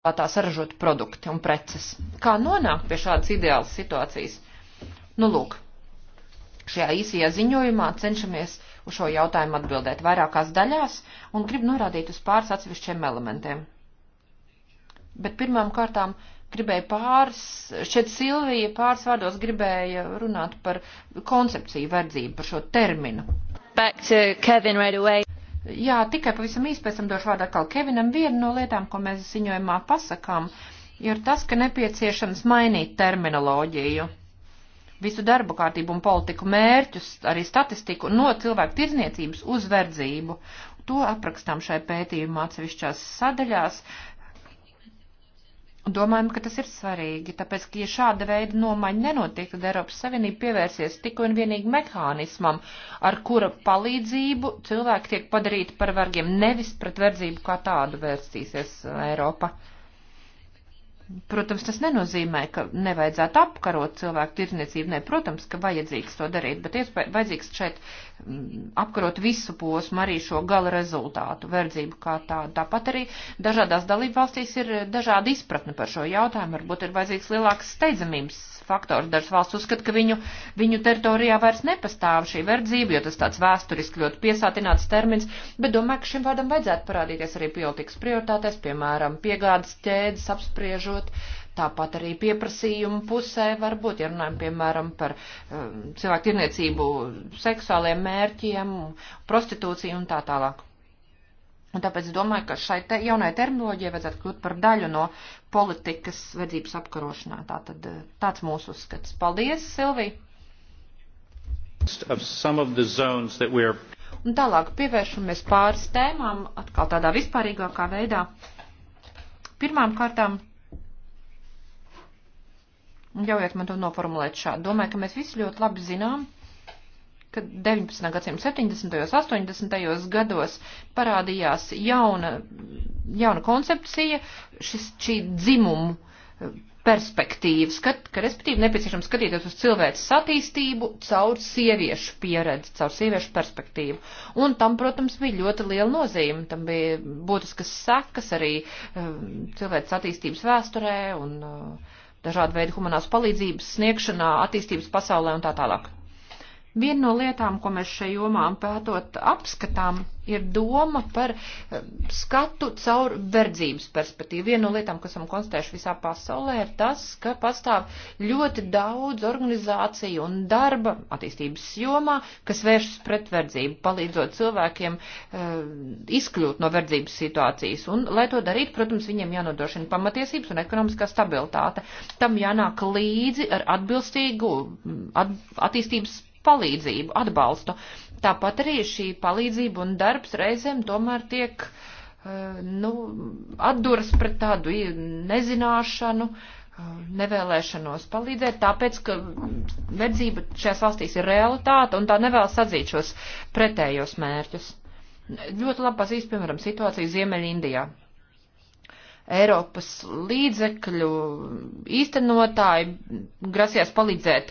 tā saražot produkti un preces. Kā nonākt pie šādas ideālas situācijas? Nu, lūk, šajā īsajā ziņojumā cenšamies uz šo jautājumu atbildēt vairākās daļās un grib norādīt uz pāris atsevišķiem elementiem. Bet pirmām kārtām gribēju pāris, šeit Silvija pāris vārdos gribēja runāt par koncepciju verdzību, par šo terminu. Back to Kevin right away. Jā, tikai pavisam īsti pēc tam došu vārdu atkal Kevinam. Viena no lietām, ko mēs ziņojumā pasakām, ir tas, ka nepieciešams mainīt terminoloģiju. Visu darbu kārtību un politiku mērķus, arī statistiku no cilvēku tirzniecības uz verdzību. To aprakstām šai pētījumā atsevišķās sadaļās. Uh, Domājam, ka tas ir svarīgi, tāpēc, ka ja šāda veida nomaiņa nenotiek, tad Eiropas Savienība pievērsies tikai un vienīgi mehānismam, ar kura palīdzību cilvēki tiek padarīti par vargiem, nevis pret verdzību kā tādu vērstīsies uh, Eiropa. Protams, tas nenozīmē, ka nevajadzētu apkarot cilvēku tirdzniecību, nē, protams, ka vajadzīgs to darīt, bet iespēj, vajadzīgs šeit apkarot visu posmu, arī šo gala rezultātu, verdzību kā tādu. Tāpat arī dažādās dalību valstīs ir dažāda izpratne par šo jautājumu. Varbūt ir vajadzīgs lielāks steidzamības faktors. Dažas valsts uzskata, ka viņu, viņu teritorijā vairs nepastāv šī verdzība, jo tas tāds vēsturiski ļoti piesātināts termins, bet domāju, ka šim vārdam vajadzētu parādīties arī politikas prioritātēs, piemēram, piegādas ķēdes apspriežot Tāpat arī pieprasījumu pusē varbūt, ja runājam, piemēram, par um, cilvēku tirniecību seksuāliem mērķiem, prostitūciju un tā tālāk. Un tāpēc domāju, ka šai te, jaunai terminoloģijai vajadzētu kļūt par daļu no politikas vedzības apkarošanā. Tātad eh, tāds mūsu uzskats. Paldies, Silvija! Un tālāk pievēršamies pāris tēmām, atkal tādā vispārīgākā veidā. Pirmām kārtām Ļaujiet man to noformulēt šādi. Domāju, ka mēs visi ļoti labi zinām, ka 19. gadsimta 70. un 80. gados parādījās jauna, jauna koncepcija, šis, šī dzimumu eh, perspektīva, skat, ka respektīvi nepieciešams skatīties uz cilvēces attīstību caur sieviešu pieredzi, caur sieviešu perspektīvu. Un tam, protams, bija ļoti liela nozīme. Tam bija būtiskas sekas arī eh, cilvēces attīstības vēsturē un uh, dažādu veidu humanās palīdzības sniegšanā, attīstības pasaulē un tā tālāk. Viena no lietām, ko mēs šai jomām pētot apskatām, ir doma par eh, skatu caur verdzības perspektīvu. Viena no lietām, kas esam konstatējuši visā pasaulē, ir tas, ka pastāv ļoti daudz organizāciju un darba attīstības jomā, kas vēršas pret verdzību, palīdzot cilvēkiem uh, izkļūt no verdzības situācijas. Un, lai to darītu, protams, viņiem jānodrošina pamatiesības un ekonomiskā stabilitāte. Tam jānāk līdzi ar atbilstīgu mm, at attīstības palīdzību, atbalstu. Tāpat arī šī palīdzība un darbs reizēm tomēr tiek, eh, nu, atduras pret tādu nezināšanu, eh, nevēlēšanos palīdzēt, tāpēc, ka verdzība šajās valstīs ir realitāte un tā nevēlas atzīt šos pretējos mērķus. Ļoti labi pazīst, piemēram, situāciju Ziemeļindijā. Indijā Eiropas līdzekļu īstenotāji grasījās palīdzēt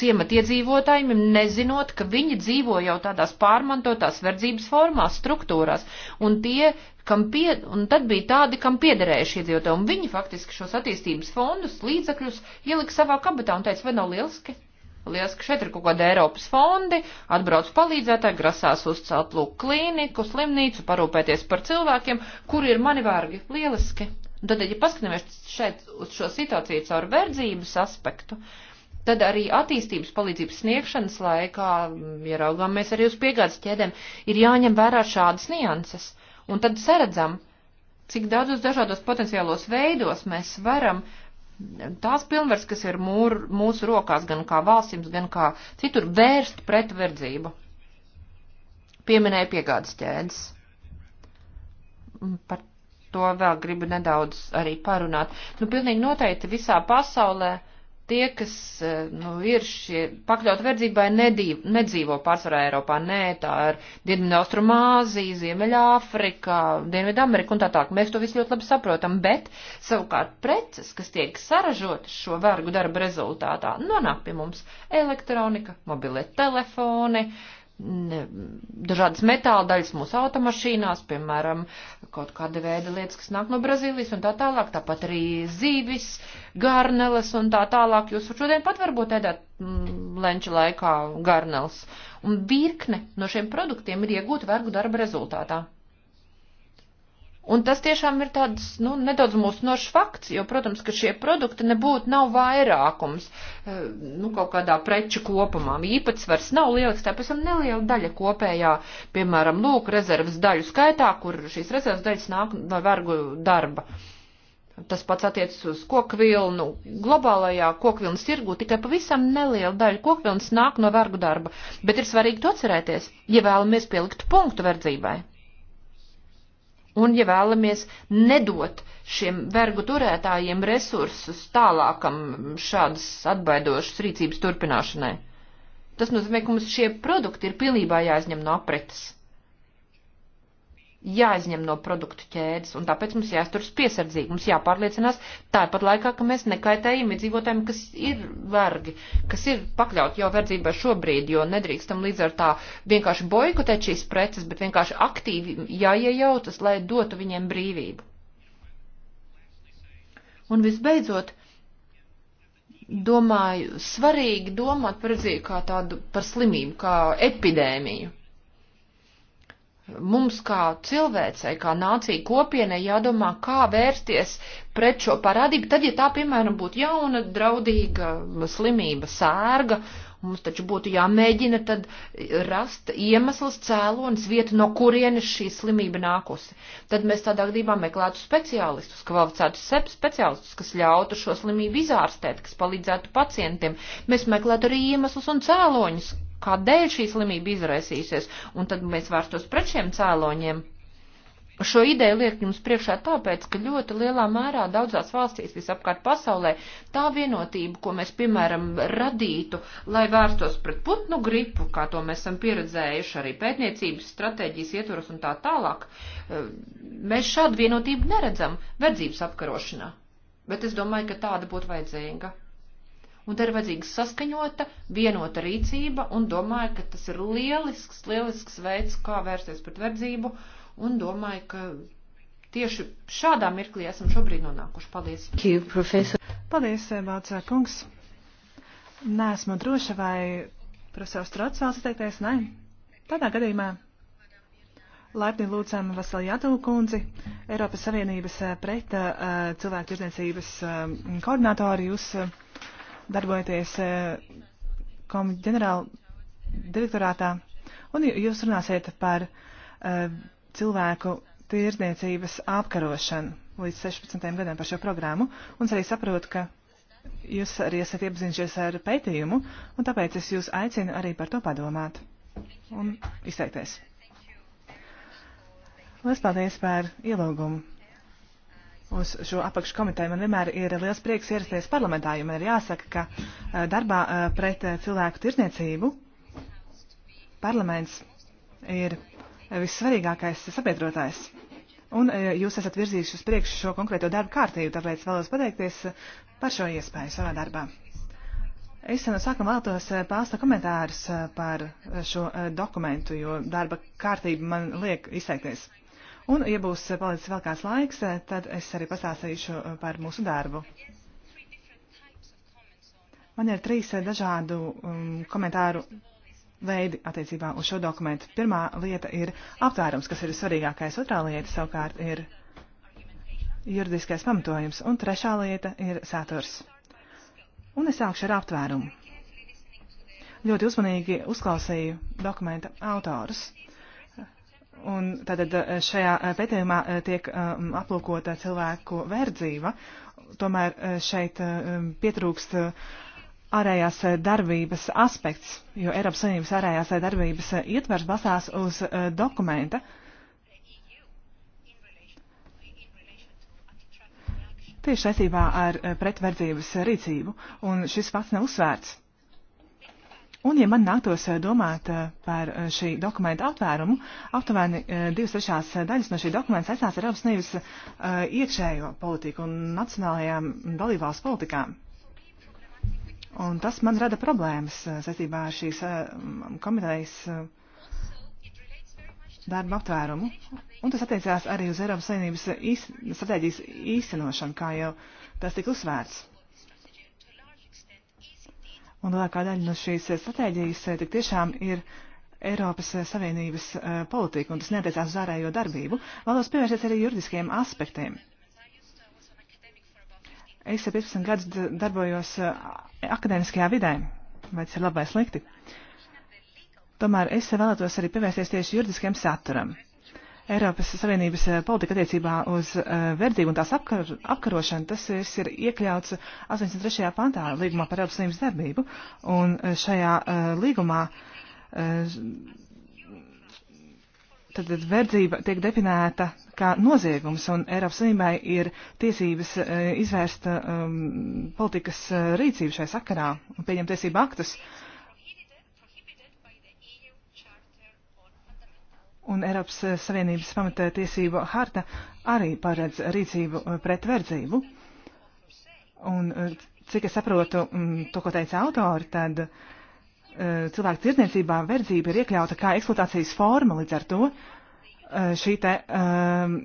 ciemat iedzīvotājiem, nezinot, ka viņi dzīvo jau tādās pārmantotās verdzības formās, struktūrās, un tie, kam pie, un tad bija tādi, kam piederēja šie iedzīvotāji, un viņi faktiski šos attīstības fondus, līdzekļus ielika savā kabatā un teica, vai nav lieliski? Lielas, ka šeit ir kaut kāda Eiropas fondi, atbrauc palīdzētāji, grasās uzcelt lūk klīniku, slimnīcu, parūpēties par cilvēkiem, kuri ir mani vārgi. Lieliski. Un tad, ja paskatāmies šeit uz šo situāciju caur verdzības aspektu, tad arī attīstības palīdzības sniegšanas laikā, ja mm, raugāmies arī uz piegādes ķēdēm, ir jāņem vērā šādas nianses. Un tad saredzam, cik daudzos dažādos potenciālos veidos mēs varam uh, tās pilnvars, kas ir mūr, mūsu rokās, gan kā valstīms, gan kā citur, vērst pret verdzību. Pieminēja piegādes ķēdes. Par to vēl gribu nedaudz arī parunāt. Nu, pilnīgi noteikti visā pasaulē uh, tie, kas e, nu, ir šie pakļauti verdzībai, nedīv, nedzīvo pārsvarā Eiropā. Nē, tā ir Dienvidaustrumāzija, Ziemeļāfrika, Dienvidamerika un tā tālāk. Mēs to visu ļoti labi saprotam, bet savukārt preces, kas tiek saražotas šo vergu darba rezultātā, nonāk pie mums elektronika, mobilie telefoni, uh, dažādas metāla daļas mūsu automašīnās, piemēram, kaut kāda veida lietas, kas nāk no Brazīlijas un tā tālāk, tāpat arī zīvis, garneles un tā tālāk. Jūs šodien pat varbūt ēdāt mm, lenča laikā garneles. Un virkne no šiem produktiem ir iegūta vergu darba rezultātā. Un tas tiešām ir tāds, nu, nedaudz mūsinošs fakts, jo, protams, ka šie produkti nebūtu nav vairākums, eh, nu, kaut kādā preču kopumā. Īpatsvars nav liels, tā pēc tam neliela daļa kopējā, piemēram, lūk, rezervas daļu skaitā, kur šīs rezervas daļas nāk no vergu darba. Tas pats attiecas uz kokvilnu. Globālajā kokvilnas tirgu tikai pavisam neliela daļa kokvilnas nāk no vergu darba, bet ir svarīgi to atcerēties, ja vēlamies pielikt punktu verdzībai. Un, ja vēlamies nedot šiem vergu turētājiem resursus tālākam šādas atbaidošas rīcības turpināšanai, tas nozīmē, ka mums šie produkti ir pilnībā jāizņem no apretes jāizņem no produktu ķēdes, un tāpēc mums jāsturas piesardzīgi, mums jāpārliecinās tāpat laikā, ka mēs nekaitējam iedzīvotājiem, kas ir vergi, kas ir pakļauti jau verdzībai šobrīd, jo nedrīkstam līdz ar tā vienkārši boikotēt šīs preces, bet vienkārši aktīvi jāiejautas, lai dotu viņiem brīvību. Un visbeidzot, domāju, svarīgi domāt par dzīvi kā tādu, par slimību, kā epidēmiju mums kā cilvēcei, kā nācija kopienai jādomā, kā vērsties pret šo parādību, tad, ja tā, piemēram, būtu jauna, draudīga slimība, sērga, mums taču būtu jāmēģina tad rast iemesls, cēlonis, vietu, no kurienes šī slimība nākusi. Tad mēs tādā gadījumā meklētu speciālistus, kvalificētus speciālistus, kas ļautu šo slimību izārstēt, kas palīdzētu pacientiem. Mēs meklētu arī iemeslus un cēloņus, kādēļ šī slimība izraisīsies, un tad mēs vērstos pret šiem cēloņiem. Šo ideju liek jums priekšā tāpēc, ka ļoti lielā mērā daudzās valstīs visapkārt pasaulē tā vienotība, ko mēs, piemēram, radītu, lai vērstos pret putnu gripu, kā to mēs esam pieredzējuši arī pētniecības stratēģijas ietvaros un tā tālāk, eh, mēs šādu vienotību neredzam verdzības apkarošanā. Bet es domāju, ka tāda būtu vajadzīga un te ir vajadzīga saskaņota, vienota rīcība, un domāju, ka tas ir lielisks, lielisks veids, kā vērsties pret verdzību, un domāju, ka tieši šādā mirklī esam šobrīd nonākuši. Paldies! You, professor. Paldies, eh, Vācā kungs! Nesmu droša, vai profesors Trots vēlas teikties, nē. Tādā gadījumā laipni lūdzam Vasiljātu kundzi, Eiropas Savienības eh, pret uh, cilvēku tirdzniecības uh, koordinātori. Jūs, uh, darbojaties e, komu ģenerāla direktorātā, un jūs runāsiet par e, cilvēku tirdzniecības apkarošanu līdz 16. gadam par šo programmu, un es arī saprotu, ka jūs arī esat iepazinušies ar pētījumu, un tāpēc es jūs aicinu arī par to padomāt un izteikties. Lielas paldies par ielūgumu! uz šo apakškomiteju. Man vienmēr ir liels prieks ierasties parlamentā, jo man ir jāsaka, ka eh, darbā eh, pret eh, cilvēku tirzniecību parlaments ir vissvarīgākais sabiedrotājs. Un jūs esat virzījuši uz priekšu šo konkrēto darbu kārtību, tāpēc vēlos pateikties par šo iespēju savā darbā. Es no sākuma vēlētos pārsta komentārus par šo dokumentu, jo darba kārtība man liek izteikties. Un, ja būs palicis vēl kāds laiks, tad es arī pastāstīšu eh, par mūsu darbu. Man ir trīs eh, dažādu um, komentāru veidi attiecībā uz šo dokumentu. Pirmā lieta ir aptvērums, kas ir svarīgākais. Otrā lieta savukārt ir juridiskais pamatojums. Un trešā lieta ir saturs. Un es sākšu ar aptvērumu. Ļoti uzmanīgi uzklausīju dokumenta autors. Uh, Un tātad eh, šajā eh, pētījumā eh, tiek um, aplūkota cilvēku verdzība, tomēr šeit um, pietrūkst ārējās darbības aspekts, jo Eiropas Savienības ārējās darbības ietvers basās uz dokumenta. Tieši saistībā ar pretverdzības rīcību, un šis pats nav uzsvērts. Un, ja man nāktos eh, domāt eh, par eh, šī dokumenta aptvērumu, aptuveni divas trešās daļas no šī dokumenta saistās ar Eiropas Savienības iekšējo politiku un nacionālajām dalībvalsts politikām. Un tas man rada problēmas saistībā ar šīs komitejas darba aptvērumu. Un tas attiecās arī uz Eiropas Savienības strateģijas īstenošanu, kā jau tas tika uzsvērts. Un lielākā daļa no šīs eh, stratēģijas eh, tik tiešām ir Eiropas eh, Savienības politika, un tas neatiecās uz ārējo darbību. Vēlos pievērsties arī juridiskiem aspektiem. Es 15 gadus darbojos akadēmiskajā vidē, vai tas ir labi vai slikti. Tomēr es vēlētos arī pievērsties tieši juridiskiem saturam. Eiropas Savienības eh, politika attiecībā uz eh, verdzību un tās apkar, apkarošanu, tas ir, ir iekļauts 83. pantā līgumā par Eiropas Savienības darbību. Un eh, šajā uh, līgumā uh, tad verdzība tiek definēta kā noziegums, un Eiropas Savienībai ir tiesības uh, izvērst um, politikas rīcību šai sakarā un pieņemt tiesību aktus. Uh, un Eiropas eh, Savienības pamatiesību harta arī paredz rīcību eh, pret verdzību. Un, eh, cik es saprotu mm, to, ko teica autori, tad cilvēku tirdzniecībā verdzība ir iekļauta kā eksploatācijas forma līdz ar to. Šī te um,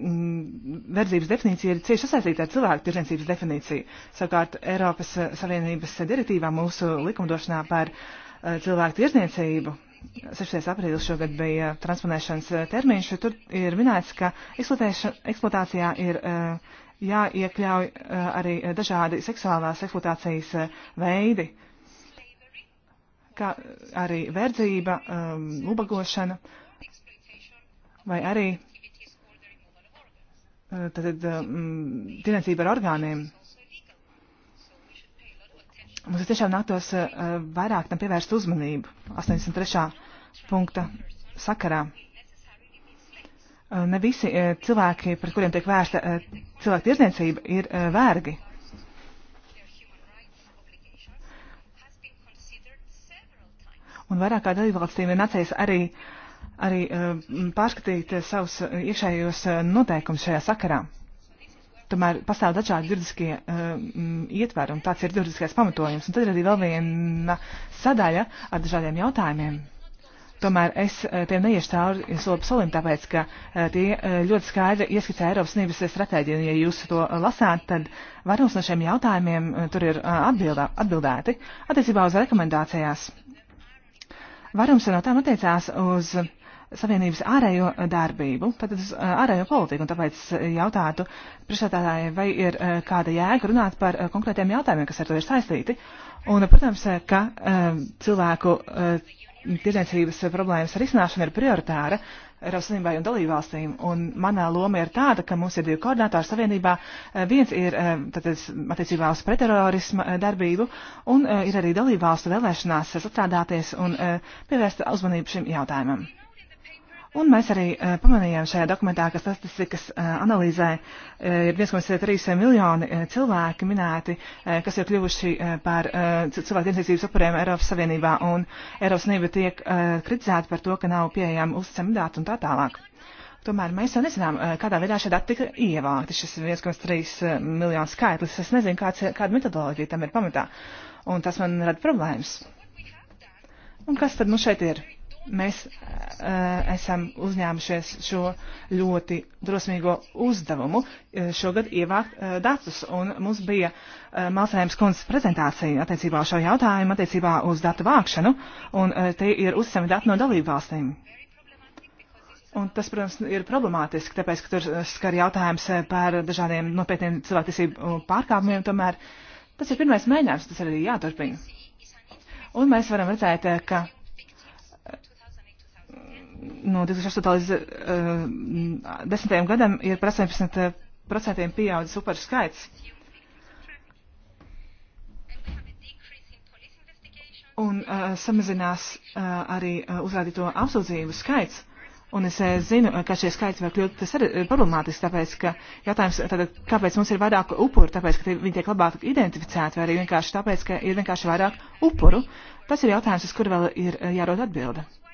verdzības definīcija ir cieši sasaistīta ar cilvēku tirdzniecības definīciju. Savukārt Eiropas Savienības direktīvā mūsu likumdošanā par uh, cilvēku tirdzniecību 16. aprīlis šogad bija transponēšanas eh, termiņš, tur ir minēts, ka eksploatācijā ir eh, jāiekļauj eh, arī dažādi seksuālās eksploatācijas veidi, kā arī verdzība, ubagošana vai arī tad, tad, tirniecība ar orgāniem. Mums tiešām nāktos eh, vairāk tam pievērst uzmanību 83. punkta sakarā. Eh, ne visi eh, cilvēki, pret kuriem tiek vērsta cilvēku tirdzniecība, ir vērgi. Un vairāk kā dalībvalstīm ir nācies arī, arī pārskatīt savus iekšējos noteikumus šajā sakarā tomēr pastāv dažādi juridiskie um, ietveri, un tāds ir juridiskais pamatojums. Un tad ir arī vēl viena sadaļa ar dažādiem jautājumiem. Tomēr es eh, tiem neiešu cauri soli pa solim, tāpēc, ka eh, tie ļoti skaidri ieskicē Eiropas Savienības stratēģiju, un ja jūs to lasāt, tad vairums no šiem jautājumiem tur ir atbildā, atbildēti attiecībā uz rekomendācijās. Vairums no tām attiecās uz Savienības ārējo darbību, pat uz eh, ārējo politiku, un tāpēc jautātu priekšstādātāji, vai ir eh, kāda jēga runāt par eh, konkrētiem jautājumiem, kas ar to ir saistīti. Un, protams, ka cilvēku tirdzniecības problēmas risināšana ir prioritāra Eiropas Savienībai un dalībvalstīm, un manā loma ir tāda, ka mums ir divi koordinātori savienībā. Viens ir tātad, attiecībā uz preterorismu darbību, un ir arī dalībvalstu vēlēšanās sastrādāties un pievērst uzmanību šim jautājumam. Un mēs arī uh, pamanījām šajā dokumentā, ka statistikas uh, analīzē uh, ir 1,3 miljoni uh, cilvēki minēti, uh, kas ir kļuvuši uh, par uh, cilvēku tiesības upuriem Eiropas Savienībā, un Eiropas Savienība tiek uh, kritizēta par to, ka nav pieejama uzticama dāta un tā tālāk. Tomēr mēs jau nezinām, uh, kādā veidā šie dati tika ievākti, šis 1,3 miljonu skaitlis. Es nezinu, kāds, kāda metodoloģija tam ir pamatā, un tas man rada problēmas. Un kas tad mums nu šeit ir? mēs uh, esam uzņēmušies šo ļoti drosmīgo uzdevumu eh, šogad ievākt uh, datus. Un mums bija uh, Malsējums kundzes prezentācija attiecībā uz šo jautājumu, attiecībā uz datu vākšanu, un uh, tie ir uzsami dati no dalību valstīm. Un tas, protams, ir problemātiski, tāpēc, ka tur skar jautājums par dažādiem nopietniem cilvēktiesību pārkāpumiem, tomēr tas ir pirmais mēģinājums, tas arī jāturpina. Un mēs varam redzēt, ka no 2008. līdz uh, eh, 10. gadam ir par 18% eh, pieaudzis upuru skaits. Un uh, samazinās uh, arī uh, uzrādīto apsūdzību skaits. Un es uh, zinu, ka šie skaits var kļūt problemātiski, tāpēc, ka jautājums, tātad, kāpēc mums ir vairāk upuru, tāpēc, ka viņi tiek labāk identificēti, vai arī vienkārši tāpēc, ka ir vienkārši vairāk upuru, tas ir jautājums, uz kuru vēl ir jārod atbilde. Uh,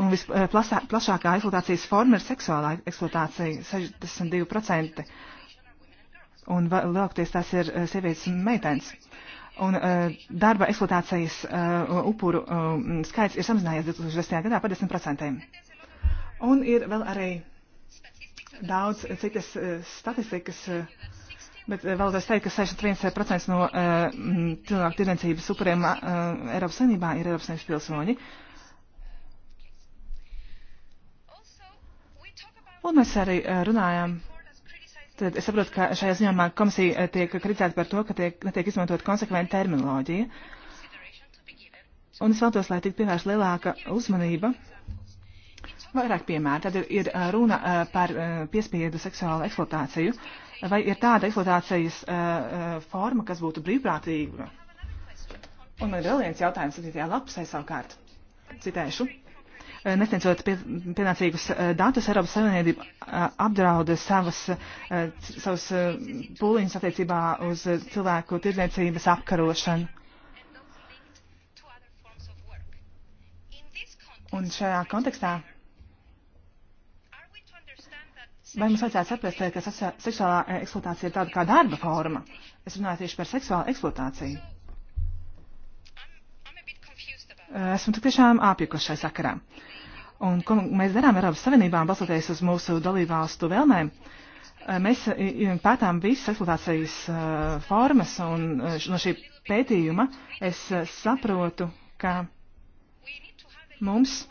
Un visplašākā eh, eksploatācijas forma ir seksuālā eksploatācija - 62%. Un lielākoties tās ir eh, sievietes un meitenes. Un uh, darba eksploatācijas uh, upuru uh, skaits ir samazinājies 2010. gadā par 10%. Un ir vēl arī daudz citas uh, statistikas, uh, bet uh, vēlos teikt, ka 61% no uh, cilvēku tirdzniecības upuriem uh, Eiropas Savienībā ir Eiropas Savienības pilsoņi. Uh, Un mēs arī eh, runājām. Tad es saprotu, ka šajā ziņojumā komisija eh, tiek kritizēta par to, ka tiek, netiek izmantot konsekventa terminoloģija. Un es vēlos, lai tiktu pievērsta lielāka uzmanība. Vairāk piemēru. Tad ir, ir eh, runa par piespiedu seksuālu eksploatāciju. Vai ir tāda eksploatācijas forma, kas būtu brīvprātīga? Un man ir vēl viens jautājums, 7. lapusē savukārt. Citēšu. Eh, nesniedzot pienācīgus eh, datus, Eiropas Savienība eh, apdrauda savas, savas pūliņas attiecībā uz cilvēku tirdzniecības apkarošanu. Un šajā kontekstā Vai mums vajadzētu saprast, ka seksuālā eksploatācija ir tāda kā darba forma? Es runāju tieši par seksuālu eksploatāciju. Esmu tik tiešām apjukuši šai sakarā un ko mēs darām Eiropas Savienībā, balstoties uz mūsu dalībvalstu vēlmēm. Eh, mēs eh, pētām visas eksploatācijas eh, formas, un no šī pētījuma es saprotu, ka mums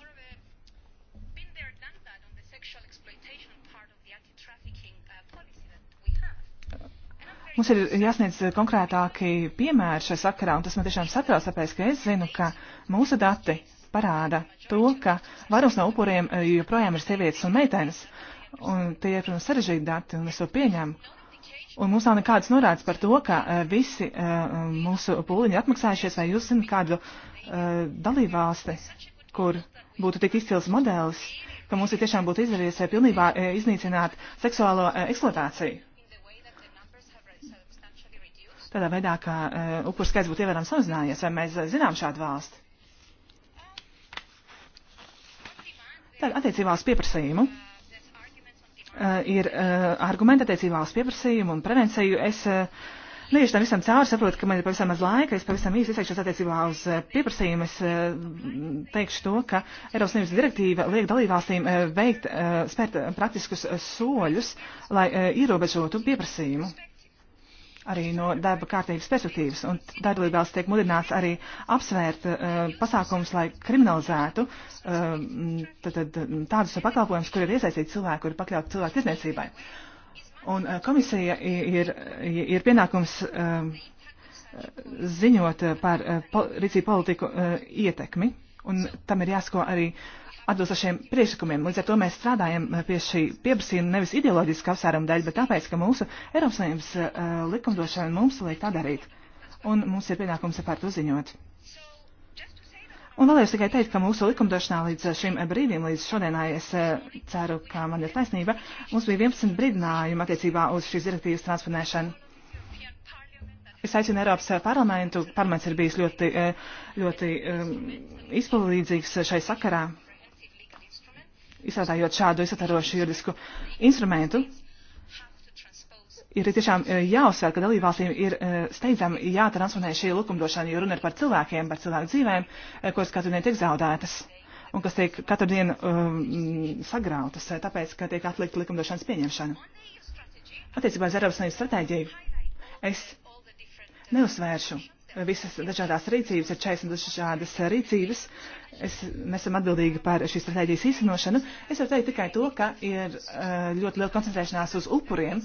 Mums ir jāsniedz konkrētāki piemēri šajā sakarā, un tas man tiešām satrauc, tāpēc, ka es zinu, ka mūsu dati parāda to, ka vairums no upuriem e, joprojām ir sievietes un meitenes. Un tie ir, protams, sarežģīti dati, un es to pieņemu. Un mums nav nekādas norādes par to, ka e, visi e, mūsu pūliņi atmaksājušies, vai jūs zinat kādu dalībvalsti, kur būtu tik izcils modelis, ka mums ir tiešām būtu izdevies pilnībā iznīcināt seksuālo eksploatāciju. Tādā veidā, ka upuru skaits būtu ievērām samazinājies, vai mēs zinām šādu valsti? Tad attiecībā uz pieprasījumu. Uh, ir uh, argumenti attiecībā uz pieprasījumu un prevenciju. Es uh, neiešu tam visam cauri, saprotu, ka man ir pavisam maz laika, es pavisam īsi izteikšos attiecībā uz pieprasījumu. Es teikšu to, ka Eiropas Savienības direktīva liek dalībvalstīm veikt, spērt praktiskus soļus, lai ierobežotu pieprasījumu arī no darba kārtības perspektīvas, un darbībās tiek mudināts arī apsvērt uh, pasākums, lai kriminalizētu uh, tad, tad, tādus pakalpojumus, kur ir iesaistīti cilvēki, kur ir pakļauti cilvēku tirdzniecībai. Un uh, komisija ir, ir, ir pienākums uh, ziņot par uh, po, rīcību politiku uh, ietekmi, un tam ir jāsako arī atbilstošiem priekšlikumiem. Līdz ar to mēs strādājam eh, pie šī pieprasījuma nevis ideoloģiski apsvērumu dēļ, bet tāpēc, ka mūsu Eiropas Savienības uh, likumdošana mums liek tā darīt. Un mums ir pienākums par to ziņot. Un vēlējos tikai teikt, ka mūsu likumdošanā līdz šim brīdim, līdz šodienai, es uh, ceru, ka man ir taisnība, mums bija 11 brīdinājumi attiecībā uz šīs direktīvas transponēšanu. Es aicinu Eiropas parlamentu. Parlaments ir bijis ļoti, ļoti um, izpalīdzīgs šai sakarā izstrādājot šādu izsatarošu juridisku instrumentu, ir tiešām eh, jāuzsver, ka dalībvalstīm ir eh, steidzami jātransponē šī likumdošana, jo runa ir par cilvēkiem, par cilvēku dzīvēm, eh, kuras katru dienu tiek zaudētas un kas tiek katru dienu um, sagrautas, tāpēc, ka tiek atlikta likumdošanas pieņemšana. Attiecībā uz Eiropas Savienības stratēģiju es neuzsvēršu visas dažādās rīcības, ir 40 dažādas rīcības. Es, mēs esam atbildīgi par šīs strateģijas īstenošanu. Es varu teikt tikai to, ka ir eh, ļoti liela koncentrēšanās uz upuriem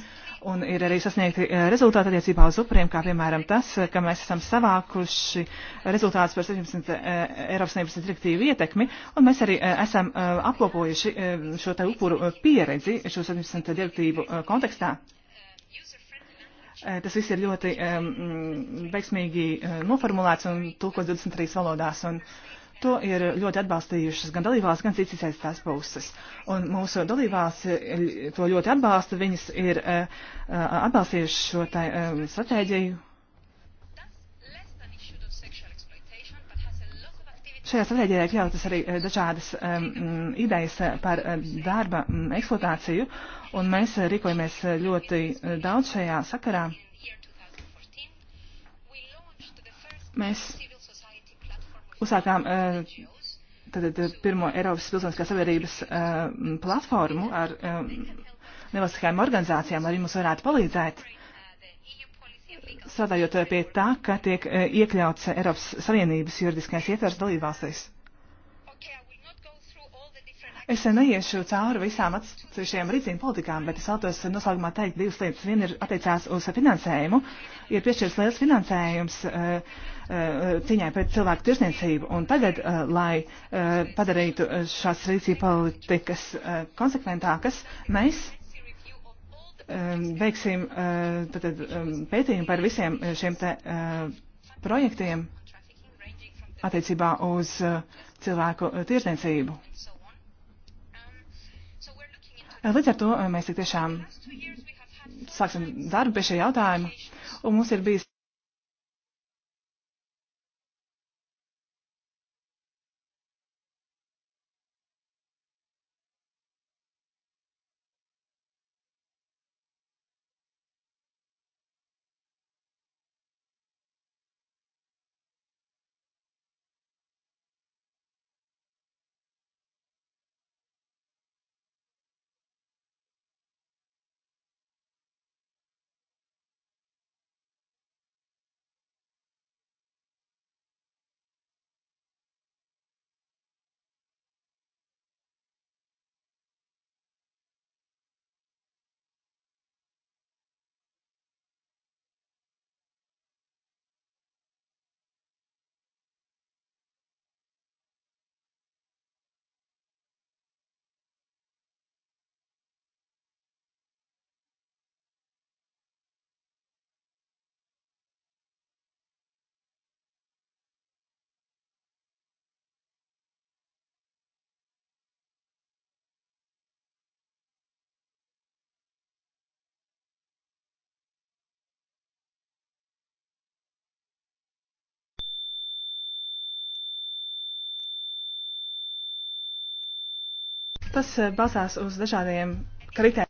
un ir arī sasniegti eh, rezultāti attiecībā uz upuriem, kā piemēram tas, ka mēs esam savākuši rezultātus par 17 eh, Eiropas Savienības direktīvu ietekmi un mēs arī esam apkopojuši šo te upuru pieredzi šo 17 direktīvu kontekstā. Eh, tas viss ir ļoti um, veiksmīgi eh, noformulēts un tulkots 23 valodās. Un to ir ļoti atbalstījušas gan dalībvalsts, gan citas aizstās puses. Un mūsu dalībvalsts eh, to ļoti atbalsta. Viņas ir uh, atbalstījušas šo tā, uh, stratēģiju Šajā strateģijā ir iekļautas arī eh, dažādas um, idejas eh, par eh, darba eksploatāciju, un mēs rīkojamies ļoti daudz šajā sakarā. Mēs uzsākām uh, tad, pirmo Eiropas pilsoniskās sabiedrības uh, platformu ar um, nevalstiskajām organizācijām, lai viņi mums varētu palīdzēt strādājot eh, pie tā, ka tiek eh, iekļauts Eiropas Savienības juridiskais ietvers dalībvalstīs. Es eh, neiešu cauri visām atsevišķajām rīcību politikām, bet es vēlos noslēgumā teikt divas lietas. Viena ir attiecās uz finansējumu. Ir piešķirts liels finansējums cīņai pret cilvēku tirsniecību. Un tagad, lai padarītu šās rīcību politikas konsekventākas, mēs veiksim ehm, eh, tātad, ehm, pētījumu par visiem eh, šiem te eh, projektiem attiecībā uz cilvēku tirdzniecību. Līdz ar to mēs tik tiešām sāksim darbu pie šī jautājuma, un mums ir bijis Tas eh, balstās uz dažādiem kritērijiem.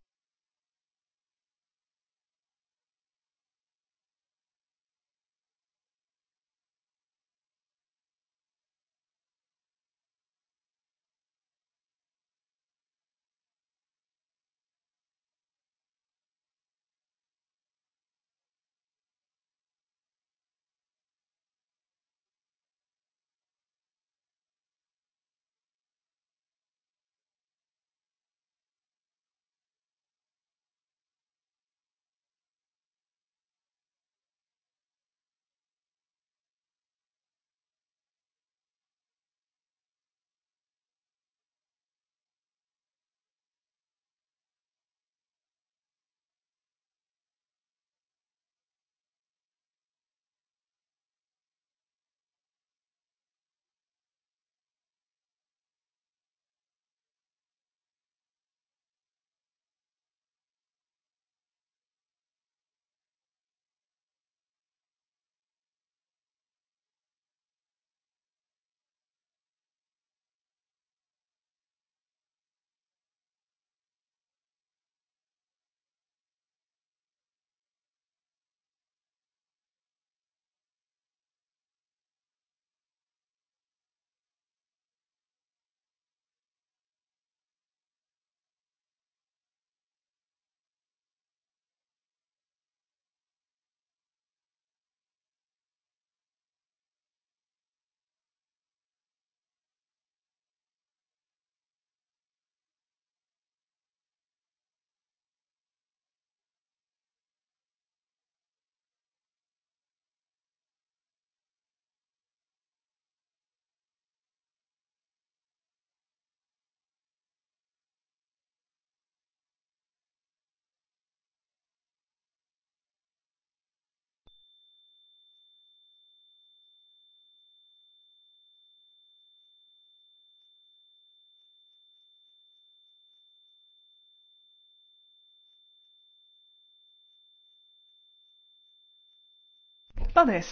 Paldies!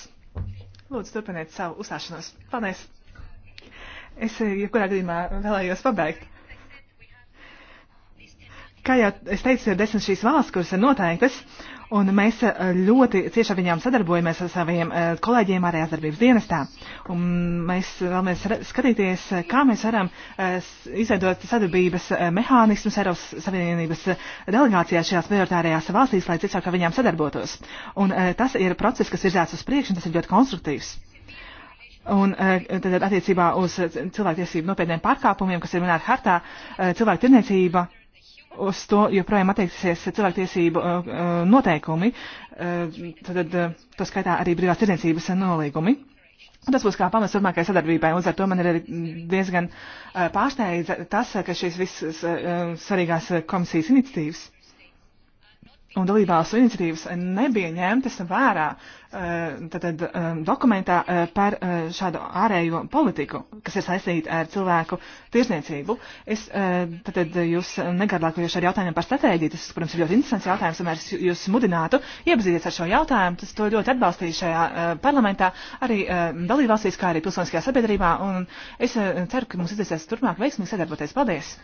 Lūdzu, turpiniet savu uzstāšanos. Paldies! Es eh, jebkurā gadījumā vēlējos pabeigt. Kā jau es teicu, ir desmit šīs valsts, kuras ir noteiktas. Un mēs eh, ļoti cieši ar viņām sadarbojamies ar saviem eh, kolēģiem ārējās darbības dienestā. Un mēs vēlamies skatīties, eh, kā mēs varam izveidot sadarbības mehānismus Eiropas Savienības delegācijās šajās prioritārajās valstīs, lai ciešāk ar viņām sadarbotos. Un tas ir process, kas virzās uz priekšu, un tas ir ļoti konstruktīvs. Un tad attiecībā uz cilvēktiesību nopietniem pārkāpumiem, kas ir minēti hartā, cilvēku tirniecība uz to joprojām attieksies cilvēktiesību uh, uh, noteikumi, uh, tad tas skaitā arī brīvās tirdzniecības nolīgumi. Tas būs kā pamats turpmākai sadarbībai, un līdz ar to man ir arī diezgan pārsteidza tas, ka šīs visas svarīgās komisijas iniciatīvas un dalībvalstu iniciatīvas nebija ņemtas vērā tātad, eh, eh, dokumentā eh, par šādu ārējo politiku, kas ir saistīta ar cilvēku tirsniecību. Es tātad jūs negarlākojuši ar jautājumiem par stratēģiju, tas, protams, ir ļoti interesants jautājums, tomēr es jūs mudinātu iepazīties ar šo jautājumu, tas to ļoti atbalstīju šajā parlamentā, arī dalībvalstīs, kā arī pilsoniskajā sabiedrībā, un es ceru, ka mums izdosies turpmāk veiksmīgi sadarboties. Paldies!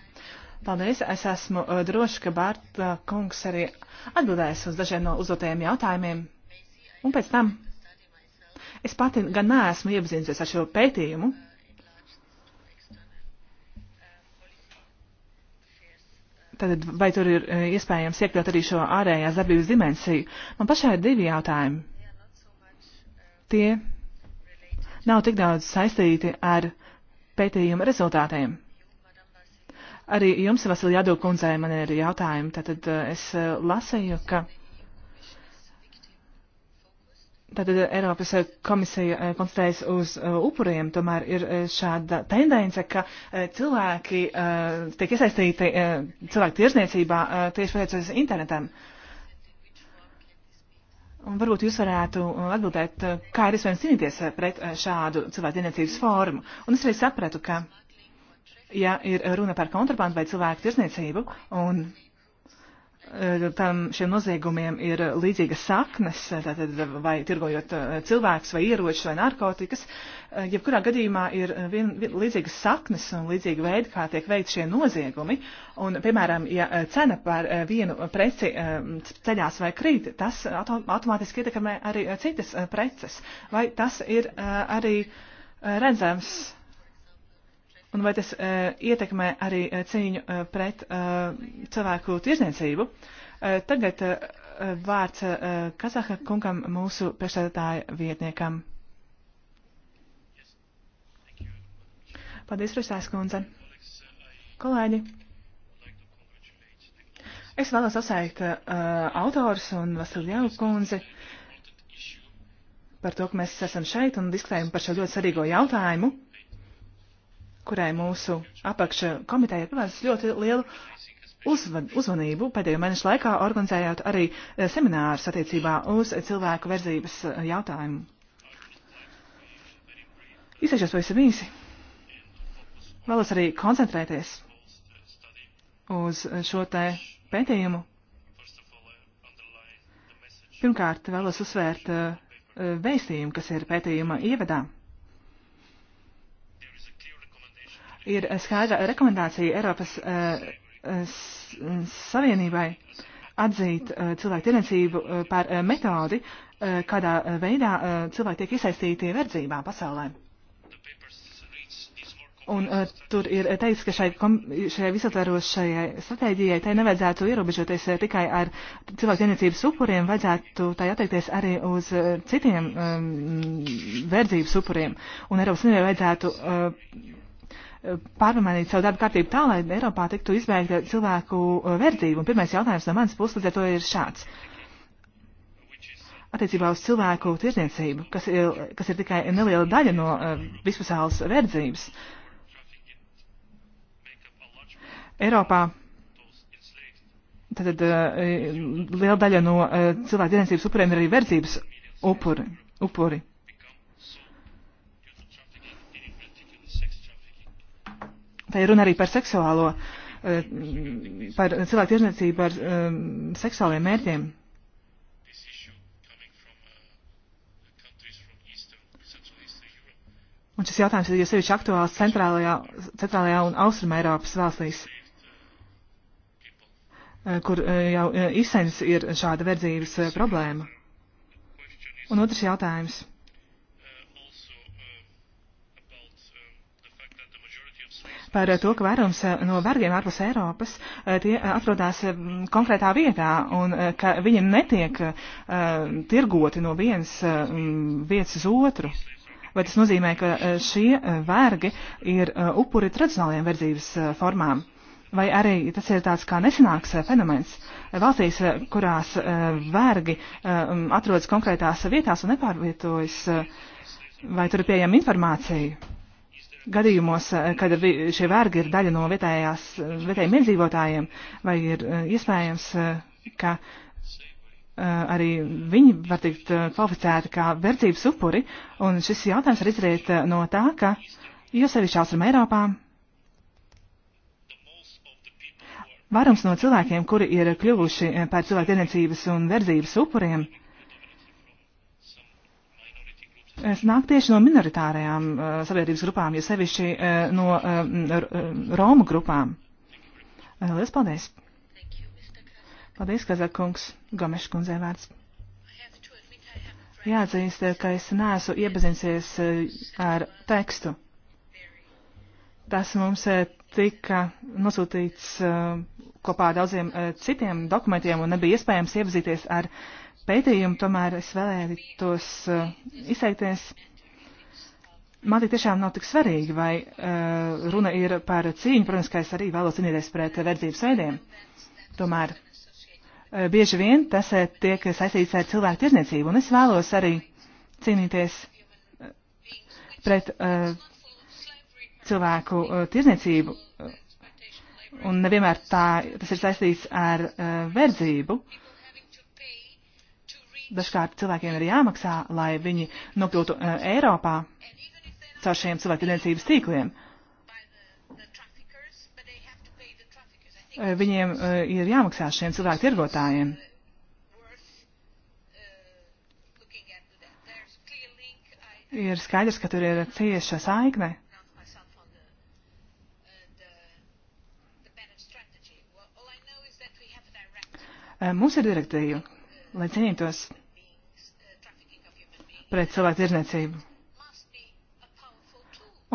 Paldies. Es esmu eh, droši, ka Bārta kungs arī atbildēs uz dažiem no uzdotajiem jautājumiem. Un pēc tam es pati gan neesmu iepazinusies ar šo pētījumu. Tad vai tur ir eh, iespējams iekļaut arī šo ārējās darbības dimensiju? Man pašai ir divi jautājumi. Tie nav tik daudz saistīti ar pētījuma rezultātiem. Arī jums, Vasiljādu kundzei, man ir jautājumi. Tātad eh, es eh, lasēju, ka tātad eh, Eiropas komisija koncentrējas uz upuriem, tomēr ir šāda tendence, ka cilvēki tiek iesaistīti cilvēku tiešniecībā tieši pateicoties internetam. Un varbūt jūs varētu atbildēt, kā ir iespējams cīnīties pret šādu cilvēku tiešniecības formu. Un es arī sapratu, ka ja ir runa par kontrabandu vai cilvēku tirsniecību, un eh, tam šiem noziegumiem ir līdzīgas saknes, eh, tātad vai tirgojot eh, cilvēkus vai ieročus vai narkotikas, jebkurā gadījumā ir vien, vien, līdzīgas saknes un līdzīga veida, kā tiek veikti šie noziegumi. Un, piemēram, ja cena par vienu preci ceļās vai krīt, tas automātiski ietekmē arī citas preces. Vai tas ir arī redzams? un vai tas uh, ietekmē arī e, cīņu uh, pret uh, cilvēku tirzniecību. Uh, tagad uh, vārds uh, Kazaha kungam, mūsu priekšstādātāja vietniekam. Paldies, Rusēs kundze. Kolēģi. Es vēlos apsveikt uh, autors un Vasiljevu kundzi par to, ka mēs esam šeit un diskutējam par šo ļoti svarīgo jautājumu kurai mūsu apakša komiteja pievērsis ļoti lielu uzvan, uzmanību. Pēdējo mēnešu laikā organizējot arī eh, seminārus attiecībā uz cilvēku verzības eh, jautājumu. Izteikšos pavisam īsi. Vēlos arī koncentrēties uz šo te pētījumu. Pirmkārt, vēlos uzsvērt eh, vēstījumu, kas ir pētījuma ievedā. ir skaidra rekomendācija Eiropas eh, eh, Savienībai atzīt eh, cilvēku tirniecību par metodi, kādā veidā cilvēki tiek iesaistīti verdzībā pasaulē. Un uh, tur ir teicis, ka šai, kom, šai visatvarošajai stratēģijai tai nevajadzētu ierobežoties uh, tikai ar cilvēktienniecības upuriem, vajadzētu tai attiekties arī uz uh, citiem um, verdzības upuriem. Un Eiropas Unijai vajadzētu uh, pārmainīt savu darbu kārtību tā, lai Eiropā tiktu izbeigta cilvēku uh, verdzība. Un pirmais jautājums no manas puses līdz ar to ir šāds. Attiecībā uz cilvēku tirdzniecību, kas ir, kas ir tikai neliela daļa no uh, vispasaules verdzības, Eiropā tad uh, liela daļa no uh, cilvēku tirdzniecības upuriem ir arī verdzības upuri. upuri. Te ir runa arī par seksuālo, eh, par cilvēku tirzniecību, par eh, seksuāliem mērķiem. Un šis jautājums ir sevišķi aktuāls centrālajā, centrālajā un austruma Eiropas valstīs, eh, kur jau izsens ir šāda verdzības problēma. Un otrs jautājums. par to, ka vairums eh, no vergiem ārpus Eiropas eh, tie eh, atrodas konkrētā vietā un ka viņi netiek tirgoti no vienas vietas uz otru. Vai tas nozīmē, ka šie vergi ir upuri tradicionālajiem verdzības formām? Vai arī tas ir tāds kā nesenāks fenomens valstīs, kurās vergi atrodas konkrētās vietās un nepārvietojas, vai tur ir pieejama informācija? gadījumos, eh, kad šie vergi ir daļa no vietējās, vietējiem iedzīvotājiem, vai ir eh, iespējams, eh, ka arī viņi var tikt kvalificēti kā verdzības upuri, un šis jautājums arī izriet no tā, ka jo sevišķi Austrum Eiropā varums no cilvēkiem, kuri ir kļuvuši par cilvēku tirniecības un verdzības upuriem, Es nāk tieši no minoritārajām uh, sabiedrības grupām, jo sevišķi uh, no uh, eh, Romu grupām. Uh, Lielas paldies! Paldies, Kazakungs, Gomeša kundzei vārds. Jāatzīst, ka es neesmu iepazinsies ar tekstu. Tas mums tika nosūtīts kopā ar daudziem citiem dokumentiem un nebija iespējams iepazīties ar uh, pētījumu, tomēr es vēlētos uh, izteikties. Man tik tiešām nav tik svarīgi, vai uh, runa ir par cīņu, protams, ka es arī vēlos cīnīties pret verdzības veidiem. Tomēr uh, bieži vien tas uh, tiek saistīts ar cilvēku tirdzniecību, un es vēlos arī cīnīties uh, pret uh, cilvēku uh, tirdzniecību. Un nevienmēr tā, tas ir saistīts ar uh, verdzību. Uh, dažkārt cilvēkiem ir jāmaksā, lai viņi nokļūtu uh, Eiropā caur šiem cilvēku tirdzniecības tīkliem. Uh, viņiem uh, ir jāmaksā šiem cilvēku tirgotājiem. Ir skaidrs, ka tur ir cieša saikne. Mums ir direktīva lai cīnītos pret cilvēku tirzniecību.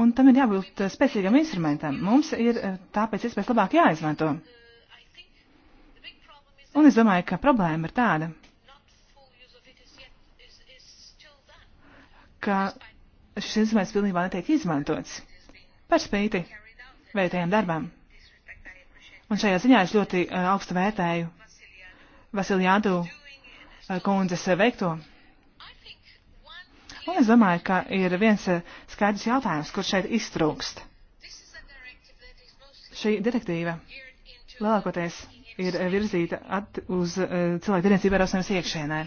Un tam ir jābūt eh, spēcīgam instrumentam. Mums ir eh, tāpēc iespējas labāk jāizmanto. Un es domāju, ka problēma ir tāda, ka šis instruments pilnībā netiek izmantots par spīti vērtējiem darbam. Un šajā ziņā es ļoti eh, augstu vērtēju Vasiljādu Eh, kundzes veikto. Un es domāju, ka ir viens eh, skaidrs jautājums, kurš šeit iztrūkst. Šī direktīva lielākoties ir eh, virzīta at, uz uh, cilvēku tirdzniecību Eiropas Savienības iekšēnē.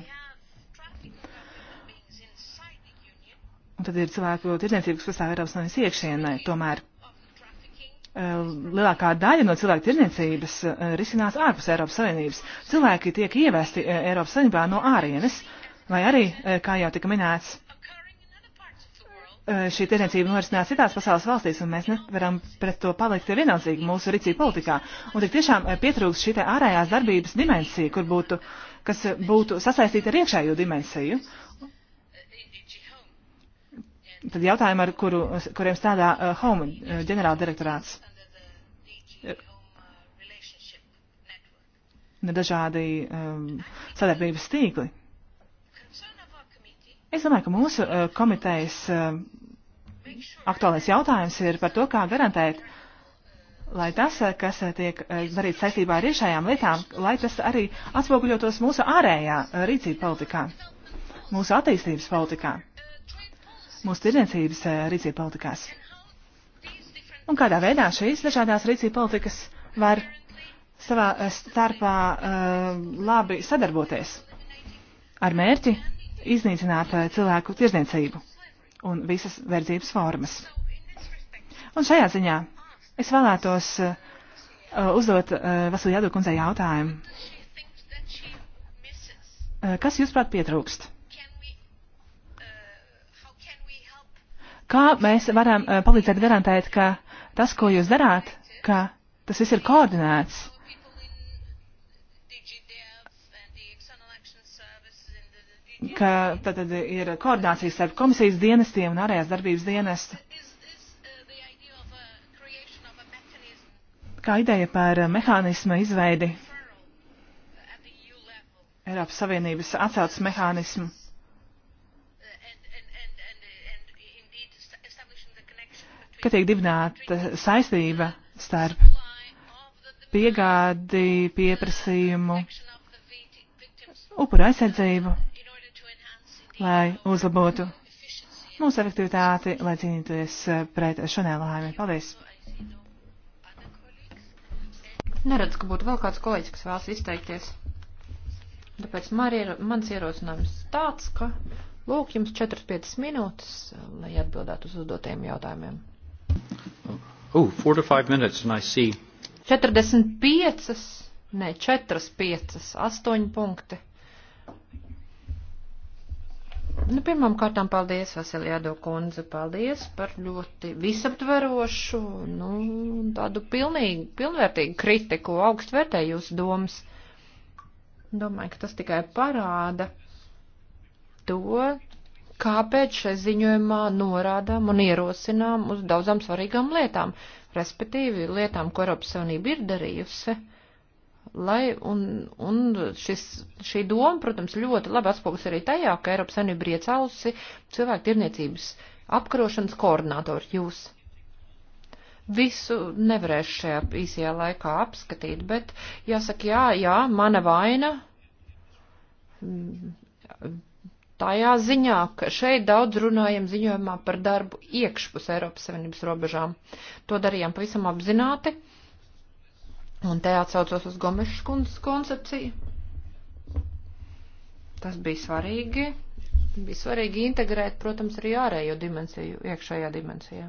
Un tad ir cilvēku tirdzniecība, kas pastāv Eiropas Savienības iekšēnē. Tomēr Eh, lielākā daļa no cilvēku tirniecības eh, risinās ārpus Eiropas Savienības. Cilvēki tiek ievesti eh, Eiropas Savienībā no ārienes, vai arī, kā jau tika minēts, šī tirniecība norisinās citās pasaules valstīs, un mēs nevaram pret to palikt vienaldzīgi mūsu rīcība politikā. Un tik tiešām pietrūks šī ārējās darbības dimensija, kur būtu, kas būtu sasaistīta ar iekšējo dimensiju tad jautājumi, ar kuru, kuriem strādā uh, Home uh, ģenerāla direktorāts. Ir dažādi um, sadarbības tīkli. Es domāju, ka mūsu uh, komitejas uh, aktuālais jautājums ir par to, kā garantēt, lai tas, uh, kas uh, tiek uh, darīts saistībā ar iekšējām lietām, lai tas arī atspoguļotos mūsu ārējā rīcība politikā, mūsu attīstības politikā mūsu tirdzniecības eh, rīcība politikās. Un kādā veidā šīs dažādās rīcība politikas var savā eh, starpā uh, labi sadarboties ar mērķi iznīcināt uh, cilvēku tirdzniecību un visas verdzības formas. Un šajā ziņā es vēlētos uh, uzdot uh, Vasilija Dukundzei jautājumu. Uh, kas, jūsuprāt, pietrūkst? Kā mēs varam eh, palīdzēt garantēt, ka tas, ko jūs darāt, ka tas viss ir koordinēts? ka tad ir koordinācija starp komisijas dienestiem un ārējās darbības dienestu. Kā ideja par mehānismu izveidi, Eiropas Savienības atsaucas mehānismu, ka tiek dibināta saistība starp piegādi, pieprasījumu, upura aizsardzību, lai uzlabotu mūsu efektivitāti, lai cīnītos pret šo nelāmi. Paldies! Neredz, ka būtu vēl kāds kolēģis, kas vēlas izteikties. Tāpēc man ir, mans ierosinājums tāds, ka lūk jums 4-5 minūtes, lai atbildētu uz uzdotajiem jautājumiem. Oh, 45 minutes and I see. 45, ne, 4, 5, 8 punkti. Nu, pirmām kārtām paldies, Vasiljādo kundze, paldies par ļoti visaptverošu, nu, tādu pilnīgi, pilnvērtīgu kritiku, augstu vērtēju jūsu domas. Domāju, ka tas tikai parāda to, kāpēc šai ziņojumā norādām un ierosinām uz daudzām svarīgām lietām, respektīvi lietām, ko Eiropas Savienība ir darījusi. Lai, un, un šis, šī doma, protams, ļoti labi atspoguļas arī tajā, ka Eiropas Savienība ir iecēlusi cilvēku tirniecības apkarošanas koordinātoru jūs. Visu nevarēšu šajā īsajā laikā apskatīt, bet jāsaka, jā, jā, mana vaina Tajā ziņā, ka šeit daudz runājam ziņojumā par darbu iekšpus Eiropas Savienības robežām. To darījām pavisam apzināti, un te atsaucos uz Gomešas kundzes koncepciju. Tas bija svarīgi. Bija svarīgi integrēt, protams, arī ārējo dimensiju, iekšējā dimensijā.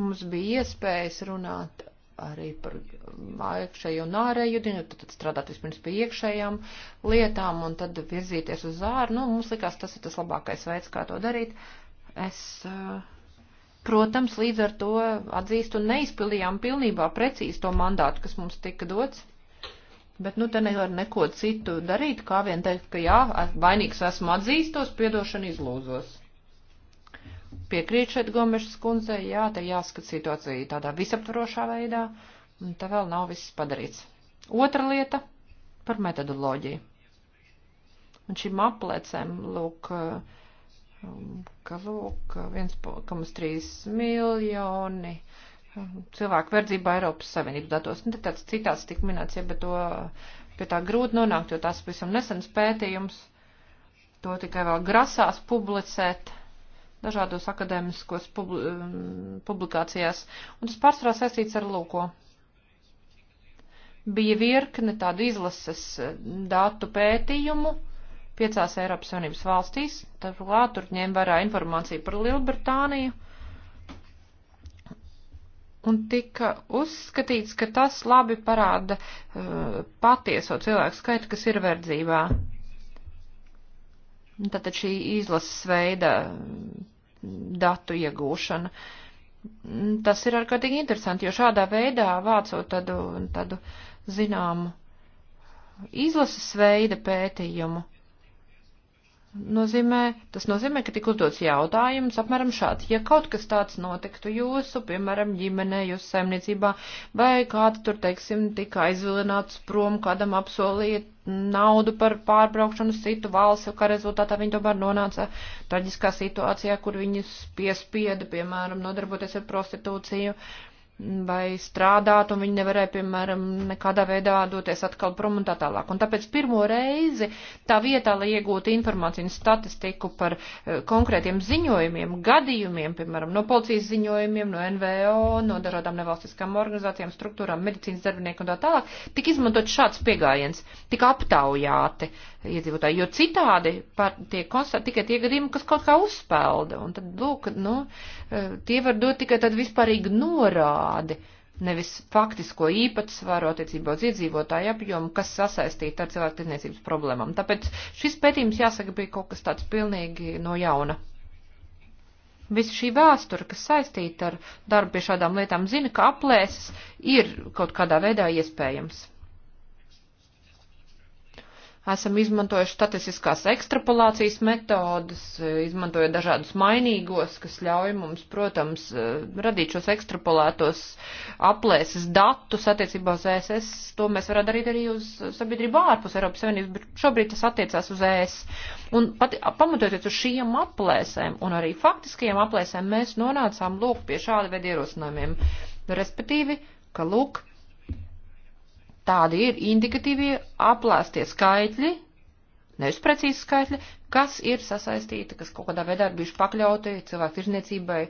Mums bija iespējas runāt arī par iekšējo un ārēju dienu, tad, tad strādāt vispirms pie iekšējām lietām un tad virzīties uz āru. Nu, mums likās, tas ir tas labākais veids, kā to darīt. Es, eh, protams, līdz ar to atzīstu un neizpildījām pilnībā precīzi to mandātu, kas mums tika dots. Bet, nu, te nevar neko citu darīt, kā vien teikt, ka jā, vainīgs esmu atzīstos, piedošana izlūzos. Piekrīt šeit Gomešas kundzei, jā, te jāskat situācija tādā visaptvarošā veidā, un te vēl nav viss padarīts. Otra lieta par metodoloģiju. Un šīm aplēcēm, lūk, ka, lūk, 1,3 miljoni cilvēku verdzībā Eiropas Savienības datos. Un nu, te tāds citāts tik minēts, ja, bet to pie tā grūti nonākt, jo tās pavisam nesens pētījums. To tikai vēl grasās publicēt dažādos akadēmiskos um, publikācijās, un tas pārsvarā saistīts ar lūko. Bija virkne tādu izlases eh, datu pētījumu piecās Eiropas Savienības valstīs, turklāt tur ņēma vērā informāciju par Lielbritāniju, un tika uzskatīts, ka tas labi parāda uh, patieso cilvēku skaitu, kas ir verdzībā. Tātad šī izlases veida datu iegūšana. Tas ir ārkārtīgi interesanti, jo šādā veidā vācot tādu, tādu zināmu izlases veida pētījumu nozīmē, tas nozīmē, ka tik uzdots jautājums apmēram šāds. Ja kaut kas tāds notiktu jūsu, piemēram, ģimenē, jūsu saimniecībā, vai kāds tur, teiksim, tika aizvilināts prom, kādam apsolīja naudu par pārbraukšanu uz citu valsti, kā rezultātā viņi tomēr nonāca traģiskā situācijā, kur viņus piespieda, piemēram, nodarboties ar prostitūciju. Uh, vai strādāt, un viņi nevarēja, piemēram, nekādā veidā doties atkal prom un tā tālāk. Un tāpēc pirmo reizi tā vietā, lai iegūtu informāciju un statistiku par eh, konkrētiem ziņojumiem, gadījumiem, piemēram, no policijas ziņojumiem, no NVO, no dažādām nevalstiskām organizācijām, struktūrām, medicīnas darbinieku un tā tālāk, tik izmantot šāds pieejams, tik aptaujāti iedzīvotāji, jo citādi tiek konstatēti tikai tie gadījumi, kas kaut kā uzspelda, un tad, lūk, nu, eh, tie var dot tikai tādu vispārīgu norādu parādi, nevis faktisko īpatsvaru attiecībā uz iedzīvotāju apjomu, kas sasaistīta ar cilvēku tirniecības problēmām. Tāpēc šis pētījums, jāsaka, bija kaut kas tāds pilnīgi no jauna. Visa šī vēsture, kas saistīta ar darbu pie šādām lietām, zina, ka aplēses ir kaut kādā veidā iespējams. Esam izmantojuši statistiskās ekstrapolācijas metodas, izmantojot dažādus mainīgos, kas ļauj mums, protams, eh, radīt šos ekstrapolētos aplēses datus attiecībā uz ESS. To mēs varam darīt arī uz sabiedrību ārpus Eiropas Savienības, bet šobrīd tas attiecās uz ES. Un pat, pamatoties uz šiem aplēsēm un arī faktiskajiem aplēsēm, mēs nonācām lūk pie šāda veida ierosinājumiem. Respektīvi, ka lūk, Tādi ir indikatīvie aplēstie skaitļi, nevis precīzi skaitļi, kas ir sasaistīti, kas kaut kādā veidā ir bijuši pakļauti cilvēku tirzniecībai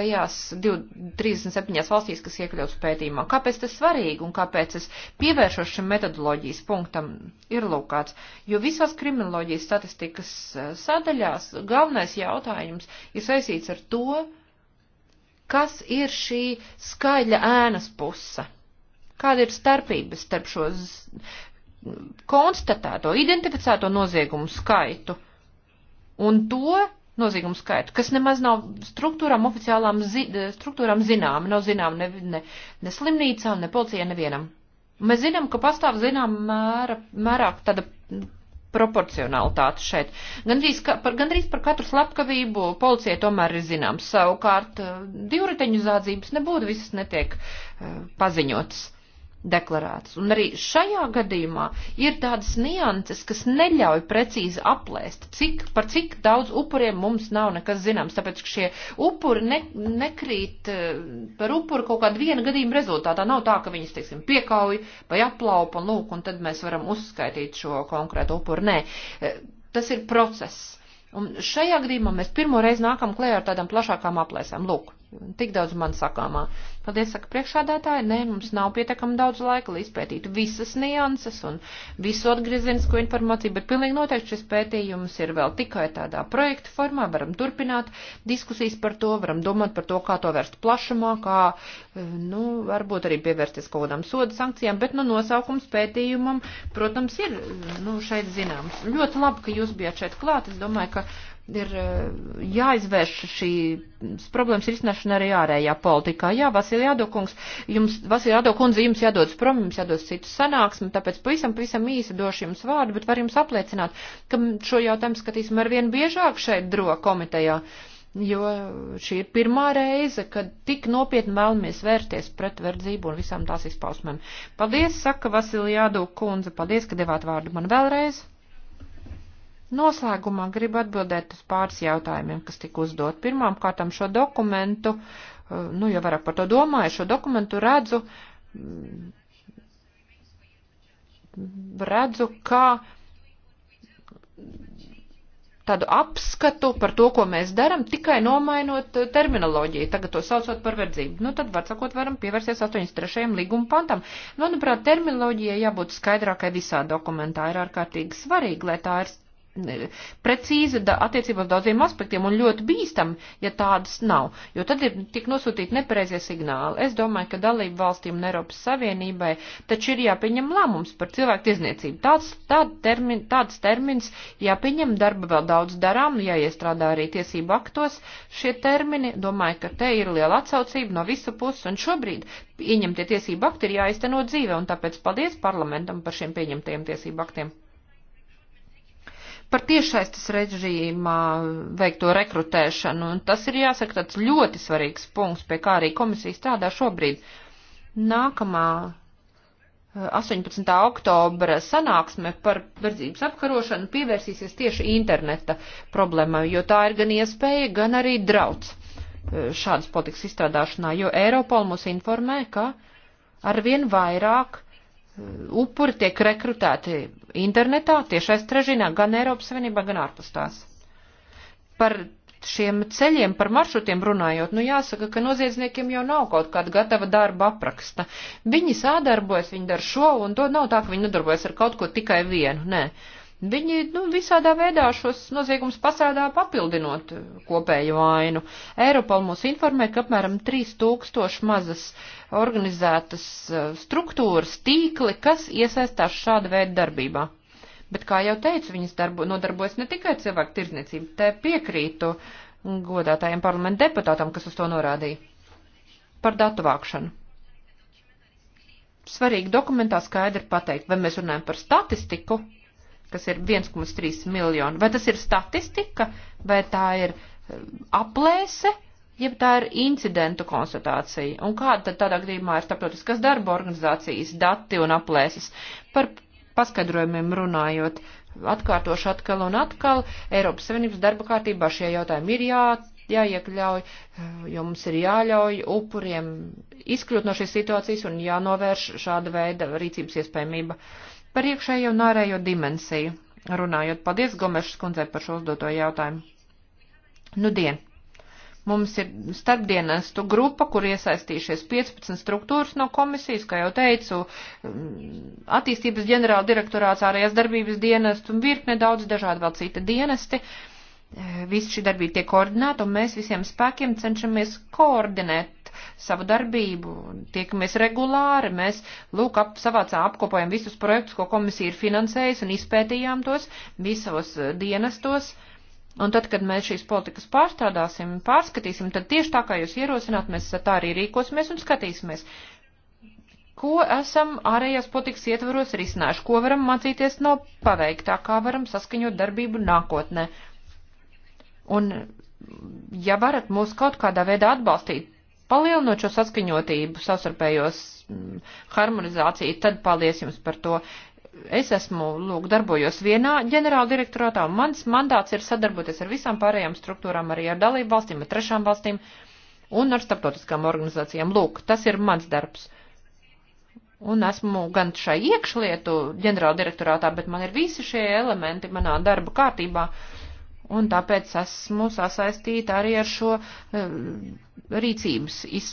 tajās 2, 37 valstīs, kas iekļauts pētījumā. Kāpēc tas svarīgi un kāpēc es pievēršos šim metodoloģijas punktam ir lūkāts? Jo visās kriminoloģijas statistikas eh, sadaļās galvenais jautājums ir saistīts ar to, kas ir šī skaļa ēnas puse. Kāda ir starpība starp šo konstatēto, identificēto noziegumu skaitu un to noziegumu skaitu, kas nemaz nav struktūrām oficiālām zi, e, struktūrām zinām, nav zinām ne, ne, ne slimnīcām, ne policijai, nevienam. Mēs zinām, ka pastāv zinām mēra, mērā tāda proporcionalitāte šeit. Gandrīz, ka, par, gandrīz par katru slepkavību policija tomēr ir zināms. Savukārt e, divriteņu zādzības nebūtu, visas netiek uh, paziņotas. Uh, deklarētas. Un arī šajā gadījumā ir tādas nianses, kas neļauj precīzi aplēst, cik, par cik daudz upuriem mums nav nekas zināms, tāpēc, ka šie upuri ne, nekrīt eh, par upuru kaut kādu vienu gadījumu rezultātā. Nav tā, ka viņas, teiksim, piekauj vai aplaupa un lūk, un tad mēs varam uzskaitīt šo konkrētu upuru. Nē, eh, tas ir process. Un šajā gadījumā mēs pirmo reizi nākam klējā ar tādām plašākām aplēsēm. Lūk. Tik daudz man sakāmā. Paldies, saka priekšādātāji, nē, mums nav pietiekami daudz laika, lai izpētītu visas nianses un visu atgriezinisko informāciju, bet pilnīgi noteikti šis pētījums ir vēl tikai tādā projekta formā, varam turpināt diskusijas par to, varam domāt par to, kā to vērst plašumā, kā, eh, nu, varbūt arī pievērsties kaut kādām soda sankcijām, bet, nu, nosaukums pētījumam, protams, ir, nu, šeit zināms. Ļoti labi, ka jūs bijāt šeit klāt, es domāju, ka ir eh, jāizvērš šīs problēmas risināšana arī ārējā politikā. Jā, Vasilija Adokungs, jums, Vasilija Adokundze, jums jādodas prom, jums jādodas citu sanāksmi, tāpēc pavisam, pavisam īsi došu jums vārdu, bet var jums apliecināt, ka šo jautājumu skatīsim arvien biežāk šeit dro komitejā, jo šī ir pirmā reize, kad tik nopietni vēlamies vērties pret verdzību un visām tās izpausmēm. Paldies, saka Vasilija Adokundze, paldies, ka devāt vārdu man vēlreiz. Noslēgumā gribu atbildēt uz pāris jautājumiem, kas tika uzdot. Pirmām kārtām šo dokumentu, eh, nu jau vairāk par to domāju, šo dokumentu redzu, mm, redzu, kā tādu apskatu par to, ko mēs darām, tikai nomainot eh, terminoloģiju, tagad to saucot par verdzību. Nu, tad, var sakot, varam pievērsties 83. līguma pantam. Manuprāt, terminoloģija jābūt skaidrākai visā dokumentā, ir ārkārtīgi svarīgi, lai tā ir precīza attiecībā uz daudziem aspektiem un ļoti bīstam, ja tādas nav, jo tad ir tik nosūtīti nepareizie signāli. Es domāju, ka dalību valstīm un Eiropas Savienībai taču ir jāpieņem lēmums par cilvēku tiesniecību. Tāds, tād termin, tāds termins jāpieņem, darba vēl daudz darām, jāiestrādā arī tiesību aktos šie termini. Domāju, ka te ir liela atsaucība no visu puses un šobrīd pieņemtie tiesību akti ir jāizteno dzīve un tāpēc paldies parlamentam par šiem pieņemtajiem tiesību aktiem par tiešaistas režīmā veikto rekrutēšanu, un tas ir jāsaka tāds ļoti svarīgs punkts, pie kā arī komisija strādā šobrīd. Nākamā 18. Eh, oktobra sanāksme par verdzības apkarošanu pievērsīsies tieši interneta problēmai, jo tā ir gan iespēja, gan arī drauds eh, šādas politikas izstrādāšanā, jo Eiropola mūs informē, ka arvien vairāk upuri tiek rekrutēti internetā, tiešais trežinā, gan Eiropas Savienībā, gan ārpus tās. Par šiem ceļiem, par maršrutiem runājot, nu jāsaka, ka noziedzniekiem jau nav kaut kāda gatava darba apraksta. Viņi sādarbojas, viņi dara šo un to nav tā, ka viņi nodarbojas ar kaut ko tikai vienu, nē. Uh, Viņi nu, visādā veidā šos noziegums pasādā papildinot kopēju vainu. Eiropal mūs informē, ka apmēram 3000 mazas organizētas eh, struktūras, tīkli, kas iesaistās šāda veida darbībā. Bet, kā jau teicu, viņas darbo, nodarbojas ne tikai cilvēku tirdzniecību, te piekrītu godātājiem parlamentu deputātam, kas uz to norādīja. Par datu vākšanu svarīgi dokumentā skaidri pateikt, vai mēs runājam par statistiku, kas ir 1,3 miljoni. Vai tas ir statistika, vai tā ir eh, aplēse, jeb tā ir incidentu konstatācija? Un kāda tad tādā gadījumā ir starptautiskas darba organizācijas dati un aplēses? Par paskaidrojumiem runājot, atkārtošu atkal un atkal, Eiropas Savienības darba kārtībā šie jautājumi ir jā, jāiekļauj, eh, jo mums ir jāļauj upuriem izkļūt no šīs situācijas un jānovērš šāda veida rīcības iespējamība. Uh, Par iekšējo un ārējo dimensiju runājot. Paldies Gomešas kundzei par šo uzdoto jautājumu. Nu, dien. Mums ir starpdienestu grupa, kur iesaistījušies 15 struktūras no komisijas, kā jau teicu, mm, attīstības ģenerāla direktorāts, ārējās darbības dienestu un virkne daudz dažādi vēl cita dienesti. E, Viss šī darbība tiek koordinēta un mēs visiem spēkiem cenšamies koordinēt veikt savu darbību, tiekamies regulāri, mēs, lūk, ap, savācā apkopojam visus projektus, ko komisija ir finansējusi un izpētījām tos visos eh, dienestos. Un tad, kad mēs šīs politikas pārstrādāsim, pārskatīsim, tad tieši tā, kā jūs ierosināt, mēs tā arī rīkosimies un skatīsimies, ko esam ārējās politikas ietvaros risinājuši, ko varam mācīties no paveiktā, kā varam saskaņot darbību nākotnē. Un, ja varat mūs kaut kādā veidā atbalstīt, palielinot šo saskaņotību, savstarpējos mm, harmonizāciju, tad paldies jums par to. Es esmu, lūk, darbojos vienā ģenerāla direktorātā, un mans mandāts ir sadarboties ar visām pārējām struktūrām, arī ar dalību valstīm, ar trešām valstīm un ar starptautiskām organizācijām. Lūk, tas ir mans darbs. Un esmu gan šai iekšlietu ģenerāla direktorātā, bet man ir visi šie elementi manā darba kārtībā. Uh, un tāpēc esmu sasaistīta arī ar šo eh, rīcības iz,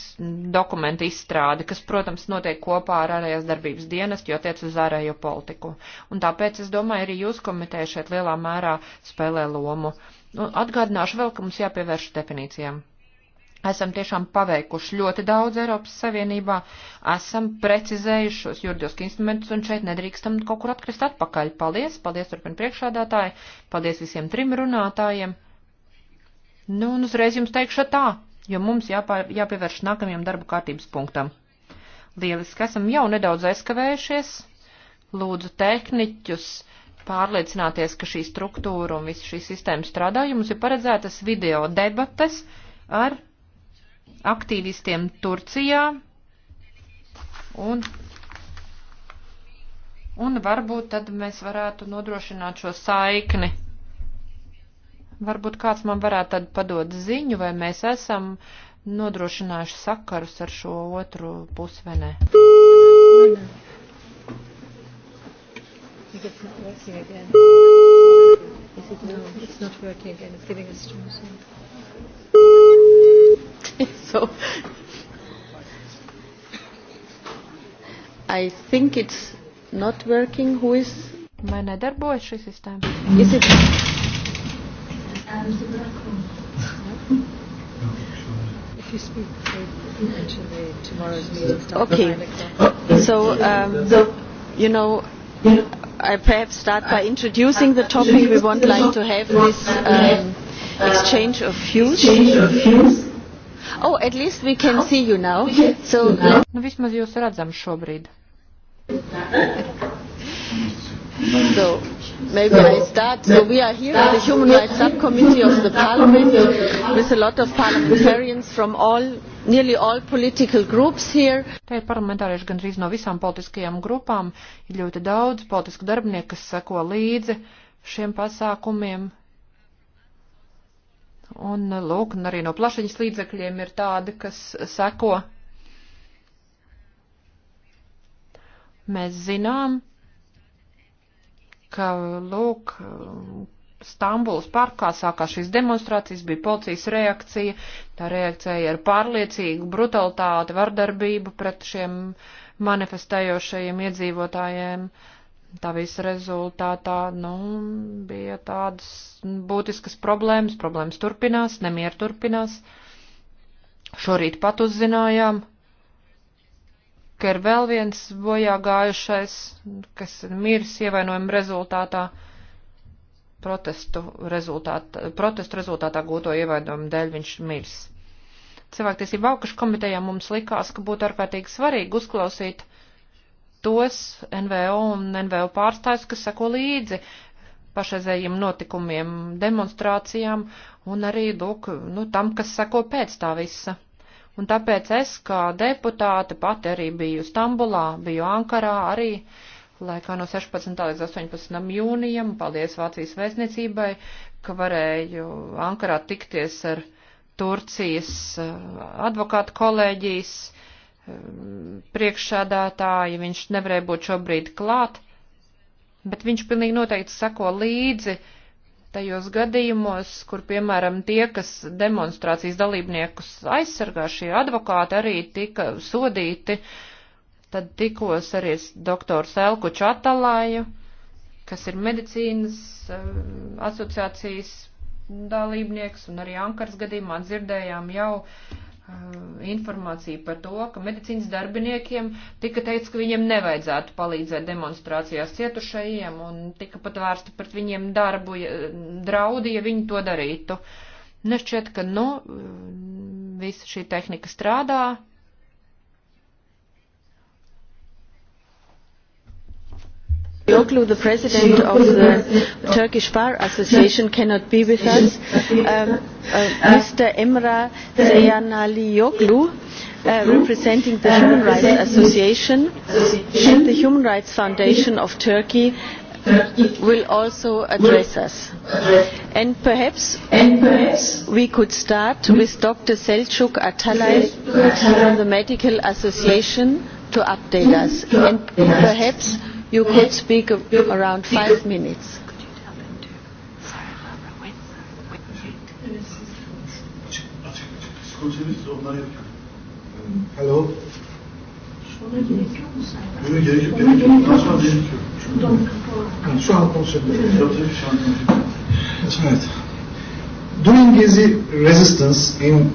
dokumentu izstrādi, kas, protams, notiek kopā ar ārējās darbības dienestu, jo tiec uz ārējo politiku. Un tāpēc, es domāju, arī jūs komiteja šeit lielā mērā spēlē lomu. Un nu, atgādināšu vēl, ka mums jāpievērš definīcijām. Esam tiešām paveikuši ļoti daudz Eiropas Savienībā, esam precizējuši šos juridiski instrumentus un šeit nedrīkstam kaut kur atkrist atpakaļ. Paldies, paldies turpin priekšādātāji, paldies visiem trim runātājiem. Nu, un uzreiz jums teikšu tā, jo mums jāpār, jāpievērš nākamajam darba kārtības punktam. Lieliski, esam jau nedaudz aizkavējušies. Lūdzu tehniķus pārliecināties, ka šī struktūra un visa šī sistēma strādā. Jums ir paredzētas video debates ar aktīvistiem Turcijā un, un varbūt tad mēs varētu nodrošināt šo saikni. Varbūt kāds man varētu tad padot ziņu, vai mēs esam nodrošinājuši sakarus ar šo otru pusi vai nē. It's not working again. It's giving us too much. so I think it's not working. Who is? Vai nedarbojas šī sistēma? Is it? If you speak, actually tomorrow's meeting starts okay. at 9 o'clock. So, um, so, you know, I perhaps start by introducing the topic we would like to have this um, exchange of views. Exchange of views Oh, at least we can see you now. So, uh, nu, vismaz jūs redzam šobrīd. So, maybe I start. So we are here at the Human Rights Subcommittee of the Parliament with a lot of parliamentarians from all, nearly all political groups here. Te ir parlamentārieši gandrīz no visām politiskajām grupām, ir ļoti daudz politisku darbinieku, kas seko līdzi šiem pasākumiem, Un, lūk, un arī no plašiņas līdzekļiem ir tādi, kas seko. Mēs zinām, ka, lūk, Stambulas parkā sākās šīs demonstrācijas, bija policijas reakcija, tā reakcija ar pārliecīgu brutalitāti, vardarbību pret šiem manifestējošajiem iedzīvotājiem. Uh, Tā visa rezultātā, nu, bija tādas būtiskas problēmas, problēmas turpinās, nemieru turpinās. Šorīt pat uzzinājām, ka ir vēl viens bojā gājušais, kas miris ievainojuma rezultātā, protestu rezultātā, protestu rezultātā gūto ievainojumu dēļ viņš miris. Cilvēktiesība aukašu komitejā mums likās, ka būtu ārkārtīgi svarīgi uzklausīt uh, tos NVO un NVO pārstājus, kas sako līdzi pašreizējiem notikumiem, demonstrācijām un arī, lūk, nu, tam, kas sako pēc tā visa. Un tāpēc es, kā deputāte, pati arī biju Stambulā, biju Ankarā arī laikā no 16. līdz 18. jūnijam, paldies Vācijas vēstniecībai, ka varēju Ankarā tikties ar Turcijas eh, advokātu kolēģijas uh, priekšsādātāja, viņš nevarēja būt šobrīd klāt, bet viņš pilnīgi noteikti sako līdzi tajos gadījumos, kur, piemēram, tie, kas demonstrācijas dalībniekus aizsargā, šie advokāti arī tika sodīti. Tad tikos arī doktoru Selku Čatalāju, kas ir medicīnas eh, asociācijas dalībnieks, un arī Ankaras gadījumā dzirdējām jau Uh, informāciju par to, ka medicīnas darbiniekiem tika teikts, ka viņiem nevajadzētu palīdzēt demonstrācijās cietušajiem un tika pat vērsta pret viņiem darbu draudi, ja viņi to darītu. Nešķiet, ka, nu, uh, visa šī tehnika strādā, Yoglu, the president of the Turkish Bar Association, cannot be with us. Um, uh, Mr. Emra Zeyanali Yoglu, uh, representing the Human Rights Association and the Human Rights Foundation of Turkey, will also address us. And perhaps, and perhaps we could start with Dr. Selçuk Atalay from the Medical Association to update us. And perhaps You could speak of around five minutes. Could you tell them to Sarah Barbara Winter? Hello. Ona gerek yok mu Sarah? Ona gerek yok. Ona gerek yok. Şuradan kapalı. Şu an konuşabilirim. Evet. During his resistance in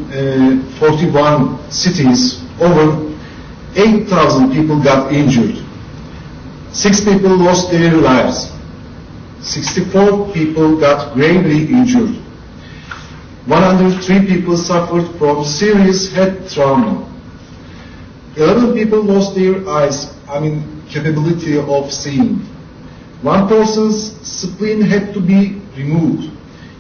uh, 41 cities, over 8,000 people got injured. Six people lost their lives. 64 people got gravely injured. 103 people suffered from serious head trauma. 11 people lost their eyes, I mean, capability of seeing. One person's spleen had to be removed.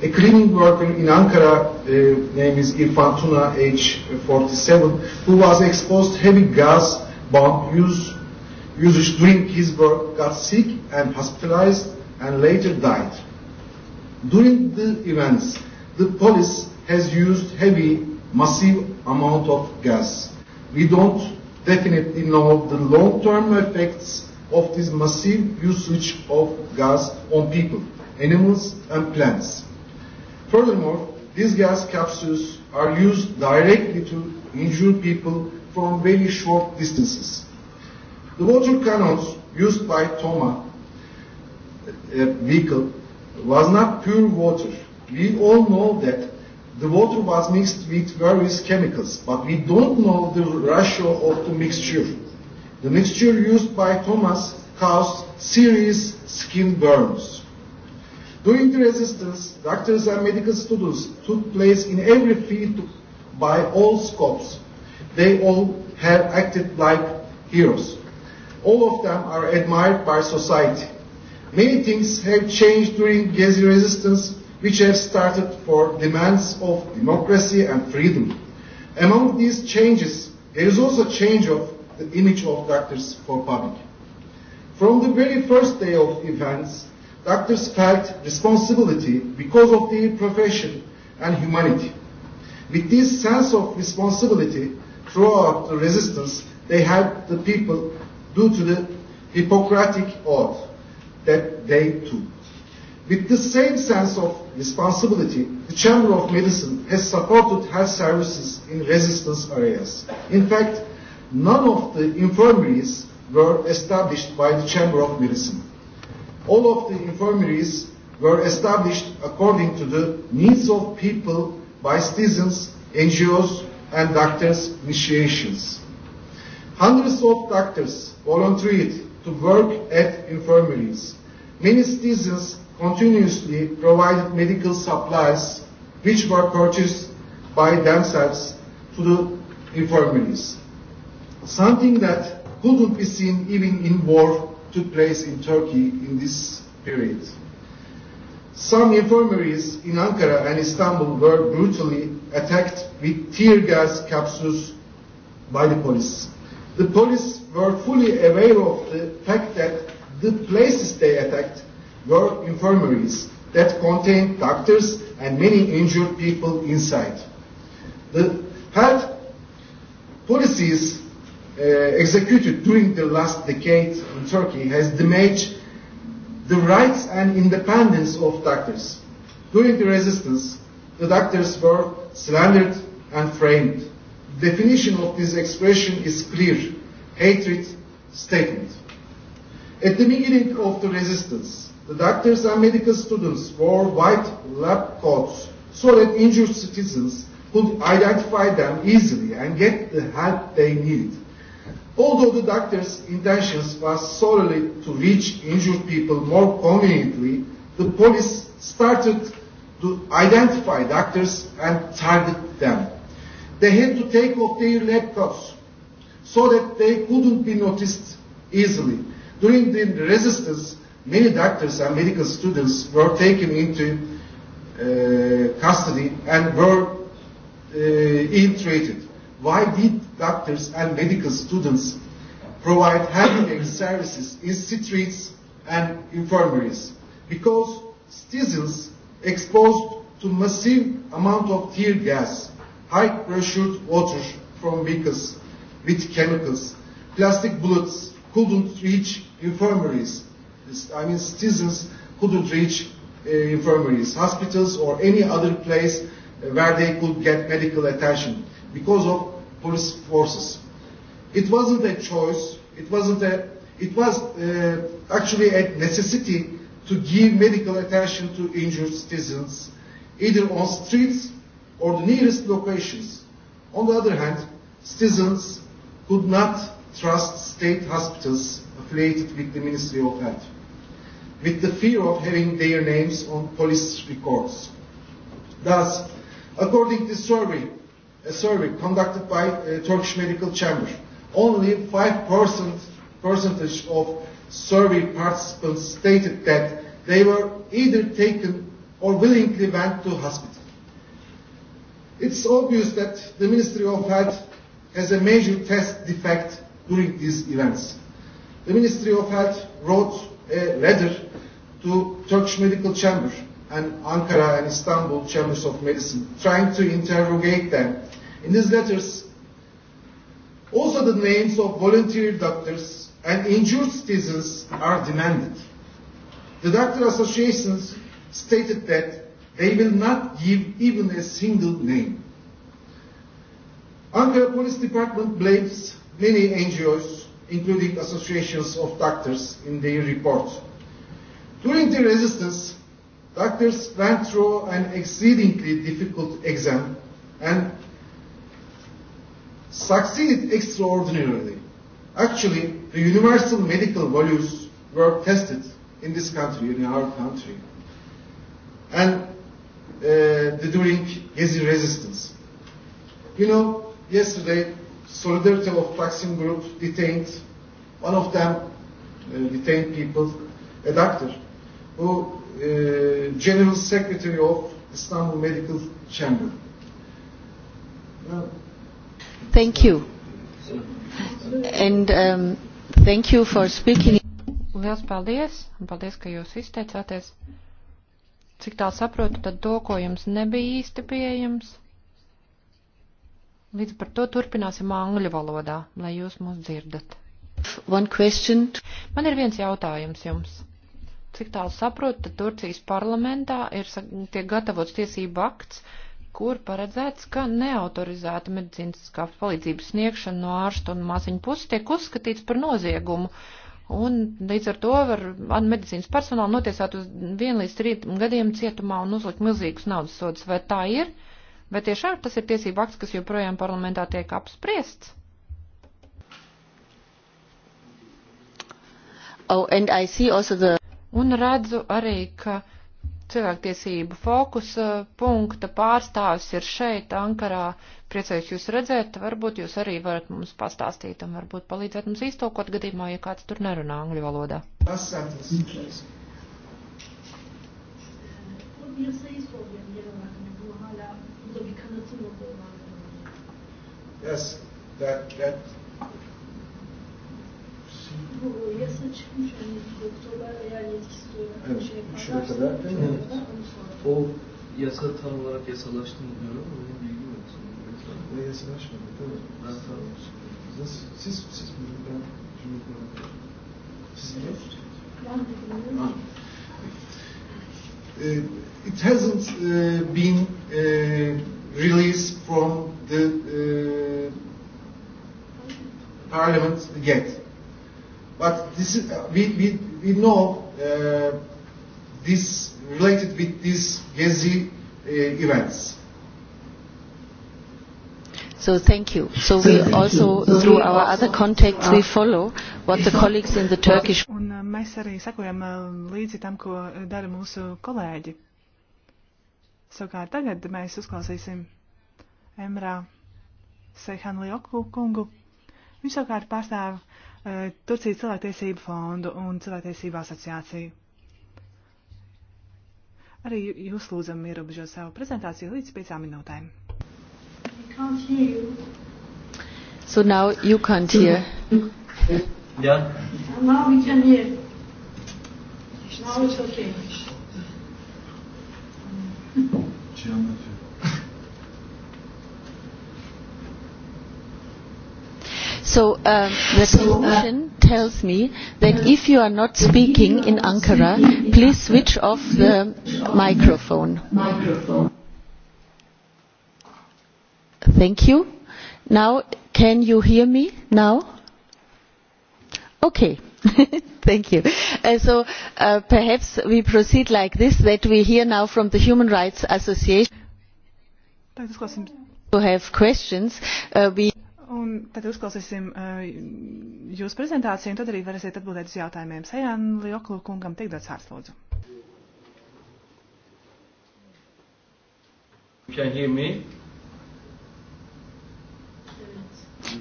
A cleaning worker in Ankara, uh, name is Irfan Tuna, age 47, who was exposed heavy gas bomb used Yuzish during his work got sick and hospitalized and later died. During the events, the police has used heavy, massive amount of gas. We don't definitely know the long-term effects of this massive usage of gas on people, animals, and plants. Furthermore, these gas capsules are used directly to injure people from very short distances. The water cannons used by Toma uh, vehicle was not pure water. We all know that the water was mixed with various chemicals, but we don't know the ratio of the mixture. The mixture used by Thomas caused serious skin burns. During the resistance, doctors and medical students took place in every field by all scopes. They all have acted like heroes. All of them are admired by society. Many things have changed during Gezi resistance, which have started for demands of democracy and freedom. Among these changes, there is also change of the image of doctors for public. From the very first day of events, doctors felt responsibility because of their profession and humanity. With this sense of responsibility throughout the resistance, they helped the people due to the Hippocratic oath that they took. With the same sense of responsibility, the Chamber of Medicine has supported health services in resistance areas. In fact, none of the infirmaries were established by the Chamber of Medicine. All of the infirmaries were established according to the needs of people by citizens, NGOs, and doctors' initiations. Hundreds of doctors volunteered to work at infirmaries. Many citizens continuously provided medical supplies which were purchased by themselves to the infirmaries. Something that couldn't be seen even in war took place in Turkey in this period. Some infirmaries in Ankara and Istanbul were brutally attacked with tear gas capsules by the police. The police were fully aware of the fact that the places they attacked were infirmaries that contained doctors and many injured people inside. The health policies uh, executed during the last decade in Turkey has damaged the rights and independence of doctors. During the resistance, the doctors were slandered and framed. The definition of this expression is clear hatred statement. At the beginning of the resistance, the doctors and medical students wore white lab coats so that injured citizens could identify them easily and get the help they needed. Although the doctors' intentions was solely to reach injured people more conveniently, the police started to identify doctors and target them. They had to take off their lab coats so that they couldn't be noticed easily. During the resistance, many doctors and medical students were taken into uh, custody and were uh, ill-treated. Why did doctors and medical students provide healthcare services in streets and infirmaries? Because citizens exposed to massive amount of tear gas, high pressured water from vehicles, with chemicals. Plastic bullets couldn't reach infirmaries. I mean, citizens couldn't reach uh, infirmaries, hospitals, or any other place where they could get medical attention because of police forces. It wasn't a choice. It wasn't a. It was uh, actually a necessity to give medical attention to injured citizens, either on streets or the nearest locations. On the other hand, citizens could not trust state hospitals affiliated with the Ministry of Health, with the fear of having their names on police records. Thus, according to survey, a survey conducted by uh, Turkish Medical Chamber, only 5% percentage of survey participants stated that they were either taken or willingly went to hospital. It's obvious that the Ministry of Health as a major test defect during these events. The Ministry of Health wrote a letter to Turkish Medical Chamber and Ankara and Istanbul Chambers of Medicine, trying to interrogate them. In these letters, also the names of volunteer doctors and injured citizens are demanded. The doctor associations stated that they will not give even a single name. Ankara Police Department blames many NGOs, including associations of doctors, in their report. During the resistance, doctors went through an exceedingly difficult exam and succeeded extraordinarily. Actually, the universal medical values were tested in this country, in our country, and uh, during Gezi resistance. You know, Yesterday, Solidarity of Taksim Group detained, one of them uh, detained people, a doctor, who uh, General Secretary of Istanbul Medical Chamber. Well, thank you. And um, thank you for speaking. Liels paldies, un paldies, ka jūs izteicāties. Cik tā saprotu, tad to, ko jums nebija īsti pieejams Līdz par to turpināsim angļu valodā, lai jūs mūs dzirdat. Man ir viens jautājums jums. Cik tālu saprotu, tad Turcijas parlamentā ir tiek gatavots tiesību akts, kur paredzēts, ka neautorizēta medicīniskā palīdzības sniegšana no ārsta un māsiņu puses tiek uzskatīts par noziegumu. Un līdz ar to var medicīnas personālu notiesāt uz vienu līdz trim gadiem cietumā un uzlikt milzīgus naudas sodus. Vai tā ir? Bet tiešām tas ir tiesība akts, kas joprojām parlamentā tiek apspriests. Oh, the... Un redzu arī, ka cilvēktiesību fokusa uh, punkta pārstāvis ir šeit, Ankarā. Priecājos jūs redzēt, varbūt jūs arī varat mums pastāstīt un varbūt palīdzēt mums iztolkot gadījumā, ja kāds tur nerunā angļu valodā. Mm. Yes, that that. Bulunursa çıkmış hani doktorlar veya yetkisi olarak evet, şey şuraya kadar. Evet. O yasa tam olarak yasalaştı mı diyorum ama benim bilgim yok. Ne yasalaşmadı değil mi? Ben tamam. Siz, siz, siz bilin ben şimdi kuramadım. Siz biliyor musunuz? Ben de bilmiyorum. Uh, it hasn't uh, been uh, release from the uh, parliament yet. But this is, uh, we, we, we know uh, this related with these Gezi uh, events. So thank you. So we also, through our other contacts, we follow what the colleagues in the Turkish... Un uh, mēs arī sakojam uh, līdzi tam, ko uh, dara mūsu kolēģi. Savukārt tagad mēs uzklausīsim Emrā Seihanli Okūkungu. Viņš savukārt pārstāv uh, Turcijas cilvēktiesību fondu un cilvēktiesību asociāciju. Arī jūs lūdzam ierobežot savu prezentāciju līdz piecām minūtēm. So now you can't hear. Yeah. Now we can hear. Now it's okay şey anlatıyor. So um, the uh, technician tells me that if you are not speaking in Ankara, please switch off the microphone. Thank you. Now, can you hear me now? Okay. thank you. Uh, so uh, perhaps we proceed like this, that we hear now from the Human Rights Association who have questions. Uh, we Un tad uzklausīsim uh, jūsu prezentāciju, un tad arī varēsiet atbildēt uz jautājumiem. Sajāna Lioklu kungam tiek dots vārds, lūdzu. Can you hear me?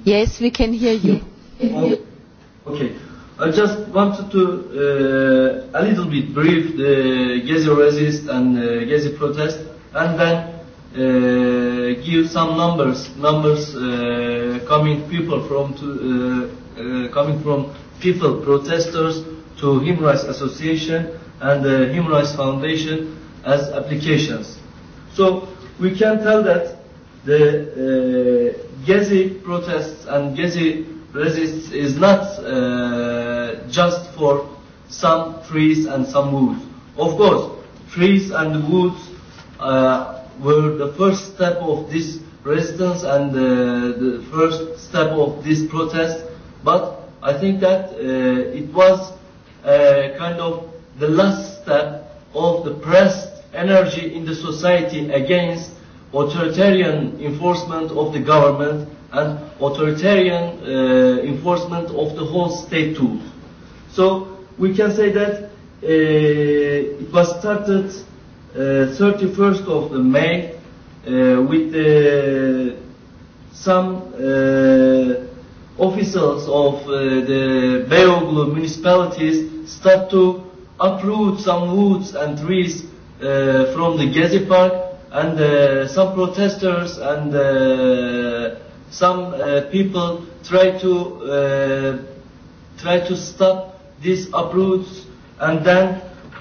Yes, we can hear you. Oh, okay. okay. I just wanted to uh, a little bit brief the uh, Gezi resist and uh, Gezi protest, and then uh, give some numbers, numbers uh, coming people from to, uh, uh, coming from people protesters to Human Rights Association and the Human Rights Foundation as applications. So we can tell that the uh, Gezi protests and Gezi This is, is not uh, just for some trees and some woods. Of course, trees and woods uh, were the first step of this resistance and uh, the first step of this protest, but I think that uh, it was uh, kind of the last step of the pressed energy in the society against authoritarian enforcement of the government and authoritarian uh, enforcement of the whole state tool. So we can say that uh, it was started uh, 31st of May uh, with the, uh, some uh, officials of uh, the Beyoğlu municipalities start to uproot some woods and trees uh, from the Gezi Park and uh, some protesters and uh, some uh, people try to uh, try to stop these uproots and then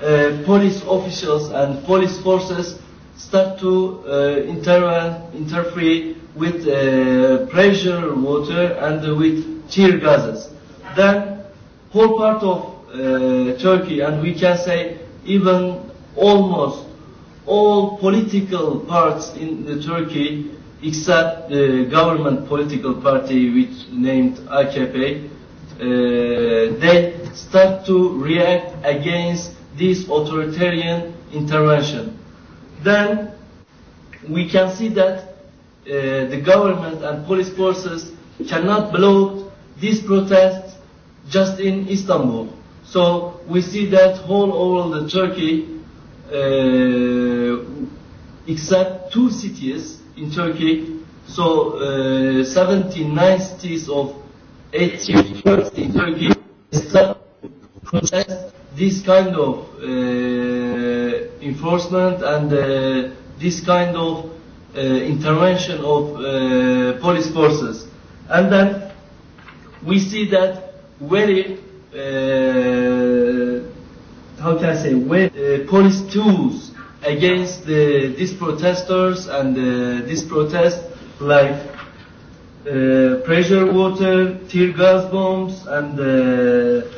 uh, police officials and police forces start to uh, inter interfere with uh, pressure water and uh, with tear gases. Then whole part of uh, Turkey and we can say even almost all political parts in the Turkey except uh, e, government political party which named AKP, uh, e, they start to react against this authoritarian intervention. Then we can see that uh, the government and police forces cannot block these protests just in Istanbul. So we see that whole over the Turkey, uh, except two cities, in Turkey. So uh, 1790s of 18th in Turkey protest this kind of uh, enforcement and uh, this kind of uh, intervention of uh, police forces. And then we see that very, uh, how can I say, very, uh, police tools against the, these protesters and uh, this protest, like uh, pressure water, tear gas bombs, and uh,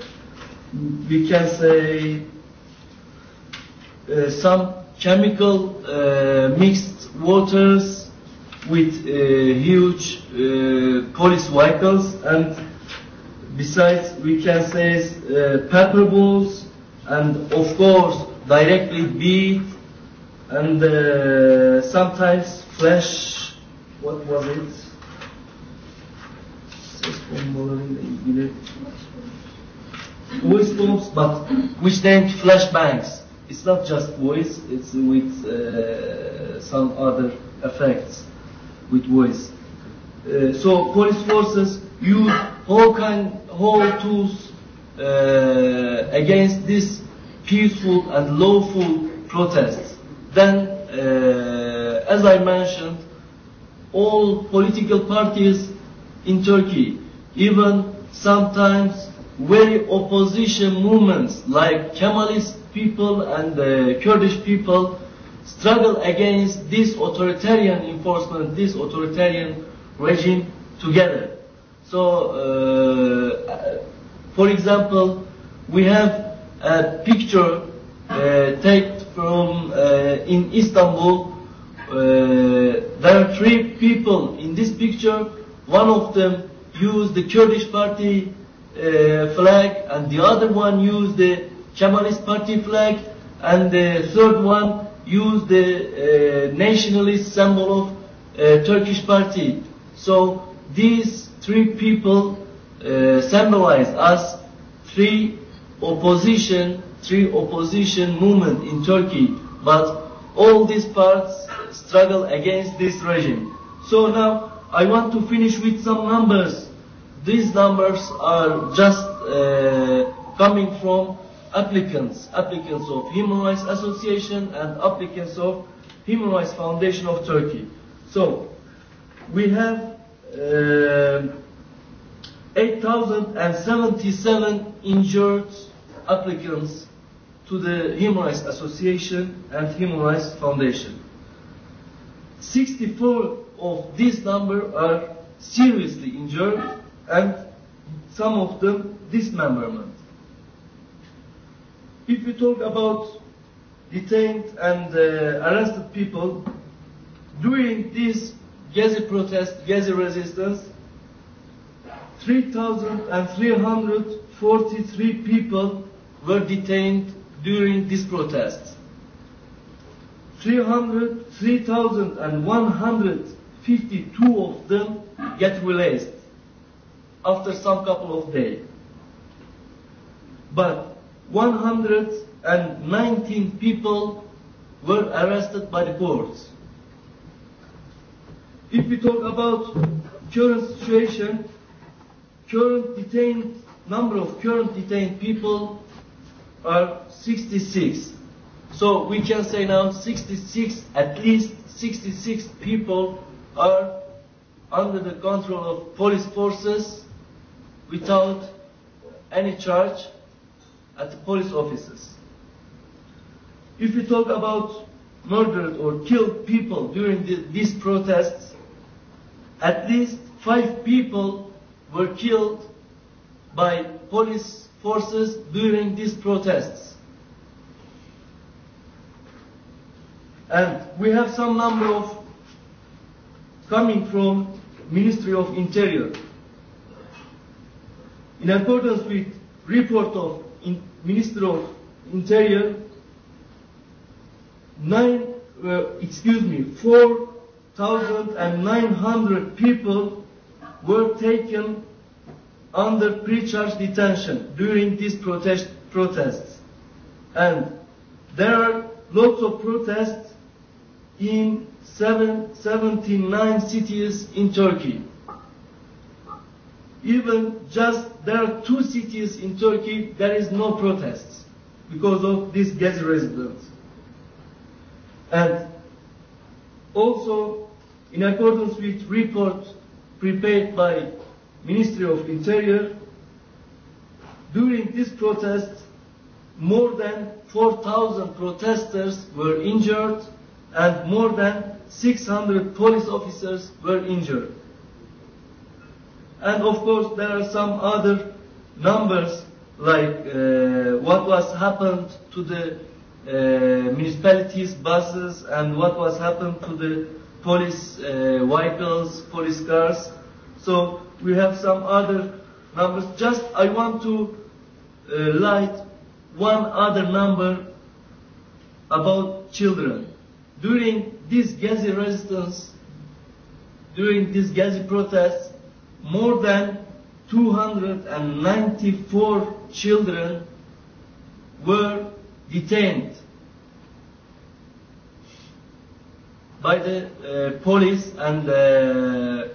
we can say uh, some chemical uh, mixed waters with uh, huge uh, police vehicles and besides we can say uh, pepper balls and of course directly beat and uh, sometimes flash, what was it? Voice bombs, but which named flashbangs. It's not just voice, it's with uh, some other effects with voice. Uh, so police forces use whole kind, whole tools uh, against this peaceful and lawful protests then uh, as I mentioned, all political parties in Turkey, even sometimes very opposition movements like Kemalist people and the uh, Kurdish people struggle against this authoritarian enforcement, this authoritarian regime together. So, uh, for example, we have a picture uh, take from uh, in Istanbul. Uh, there are three people in this picture. One of them used the Kurdish party uh, flag, and the other one used the Kemalist party flag, and the third one used the uh, nationalist symbol of uh, Turkish party. So these three people uh, symbolize as three opposition three opposition movement in Turkey, but all these parts struggle against this regime. So now I want to finish with some numbers. These numbers are just uh, coming from applicants, applicants of Human Rights Association and applicants of Human Rights Foundation of Turkey. So we have uh, 8,077 injured applicants to the Human Rights Association and Human Rights Foundation. 64 of this number are seriously injured and some of them dismemberment. If we talk about detained and uh, arrested people, during this Gezi protest, Gezi resistance, 3,343 people were detained during these protests. 3,152 of them get released after some couple of days. But 119 people were arrested by the courts. If we talk about current situation, current detained number of current detained people are 66. So we can say now 66, at least 66 people are under the control of police forces without any charge at the police offices. If we talk about murdered or killed people during the, these protests, at least five people were killed by police forces during these protests. And we have some number of coming from Ministry of Interior. In accordance with report of in Minister of Interior, nine, uh, excuse me, 4,900 people were taken under pre-charge detention during these protest, protests. And there are lots of protests in seven, 79 cities in Turkey. Even just there are two cities in Turkey, there is no protests because of this gas residents. And also, in accordance with report prepared by Ministry of Interior, during this protest, more than 4,000 protesters were injured and more than 600 police officers were injured. And of course, there are some other numbers like uh, what was happened to the uh, municipalities, buses, and what was happened to the police uh, vehicles, police cars. So we have some other numbers. Just I want to uh, light one other number about children. During this Gazi resistance, during this Gazi protests, more than 294 children were detained by the uh, police and uh,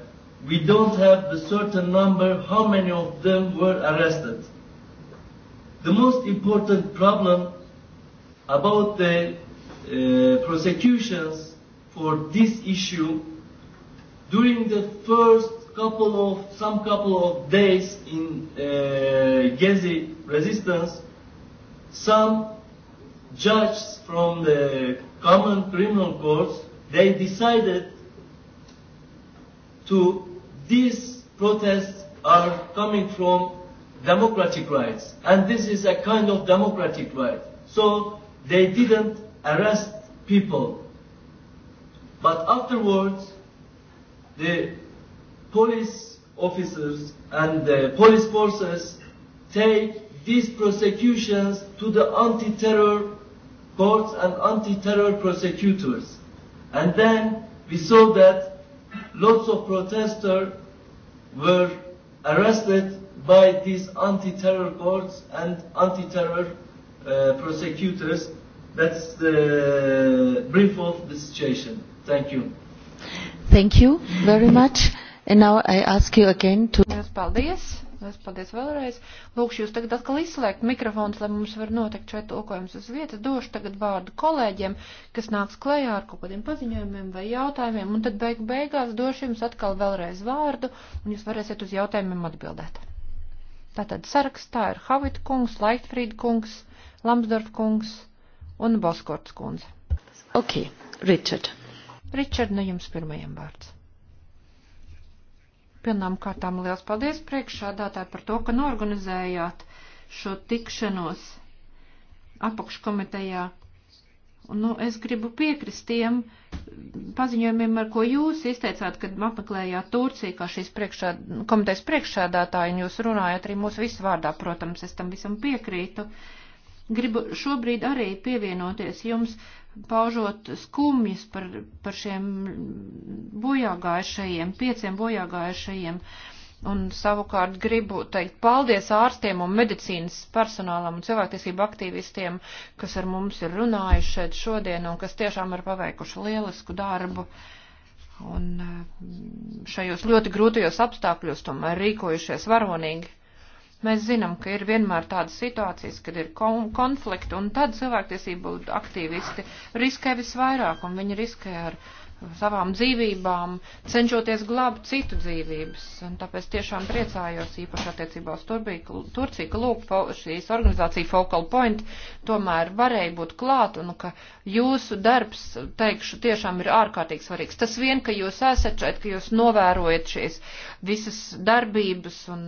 we don't have the certain number how many of them were arrested. The most important problem about the uh, prosecutions for this issue during the first couple of some couple of days in uh, Gezi resistance, some judges from the common criminal courts they decided to these protests are coming from democratic rights. And this is a kind of democratic right. So they didn't arrest people. But afterwards, the police officers and the police forces take these prosecutions to the anti-terror courts and anti-terror prosecutors. And then we saw that lots of protesters were arrested by these anti-terror courts and anti-terror uh, prosecutors. That's the brief of the situation. Thank you. Thank you very much. And now I ask you again to... Paldies. Lielas paldies vēlreiz. Lūkšu jūs tagad atkal izslēgt mikrofons, lai mums var notikt šeit tulkojums uz vietas. Došu tagad vārdu kolēģiem, kas nāks klējā ar kaut kādiem paziņojumiem vai jautājumiem, un tad beig beigās došu jums atkal vēlreiz vārdu, un jūs varēsiet uz jautājumiem atbildēt. Tātad sarakstā ir Havit kungs, Leichtfried kungs, Lamsdorf kungs un Boskorts kundze. Ok, Richard. Richard, nu jums pirmajam vārds. Pirmām kārtām liels paldies priekšādātāji par to, ka norganizējāt šo tikšanos apakškomitejā. Nu, es gribu piekrist tiem paziņojumiem, ar ko jūs izteicāt, kad apmeklējāt Turciju, kā šīs priekšā, komitejas priekšsēdātāji, un jūs runājat arī mūsu visu vārdā, protams, es tam visam piekrītu. Uh, Gribu šobrīd arī pievienoties jums, paužot skumjas par, par šiem bojāgājušajiem, pieciem bojāgājušajiem. Un savukārt gribu teikt paldies ārstiem un medicīnas personālam un cilvēktiesību aktīvistiem, kas ar mums ir runājuši šeit šodien un kas tiešām ir paveikuši lielisku darbu. Un eh, šajos ļoti grūtajos apstākļos tomēr rīkojušies varonīgi. Mēs zinām, ka ir vienmēr tādas situācijas, kad ir konflikti, un tad cilvēktiesību aktīvisti riskē visvairāk, un viņi riskē ar savām dzīvībām, cenšoties glābt citu dzīvības. Un tāpēc tiešām priecājos īpaši attiecībā uz Turciju, ka lūk, šīs organizācija Focal Point tomēr varēja būt klāt un ka jūsu darbs, teikšu, tiešām ir ārkārtīgi svarīgs. Tas vien, ka jūs esat šeit, ka jūs novērojat šīs visas darbības un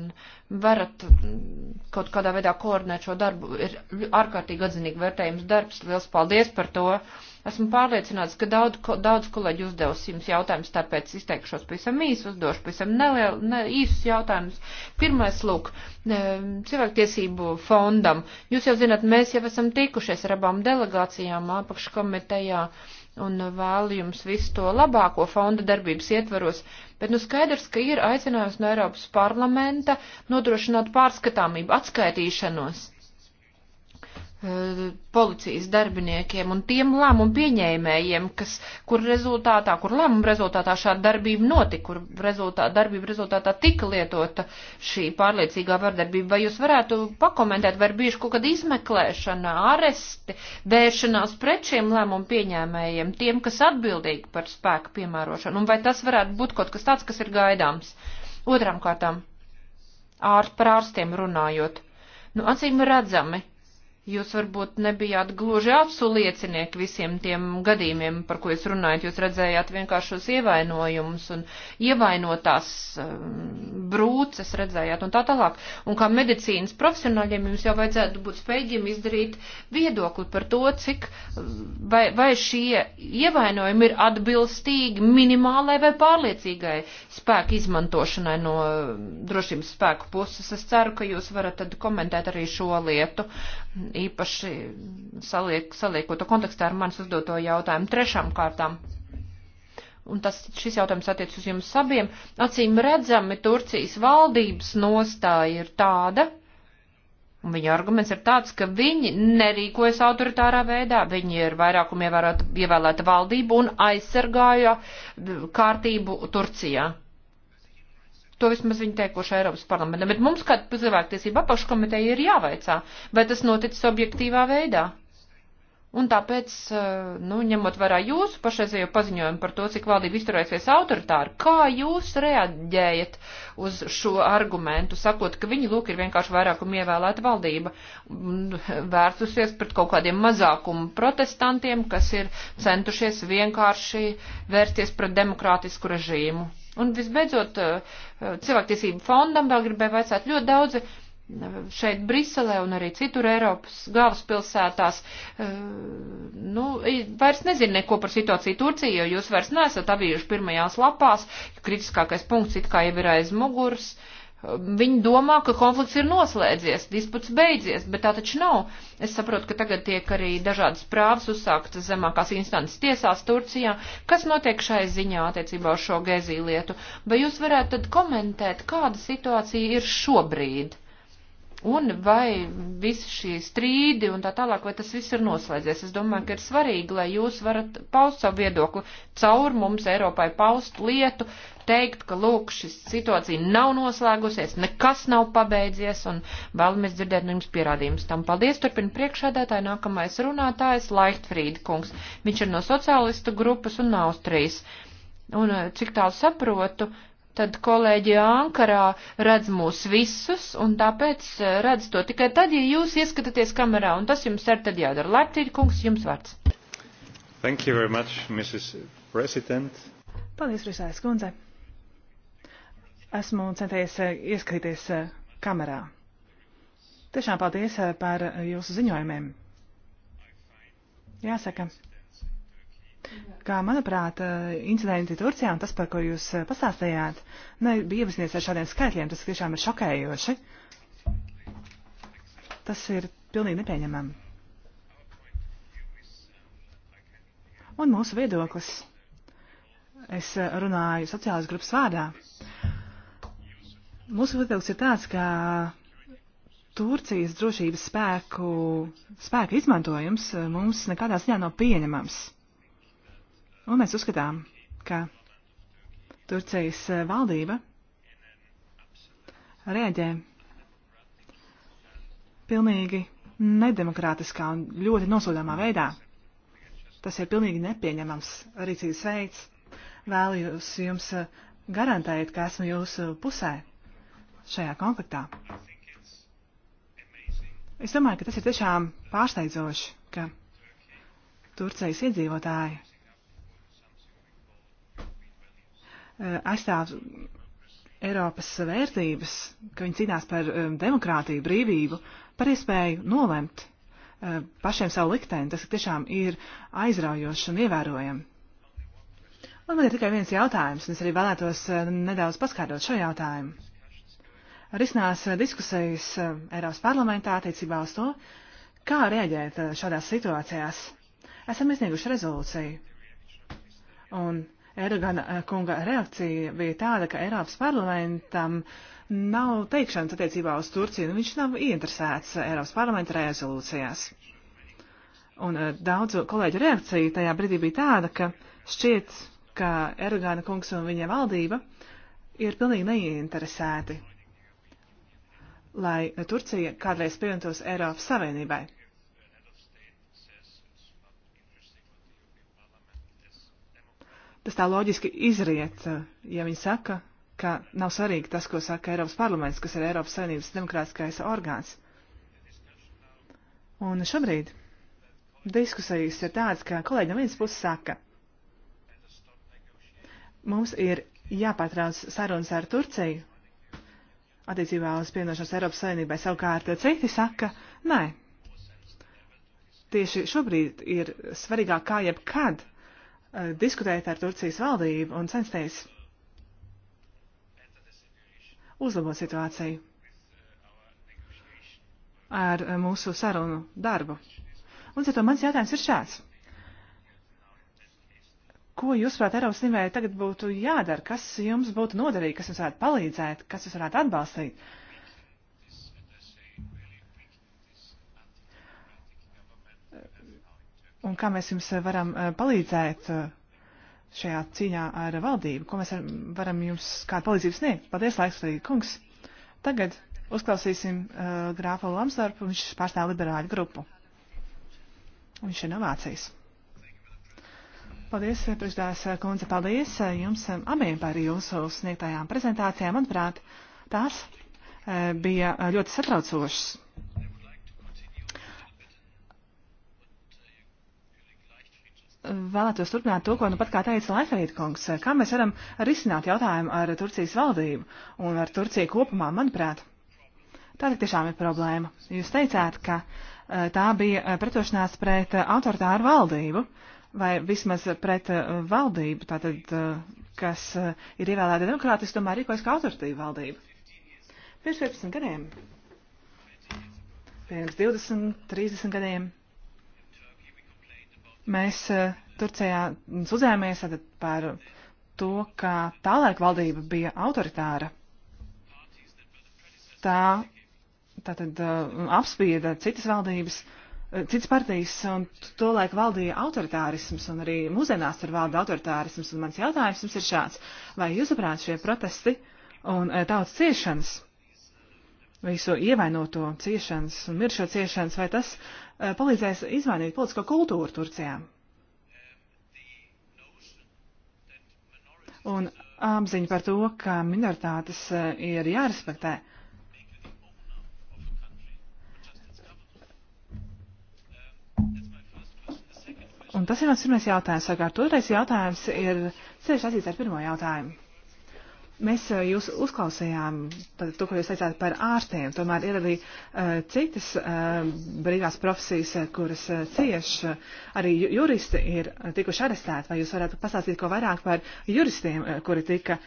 varat mm, kaut kādā veidā koordinēt šo darbu, ir ārkārtīgi atzinīgi vērtējums darbs. Liels paldies par to! Esmu pārliecināts, ka daudz, daudz kolēģi uzdevis jums jautājumus, tāpēc izteikšos pavisam īsi, uzdošu pavisam nelielu, ne, īsus jautājumus. Pirmais, lūk, cilvēktiesību fondam. Jūs jau zināt, mēs jau esam tikušies ar abām delegācijām apakškomitejā un vēlu jums visu to labāko fonda darbības ietvaros, bet nu skaidrs, ka ir aicinājums no Eiropas parlamenta nodrošināt pārskatāmību, atskaitīšanos Eh, policijas darbiniekiem un tiem lēmumu pieņēmējiem, kas, kur rezultātā, kur lēmumu rezultātā šāda darbība notika, kur rezultā, darbība rezultātā tika lietota šī pārliecīgā vardarbība. Vai jūs varētu pakomentēt, vai ir bijuši kaut kāda izmeklēšana, aresti, vēršanās pret šiem lēmumu pieņēmējiem, tiem, kas atbildīgi par spēku piemērošanu, un vai tas varētu būt kaut kas tāds, kas ir gaidāms? Otram kārtām, ārst par ārstiem runājot. Nu, acīm redzami, Jūs varbūt nebijāt gluži apsuliecinieki visiem tiem gadījumiem, par ko jūs runājat. Jūs redzējāt vienkāršos ievainojumus un ievainotās um, brūces redzējāt un tā tālāk. Un kā medicīnas profesionāļiem jums jau vajadzētu būt spējīgiem izdarīt viedokli par to, cik um, vai, vai šie ievainojumi ir atbilstīgi minimālai vai pārliecīgai spēku izmantošanai no um, drošības spēku puses. Es ceru, ka jūs varat tad komentēt arī šo lietu īpaši saliek, saliekot to kontekstā ar manis uzdoto jautājumu trešām kārtām. Un tas, šis jautājums attiec uz jums abiem. Acīm redzami Turcijas valdības nostāja ir tāda, un viņa arguments ir tāds, ka viņi nerīkojas autoritārā veidā, viņi ir vairākumu ievēlēta valdība un aizsargāja kārtību Turcijā. To vismaz viņi teikuši Eiropas parlamentam. Bet mums, kā cilvēktiesība apaškomiteja, ir jāveicā, vai tas noticis objektīvā veidā. Un tāpēc, eh, nu, ņemot vērā jūsu pašreizējo paziņojumu par to, cik valdība izturēsies autoritāri, kā jūs reaģējat uz šo argumentu, sakot, ka viņi, lūk, ir vienkārši vairākumu ievēlēta valdība, vērsusies pret kaut kādiem mazākumu protestantiem, kas ir centušies vienkārši vērsties pret demokrātisku režīmu? Un visbeidzot, eh, cilvēktiesību fondam vēl gribēju vaicāt ļoti daudzi eh, šeit Briselē un arī citur Eiropas galvaspilsētās, eh, nu, vairs nezinu neko par situāciju Turcijā, jo jūs vairs nesat avījuši pirmajās lapās, kritiskākais punkts it kā jau ir aiz muguras. Uh, Viņi domā, ka konflikts ir noslēdzies, disputs beidzies, bet tā taču nav. Es saprotu, ka tagad tiek arī dažādas prāvas uzsāktas zemākās instances tiesās Turcijā. Kas notiek šai ziņā attiecībā uz šo gēzī lietu? Vai jūs varētu tad komentēt, kāda situācija ir šobrīd? Un vai visi šie strīdi un tā tālāk, vai tas viss ir noslēdzies? Es domāju, ka ir svarīgi, lai jūs varat paust savu viedokli caur mums Eiropai paust lietu, teikt, ka lūk, šis situācija nav noslēgusies, nekas nav pabeidzies un vēlamies dzirdēt no jums pierādījumus tam. Paldies, turpin priekšādātāji, nākamais runātājs Laichtfrīda kungs. Viņš ir no sociālistu grupas un Austrijas. Un cik tālu saprotu, uh, tad kolēģi Ankarā redz mūs visus, un tāpēc eh, redz to tikai tad, ja jūs ieskatāties kamerā, un tas jums ir tad jādara. Leptīri kungs, jums vārds. Thank you very much, Mrs. President. Paldies, Risājas kundze. Esmu centies eh, ieskatīties eh, kamerā. Tiešām paldies par jūsu ziņojumiem. Jāsaka, kā, manuprāt, eh, incidenti Turcijā un tas, par ko jūs eh, pastāstījāt, ne, bija iepazinies ar šādiem skaitļiem, tas tiešām ir šokējoši. Tas ir pilnīgi nepieņemami. Un mūsu viedoklis. Es eh, runāju sociālas grupas vārdā. Mūsu viedoklis ir tāds, ka Turcijas drošības spēku, spēku izmantojums mums nekādā ziņā nav pieņemams. Un mēs uzskatām, ka Turcijas eh, valdība rēģē pilnīgi nedemokrātiskā un ļoti nosodāmā veidā. Tas ir pilnīgi nepieņemams rīcības veids. Vēlējos jums eh, garantēt, ka esmu jūsu pusē šajā konfliktā. Es domāju, ka tas ir tiešām pārsteidzoši, ka Turcijas iedzīvotāji aizstāv Eiropas vērtības, ka viņi cīnās par um, demokrātiju, brīvību, par iespēju nolemt uh, pašiem savu likteni. Tas tiešām ir aizraujoši un ievērojami. Un man ir tikai viens jautājums, un es arī vēlētos uh, nedaudz paskaidrot šo jautājumu. Risinās uh, diskusijas Eiropas parlamentā attiecībā uz to, kā reaģēt šādās situācijās. Esam iesnieguši rezolūciju. Un Erdogana eh, kunga reakcija bija tāda, ka Eiropas parlamentam nav teikšanas attiecībā uz Turciju, un nu, viņš nav ieinteresēts Eiropas parlamenta rezolūcijās. Un eh, daudzu kolēģu reakcija tajā brīdī bija tāda, ka šķiet, ka Erdogana kungs un viņa valdība ir pilnīgi neieinteresēti, lai Turcija kādreiz pievienotos Eiropas Savienībai. Tas tā loģiski izriet, ja viņi saka, ka nav svarīgi tas, ko saka Eiropas parlaments, kas ir Eiropas Savienības demokrātiskais orgāns. Un šobrīd diskusijas ir tādas, ka kolēģi no vienas puses saka, mums ir jāpārtrauc sarunas ar Turciju attiecībā uz pienošanos Eiropas Savienībai. Savukārt citi saka, nē, tieši šobrīd ir svarīgāk kā jebkad Eh, diskutēt ar Turcijas valdību un censties uzlabot situāciju ar eh, mūsu sarunu darbu. Un, citu, mans jautājums ir šāds. Ko jūs, prāt, Eiropas Savienībai tagad būtu jādara? Kas jums būtu noderīgi, kas jums varētu palīdzēt, kas jūs varētu atbalstīt? un kā mēs jums varam eh, palīdzēt eh, šajā cīņā ar valdību, ko mēs varam jums kādu palīdzību sniegt. Paldies, laiks, arī kungs. Tagad uzklausīsim uh, eh, grāfu Lamsdorpu, viņš pārstāv liberāļu grupu. Viņš ir no Vācijas. Paldies, priekšdās kundze, paldies jums abiem par jūsu sniegtajām prezentācijām. Manuprāt, tās uh, bija ļoti satraucošas. vēlētos turpināt to, ko nu pat kā teica Laiferīta kungs. Kā mēs varam risināt jautājumu ar Turcijas valdību un ar Turciju kopumā, manuprāt? Tā tik tiešām ir problēma. Jūs teicāt, ka eh, tā bija eh, pretošanās pret eh, autoritāru valdību, vai vismaz pret valdību, tātad, kas ir ievēlēta demokrātiski, tomēr rīkojas kā autoritīva valdība. Pirms 15 gadiem, pirms 20, 30 gadiem Mēs e, Turcijā uzņēmējies par to, ka tālaik valdība bija autoritāra. Tā tātad e, apspieda citas valdības, e, citas partijas, un tolaik valdīja autoritārisms, un arī mūsdienās tur valda autoritārisms, un mans jautājums jums ir šāds. Vai jūsuprāt šie protesti un tautas ciešanas visu ievainoto ciešanas un miršo ciešanas, vai tas uh, palīdzēs izmainīt politisko kultūru Turcijā? Un apziņa par to, ka minoritātes uh, ir jārespektē. Un tas ir mans pirmais jautājums. Sakārt, otrais jautājums ir ceļš atzīts ar pirmo jautājumu. Mēs eh, jūs uzklausījām par to, ko jūs teicāt par ārstiem. Tomēr ir arī uh, citas uh, brīvās profesijas, kuras uh, cieš. Arī juristi ir tikuši arestēti. Vai jūs varētu pastāstīt ko vairāk par juristiem, uh, kuri tika uh,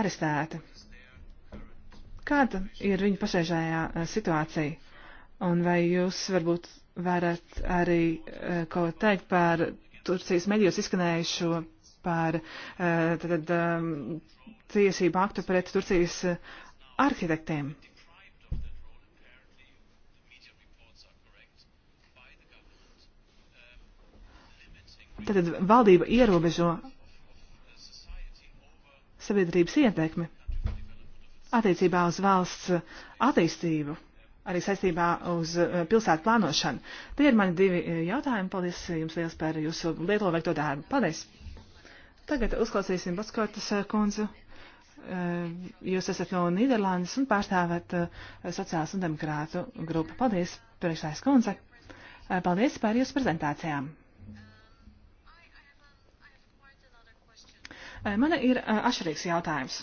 arestēti? Kāda ir viņa pašreizējā uh, situācija? Un vai jūs varbūt varat arī uh, ko teikt par Turcijas medijos izskanējušo par eh, tad, eh, tiesību aktu pret Turcijas arhitektiem. Tad valdība ierobežo sabiedrības ietekmi attiecībā uz valsts attīstību, arī saistībā uz eh, pilsētu plānošanu. Tie ir mani divi jautājumi. Paldies jums liels par jūsu lietlo veikto darbu. Paldies! Tagad uzklausīsim Baskartas eh, kundzu. Eh, jūs esat no Nīderlandes un pārstāvat eh, sociālas un demokrātu grupu. Paldies, priekšsājas kundze. Paldies par jūsu prezentācijām. Man ir atšķirīgs jautājums.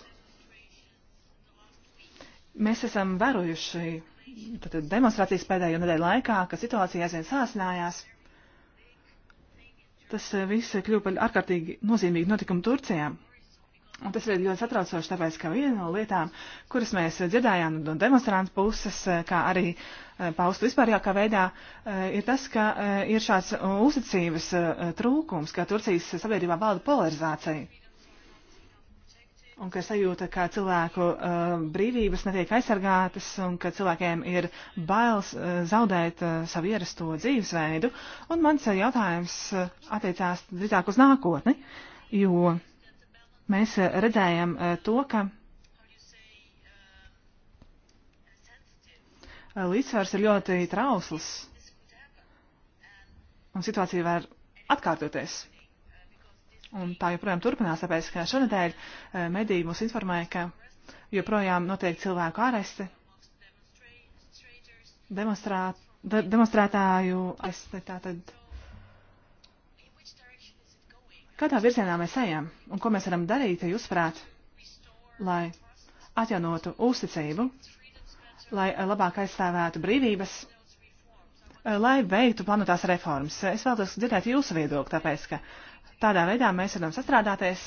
Mēs esam vērojuši demonstrācijas pēdējo nedēļu laikā, ka situācija aizvien sāsinājās. Tas eh, viss eh, kļūpa par ārkārtīgi nozīmīgu notikumu Turcijā. Un tas ir ļoti satraucoši, tāpēc, ka viena no lietām, kuras mēs eh, dzirdējām no demonstrantu puses, kā arī paustu vispārjākā veidā, ir tas, ka ir šāds uzticības trūkums, ka Turcijas sabiedrībā valda polarizācija un ka sajūta, ka cilvēku uh, brīvības netiek aizsargātas un ka cilvēkiem ir bailes uh, zaudēt uh, savu ierasto dzīvesveidu. Un mans uh, jautājums uh, attiecās drīzāk uz nākotni, jo mēs uh, redzējam uh, to, ka uh, līdzsvars ir ļoti trausls un situācija var atkārtoties. Un tā joprojām turpinās, tāpēc, ka šonadēļ eh, mediji mūs informēja, ka joprojām notiek cilvēku āresti, demonstrāt, de, demonstrētāju āresti, tātad. Kādā virzienā mēs ejam un ko mēs varam darīt, ja jūs prāt, lai atjaunotu uzticību, lai eh, labāk aizstāvētu brīvības, eh, lai veiktu planotās reformas? Es vēlos dzirdēt jūsu viedokli, tāpēc, ka. Uh, Tādā veidā mēs varam sastrādāties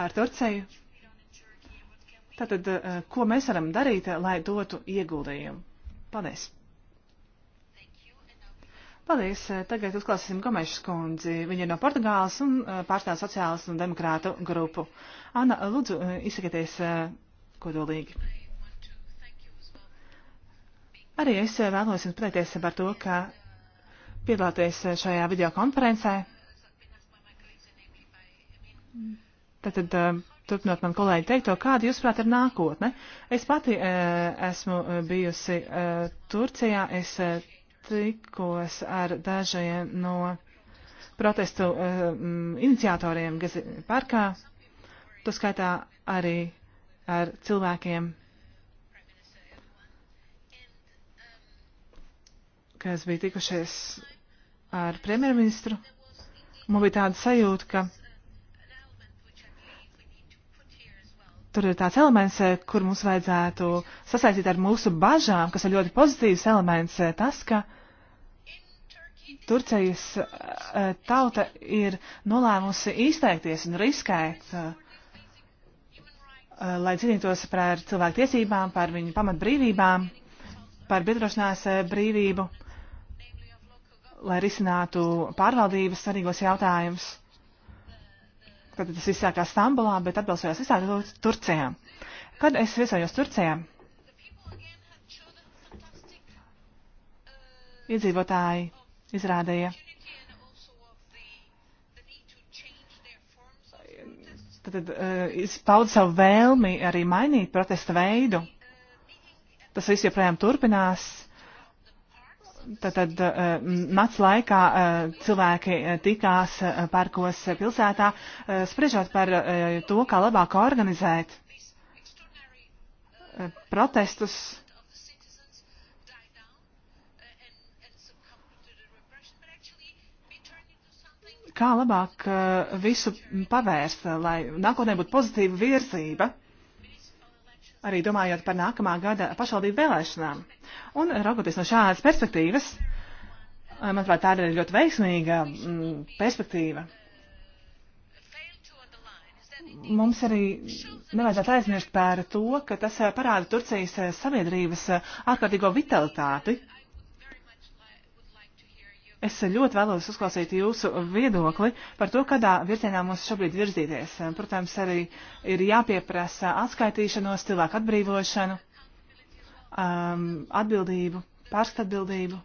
ar Turciju. Tātad, eh, ko mēs varam darīt, lai dotu ieguldījumu? Paldies! Paldies! Tagad uzklāsim Gomešas kundzi. Viņa ir no Portugāles un eh, pārstāv sociālas un demokrātu grupu. Anna, lūdzu, eh, izsakieties kodolīgi. Arī es vēlos jums pateikties par to, ka piedalāties šajā videokonferencē. Tātad, eh, turpinot man kolēģi teikto, kāda jūs prāt ir nākotne? Es pati eh, esmu eh, bijusi Turcijā, es tikos ar dažiem no protestu mm, iniciatoriem parkā, to skaitā arī ar cilvēkiem, kas bija tikušies ar premjerministru. Man bija tāda sajūta, ka tur ir tāds elements, eh, kur mums vajadzētu sasaistīt ar mūsu bažām, kas ir ļoti pozitīvs elements, eh, tas, ka Turcijas eh, tauta ir nolēmusi izteikties un riskēt, lai cīnītos par cilvēku tiesībām, par viņu pamatbrīvībām, par biedrošanās brīvību, lai risinātu pārvaldības svarīgos jautājumus Tad tas viss sākās Stambulā, bet atbalsojās visā Turcijā. Kad es viesojos Turcijā, iedzīvotāji izrādīja tad, uh, eh, paud savu vēlmi arī mainīt protesta veidu. Tas viss joprojām turpinās. Tātad nats eh, laikā eh, cilvēki eh, tikās parkos pilsētā, spriežot par to, kā labāk organizēt protestus. Kā labāk visu pavērst, lai nākotnē būtu pozitīva virzība arī domājot par nākamā gada pašvaldību vēlēšanām. Un raugoties no šādas perspektīvas, eh, manuprāt, tā ir ļoti veiksmīga mm, perspektīva. Mums arī nevajadzētu aizmirst par to, ka tas eh, parāda Turcijas eh, sabiedrības ārkārtīgo vitalitāti. Es ļoti vēlos uzklausīt jūsu viedokli par to, kādā virzienā mums šobrīd virzīties. Protams, arī ir jāpieprasa atskaitīšanos, cilvēku atbrīvošanu, um, atbildību, pārstatbildību.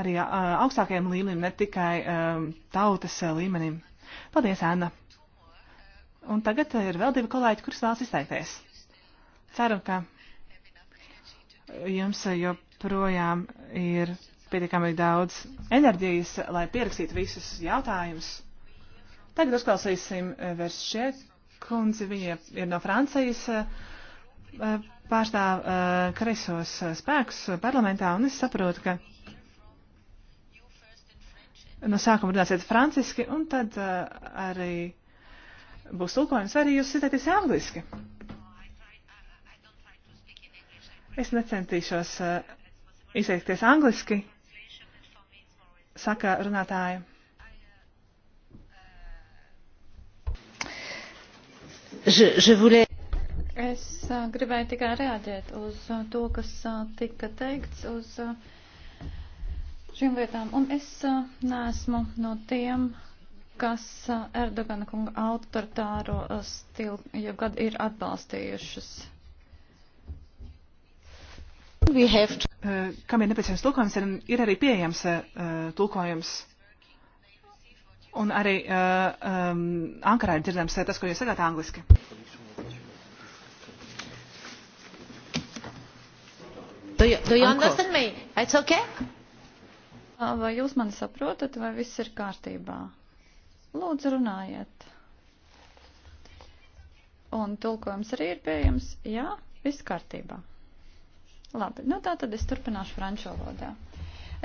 Arī uh, augstākajam līmenim, ne tikai um, tautas uh, līmenim. Paldies, Anna! Un tagad ir vēl divi kolēģi, kurus vēlas izteikties. Ceru, ka jums joprojām ir pietiekami daudz enerģijas, lai pierakstītu visus jautājumus. Tagad uzklausīsim eh, Veršē kundzi, viņa ir no Francijas, eh, pārstāv eh, kreisos spēkus parlamentā, un es saprotu, ka no sākuma runāsiet franciski, un tad arī būs tulkojums, arī jūs citēties angliski. Es necentīšos izteikties angliski, saka runātāja. Je, je voulais... Es uh, gribēju tikai reaģēt uz uh, to, kas uh, tika teikts uz šīm lietām. Un es neesmu no tiem, kas Erdogana kunga autoritāro stilu jau gadu ir atbalstījušas. To... Eh, kam ir nepieciešams tulkojums, ir, ir arī pieejams eh, tulkojums. Un arī um, Ankarā ir dzirdams tas, ko jūs sagāt angliski. Do you, do you understand me? It's okay? Ah, vai jūs mani saprotat, vai viss ir kārtībā? Lūdzu, runājiet. Un tulkojums arī ir pieejams? Jā, viss kārtībā. Labi, nu tā tad es turpināšu franču valodā.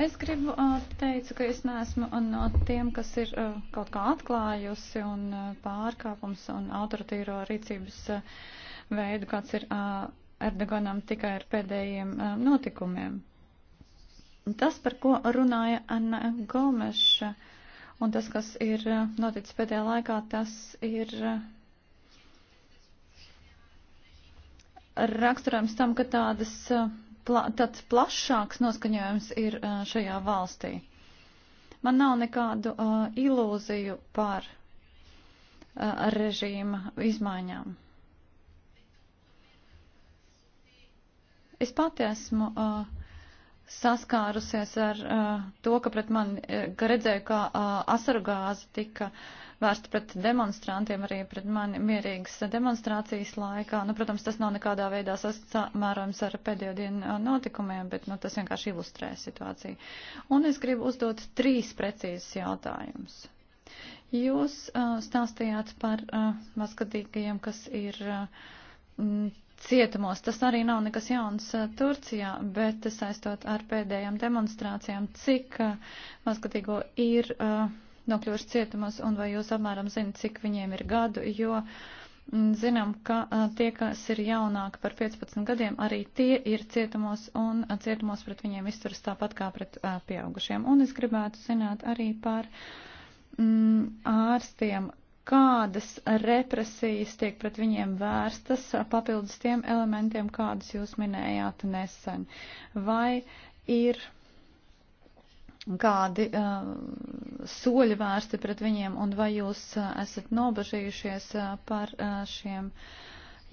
Es gribu teicu, ka es neesmu no tiem, kas ir kaut kā atklājusi un pārkāpums un autoritīro rīcības veidu, kāds ir Erdoganam tikai ar pēdējiem notikumiem. Tas, par ko runāja Anna Gomeša, un tas, kas ir noticis pēdējā laikā, tas ir raksturojums tam, ka tādas, uh, pla, tāds plašāks noskaņojums ir uh, šajā valstī. Man nav nekādu uh, ilūziju par uh, režīma izmaiņām. Es pati esmu uh, saskārusies ar uh, to, ka pret mani, uh, ka redzēju, kā uh, asargāze tika uh, vērsta pret demonstrantiem, arī pret mani mierīgas demonstrācijas laikā. Nu, protams, tas nav nekādā veidā samērojams ar pēdējo dienu uh, notikumiem, bet nu, tas vienkārši ilustrē situāciju. Un es gribu uzdot trīs precīzus jautājumus. Jūs uh, stāstījāt par uh, mazgadīgajiem, kas ir uh, cietumos. Tas arī nav nekas jauns uh, Turcijā, bet uh, saistot ar pēdējām demonstrācijām, cik uh, mazgadīgo ir uh, nokļuvuši cietumos un vai jūs apmēram zinat, cik viņiem ir gadu, jo mm, zinām, ka tie, kas ir jaunāki par 15 gadiem, arī tie ir cietumos un cietumos pret viņiem izturas tāpat kā pret pieaugušiem. Un es gribētu zināt arī par mm, ārstiem, kādas represijas tiek pret viņiem vērstas papildus tiem elementiem, kādus jūs minējāt nesen. Vai ir kādi uh, soļi vērsti pret viņiem un vai jūs uh, esat nobežījušies uh, par uh, šiem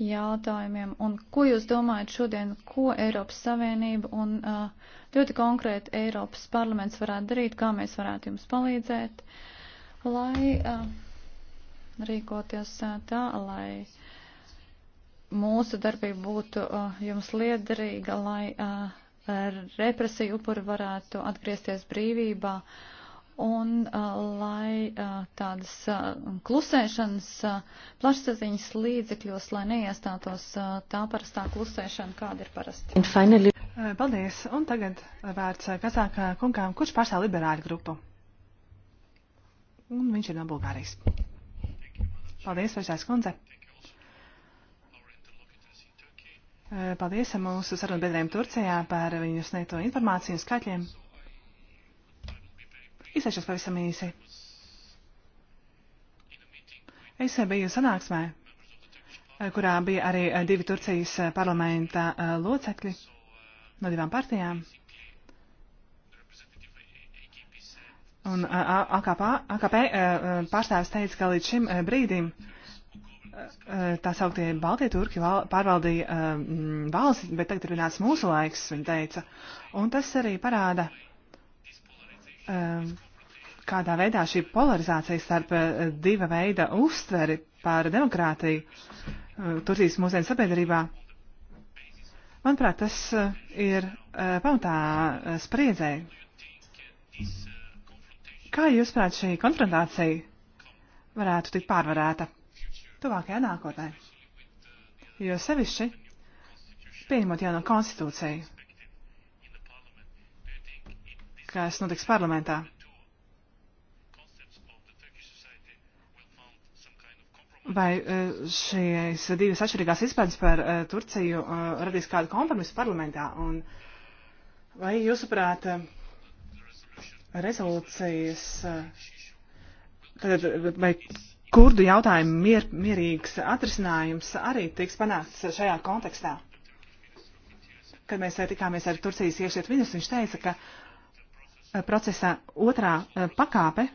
jautājumiem un ko jūs domājat šodien, ko Eiropas Savienība un uh, ļoti konkrēti Eiropas parlaments varētu darīt, kā mēs varētu jums palīdzēt, lai uh, rīkoties uh, tā, lai mūsu darbība būtu uh, jums liederīga, lai uh, represiju upuri varētu atgriezties brīvībā un uh, lai uh, tādas uh, klusēšanas uh, plašsaziņas līdzekļos, lai neiestātos uh, tā parastā klusēšana, kāda ir parasti. Finally... Paldies. Un tagad vērts Kazākā kungām, kurš pārstāv liberāļu grupu. Un viņš ir no Bulgārijas. Paldies, Vaisais kundze. Eh, paldies mūsu sarunbiedriem Turcijā par viņu sniegto informāciju un skaitļiem. Izsēšos pavisam īsi. Es biju sanāksmē, eh, kurā bija arī eh, divi Turcijas parlamenta locekļi no divām partijām. Un AKP, AKP pārstāvis teica, ka līdz šim brīdim uh, tā sauktie Baltie turki pārvaldīja eh, valsts, bet tagad ir vienāds mūsu laiks, viņa teica. Un tas arī parāda, eh, kādā veidā šī polarizācija starp eh, diva veida uztveri par demokrātiju Turcijas mūsdienu sabiedrībā. Manuprāt, tas ir pamatā spriedzē. Kā jūs prāt šī konfrontācija varētu tikt pārvarēta? tuvākajā nākotnē. Jo sevišķi pieņemot jauno konstitūciju, kas notiks parlamentā. Vai eh, šīs divas atšķirīgās izpētes par eh, Turciju eh, radīs kādu kompromisu parlamentā? Un vai jūsuprāt, rezolūcijas, tad, vai kurdu jautājumu mier, mierīgs atrisinājums arī tiks panākts šajā kontekstā. Kad mēs eh, tikāmies ar Turcijas iešiet viņus, viņš teica, ka eh, procesa otrā eh, pakāpe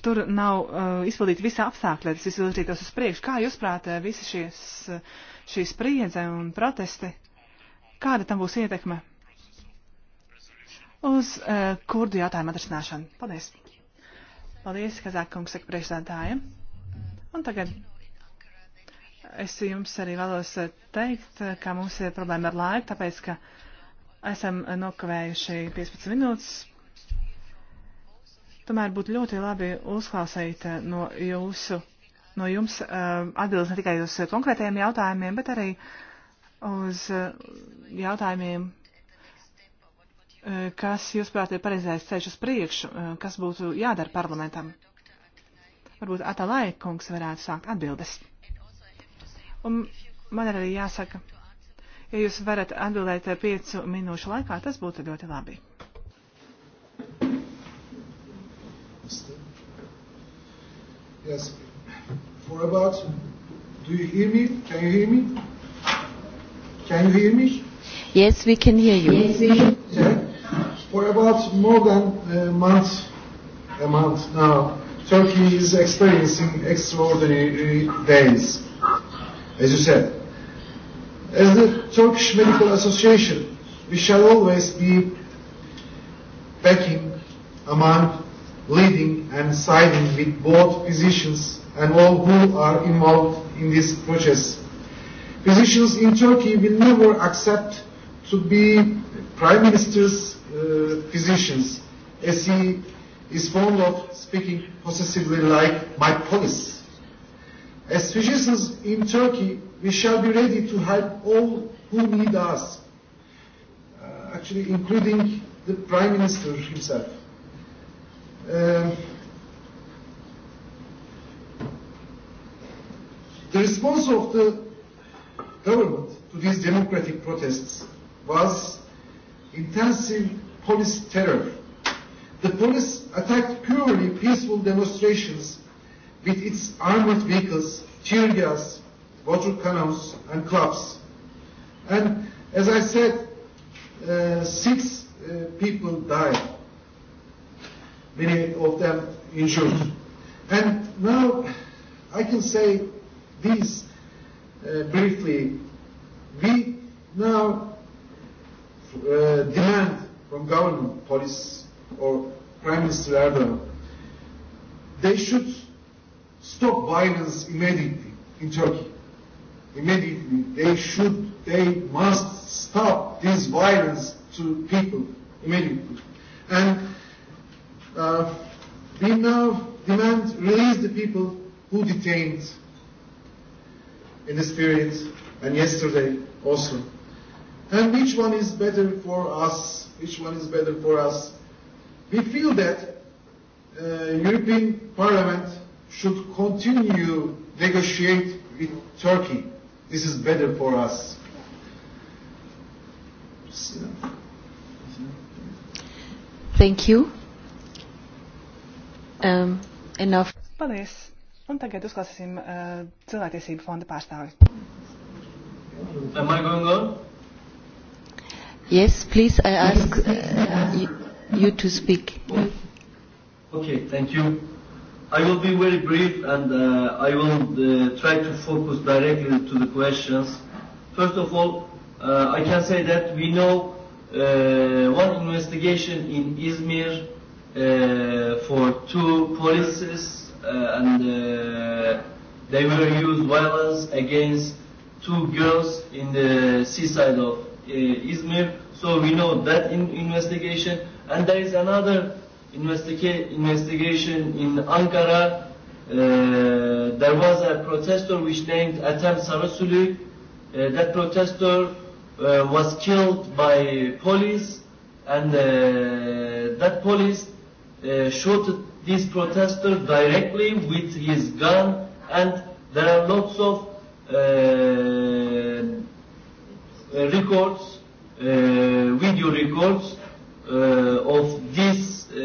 tur nav izpildīti visi apstākļi, lai tas viss virzītos uz priekšu. Kā jūs prāt, visi šies, šī spriedze un protesti, kāda tam būs ietekme? uz uh, kurdu jautājumu atrisināšanu. Paldies! Paldies, Kazākungs, saka priekšsēdāja. Un tagad es jums arī vēlos eh, teikt, eh, ka mums ir problēma ar laiku, tāpēc, ka esam nokavējuši 15 minūtes. Tomēr būtu ļoti labi uzklausīt no, jūsu, no jums atbildes ne tikai uz konkrētajiem jautājumiem, bet arī uz jautājumiem Eh, kas, jūsuprāt, ir pareizais ceļš uz priekšu? Eh, kas būtu jādara parlamentam? Varbūt Atalai kungs varētu sākt atbildes. Un man arī jāsaka, ja jūs varat atbildēt piecu minūšu laikā, tas būtu ļoti labi. Yes. For about, do you hear me? Can you hear me? Can you hear me? Yes, we can hear you. Yes, we can. Yeah for about more than a uh, month, a month now, Turkey is experiencing extraordinary uh, days, as you said. As the Turkish Medical Association, we shall always be backing among leading and siding with both physicians and all who are involved in this process. Physicians in Turkey will never accept to be prime ministers uh, physicians, as he is fond of speaking possessively like my police. As physicians in Turkey, we shall be ready to help all who need us, uh, actually including the Prime Minister himself. Uh, the response of the government to these democratic protests was intensive police terror. The police attacked purely peaceful demonstrations with its armored vehicles, tear gas, water cannons, and clubs. And as I said, uh, six uh, people died, many of them injured. And now I can say this uh, briefly. We now uh, demand from government, police, or Prime Minister Erdogan. They should stop violence immediately in Turkey. Immediately. They should, they must stop this violence to people immediately. And uh, we now demand release the people who detained in this period and yesterday also. And which one is better for us which one is better for us. We feel that uh, European Parliament should continue negotiate with Turkey. This is better for us. Thank you. Um, enough. Paldies. Un tagad uzklāsim uh, cilvēktiesību fonda pārstāvi. Am I going on? Yes, please, I ask uh, you, you to speak. Okay, thank you. I will be very brief and uh, I will uh, try to focus directly to the questions. First of all, uh, I can say that we know uh, one investigation in Izmir uh, for two policies uh, and uh, they were used violence against two girls in the seaside of Eh, Izmir. So we know that in investigation. And there is another investiga investigation in Ankara. Uh, there was a protester which named Atem Sarasulu. Uh, eh, that protester uh, was killed by police and uh, that police uh, shot this protester directly with his gun and there are lots of uh, uh, records, uh, video records uh, of this uh,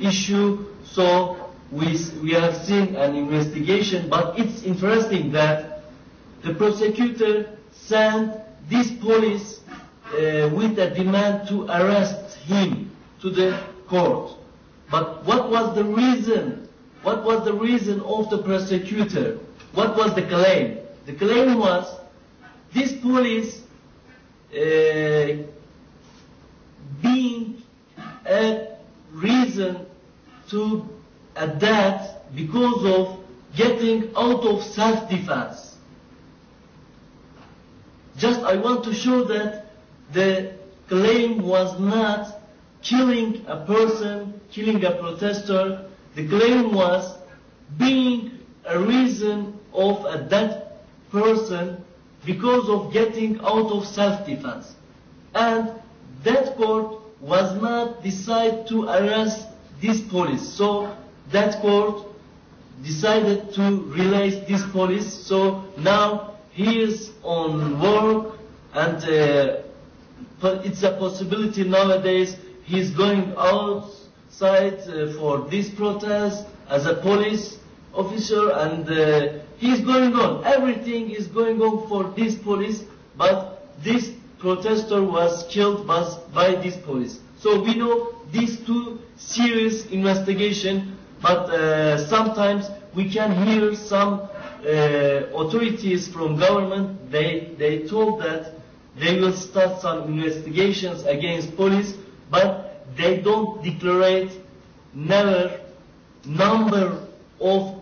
issue. So we, we have seen an investigation, but it's interesting that the prosecutor sent this police uh, with a demand to arrest him to the court. But what was the reason? What was the reason of the prosecutor? What was the claim? The claim was this police being a reason to adapt because of getting out of self-defense. Just I want to show that the claim was not killing a person, killing a protester. The claim was being a reason of a dead person because of getting out of self-defense. And that court was not decide to arrest this police. So that court decided to release this police. So now he is on work and uh, it's a possibility nowadays he's going outside uh, for this protest as a police officer and uh, is going on. Everything is going on for this police, but this protester was killed by, by this police. So we know these two serious investigation, but uh, sometimes we can hear some uh, authorities from government, they, they told that they will start some investigations against police, but they don't declare never number of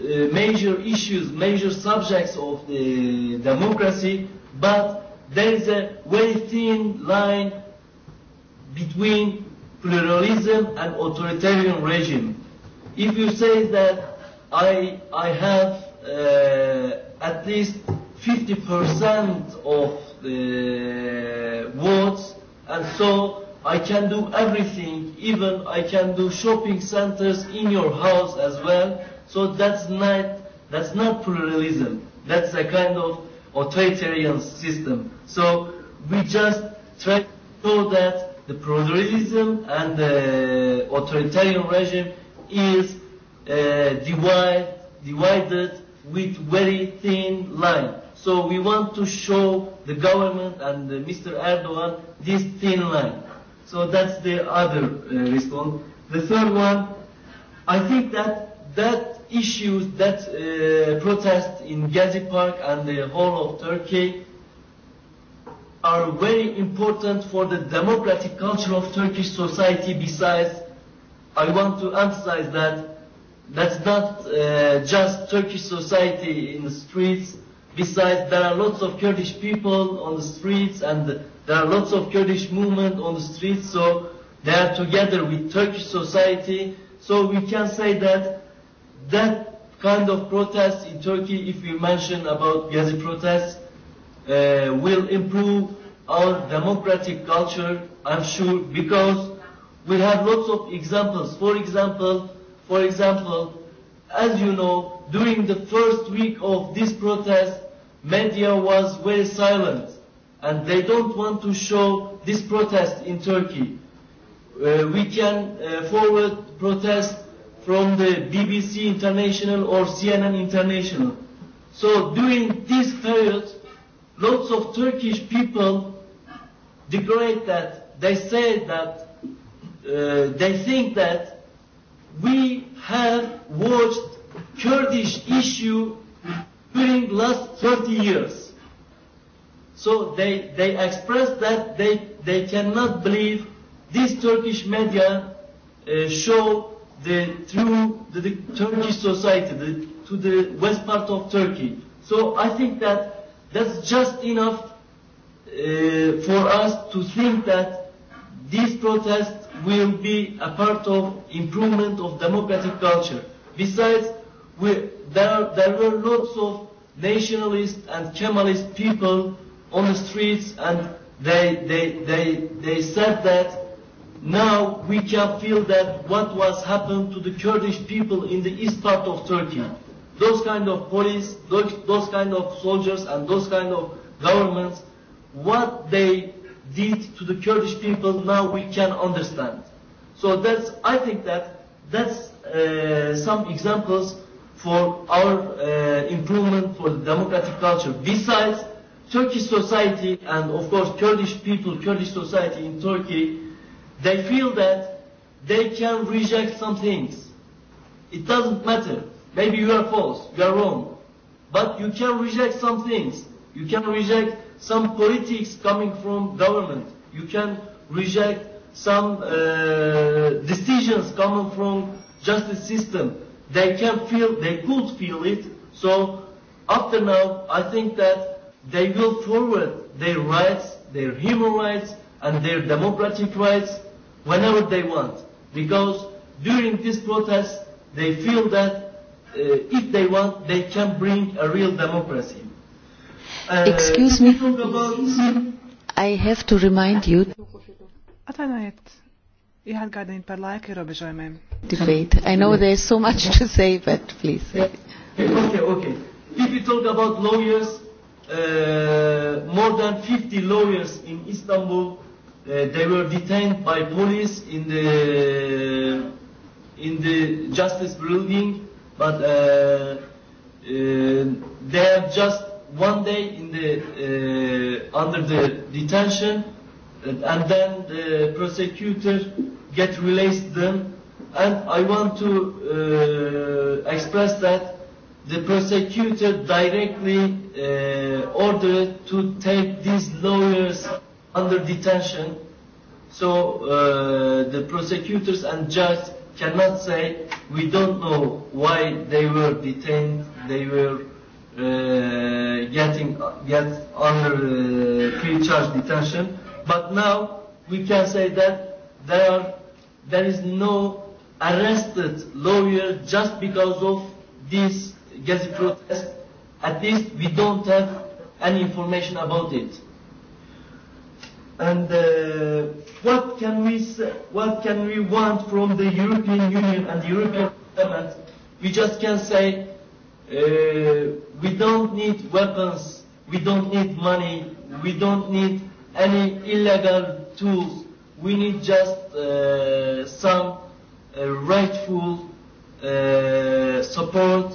Uh, major issues, major subjects of the democracy, but there is a very thin line between pluralism and authoritarian regime. If you say that I, I have uh, at least 50% of the votes, and so I can do everything, even I can do shopping centers in your house as well, So that's not, that's not pluralism. That's a kind of authoritarian system. So we just try to show that the pluralism and the authoritarian regime is uh, divide, divided with very thin line. So we want to show the government and uh, Mr. Erdogan this thin line. So that's the other uh, response. The third one, I think that that issues that uh, protests in Gazi Park and the whole of Turkey are very important for the democratic culture of Turkish society. Besides, I want to emphasize that that's not uh, just Turkish society in the streets. Besides, there are lots of Kurdish people on the streets and there are lots of Kurdish movement on the streets, so they are together with Turkish society. So we can say that that kind of protest in Turkey, if we mention about Gezi protests, uh, will improve our democratic culture, I'm sure, because we have lots of examples. For example, for example, as you know, during the first week of this protest, media was very silent, and they don't want to show this protest in Turkey. Uh, we can uh, forward protest from the BBC International or CNN International. So during this period, lots of Turkish people declared that they say that uh, they think that we have watched Kurdish issue during last 30 years. So they, they expressed that they, they cannot believe this Turkish media uh, show the, through the, the Turkish society, the, to the west part of Turkey. So I think that that's just enough uh, for us to think that these protests will be a part of improvement of democratic culture. Besides, we, there, there were lots of nationalist and Kemalist people on the streets and they, they, they, they said that Now we can feel that what was happened to the Kurdish people in the east part of Turkey. Those kind of police, those, those kind of soldiers and those kind of governments, what they did to the Kurdish people now we can understand. So that's, I think that that's uh, some examples for our uh, improvement for the democratic culture. Besides, Turkish society and of course Kurdish people, Kurdish society in Turkey They feel that they can reject some things. It doesn't matter. Maybe you are false, you are wrong. But you can reject some things. You can reject some politics coming from government. You can reject some uh, decisions coming from justice system. They can feel, they could feel it. So after now, I think that they will forward their rights, their human rights, and their democratic rights whenever they want. Because during this protest, they feel that uh, if they want, they can bring a real democracy. Uh, Excuse me. About... I have to remind you. Atvainojiet, jāatgādina par laika ierobežojumiem. Debate. I know there's so much to say, but please. Yeah. Okay, okay, okay. If we talk about lawyers, uh, more than 50 lawyers in Istanbul uh, they were detained by police in the in the justice building, but uh, uh, they are just one day in the uh, under the detention, uh, and then the prosecutor get released them. And I want to uh, express that the prosecutor directly uh, ordered to take these lawyers under detention. So uh, the prosecutors and judge cannot say, we don't know why they were detained, they were uh, getting get under uh, pre-charge detention. But now we can say that there, are, there is no arrested lawyer just because of this Gezi protest. At least we don't have any information about it. And uh, what can we say, what can we want from the European Union and the European Parliament? We just can say uh, we don't need weapons, we don't need money, we don't need any illegal tools. We need just uh, some uh, rightful uh, support,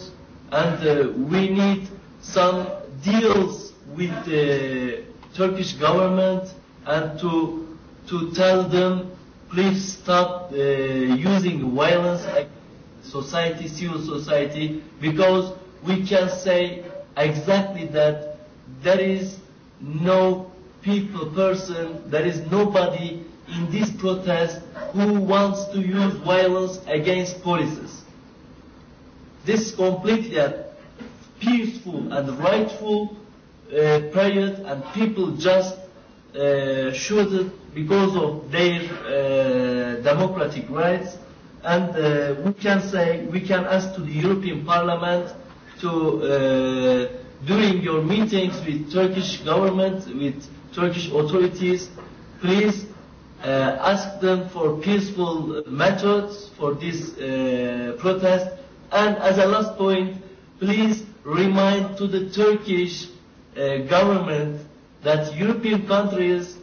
and uh, we need some deals with the Turkish government and to, to tell them, please stop uh, using violence society, civil society, because we can say exactly that there is no people, person, there is nobody in this protest who wants to use violence against policies. This is completely a peaceful and rightful uh, period and people just uh, shielded because of their uh, democratic rights. And uh, we can say, we can ask to the European Parliament to, uh, during your meetings with Turkish government, with Turkish authorities, please uh, ask them for peaceful methods for this uh, protest. And as a last point, please remind to the Turkish uh, government that European countries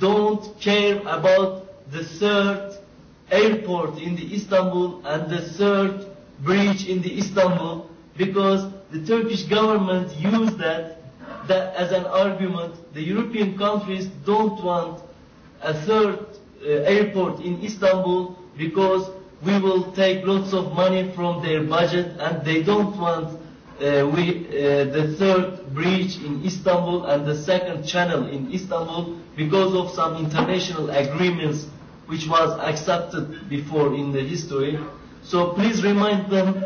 don't care about the third airport in the Istanbul and the third bridge in the Istanbul because the Turkish government used that, that as an argument. The European countries don't want a third uh, airport in Istanbul because we will take lots of money from their budget and they don't want uh, we, uh, the third bridge in Istanbul and the second channel in Istanbul because of some international agreements which was accepted before in the history. So please remind them,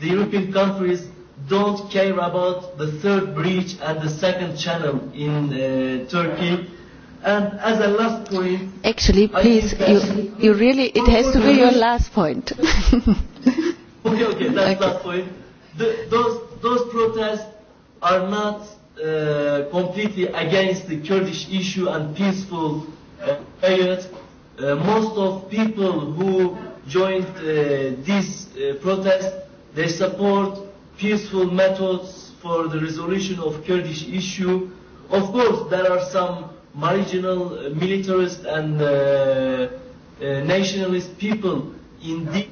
the European countries don't care about the third bridge and the second channel in uh, Turkey. And as a last point... Actually, please, you, you really, it has to be your last point. okay, okay, that's okay. last point. The, those those protests are not uh, completely against the Kurdish issue and peaceful uh, riot. Uh, most of people who joined uh, this uh, protest, they support peaceful methods for the resolution of Kurdish issue. Of course, there are some marginal uh, militarist and uh, uh, nationalist people in this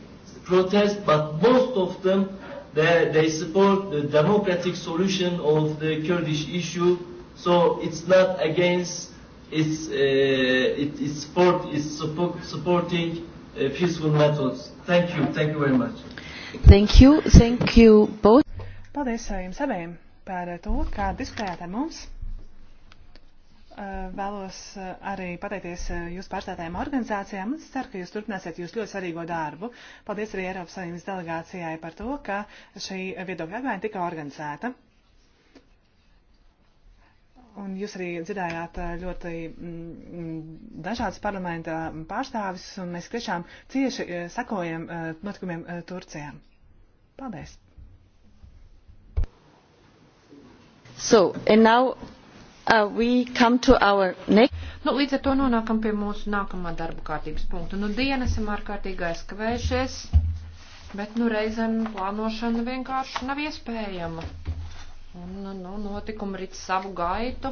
protest, but most of them They, they support the democratic solution of the Kurdish issue, so it's not against, it's, uh, it, it's, support, it's support, supporting uh, peaceful methods. Thank you, thank you very much. Thank you, thank you both. Paldies uh, jums abiem par to, kā diskutējāt ar mums. Eh, vēlos eh, arī pateikties eh, jūsu pārstāvjiem organizācijām un ceru, ka jūs turpināsiet jūs ļoti svarīgo darbu. Paldies arī Eiropas Savienības delegācijai par to, ka šī viedokļa apmaiņa tika organizēta. Un jūs arī dzirdējāt ļoti mm, mm, dažādas parlamenta pārstāvis, un mēs tiešām cieši sakojam notikumiem Turcijā. Paldies! So, and now Uh, next... Nu, līdz ar to nonākam pie mūsu nākamā darba kārtības punkta. Nu, diena esam ārkārtīgi aizkavējušies, bet nu reizēm plānošana vienkārši nav iespējama. Un, nu, nu notikumi rit savu gaitu.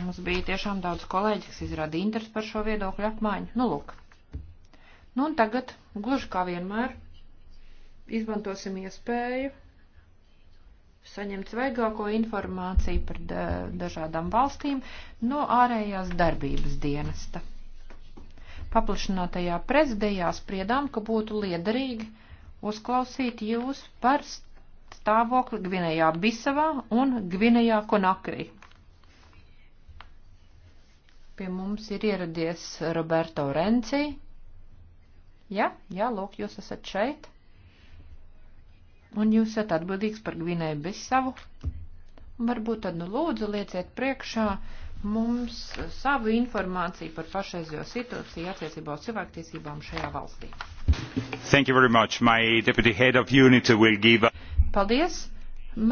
Mums bija tiešām daudz kolēģi, kas izrāda interesi par šo viedokļu apmaiņu. Nu, lūk. Nu, un tagad, gluži kā vienmēr, izmantosim iespēju saņemt svaigāko informāciju par dažādām valstīm no ārējās darbības dienesta. Paplašinātajā prezidijā spriedām, ka būtu liederīgi uzklausīt jūs par stāvokli Gvinējā Bisavā un Gvinējā Konakrī. Pie mums ir ieradies Roberto Renci. Ja, jā, ja, lūk, jūs esat šeit. Un jūs esat atbildīgs par Gvinēju Bisavu? Varbūt tad nu lūdzu lieciet priekšā mums savu informāciju par pašreizējo situāciju attiecībā uz cilvēktiesībām šajā valstī. Thank you very much. My deputy head of unit will give. Paldies.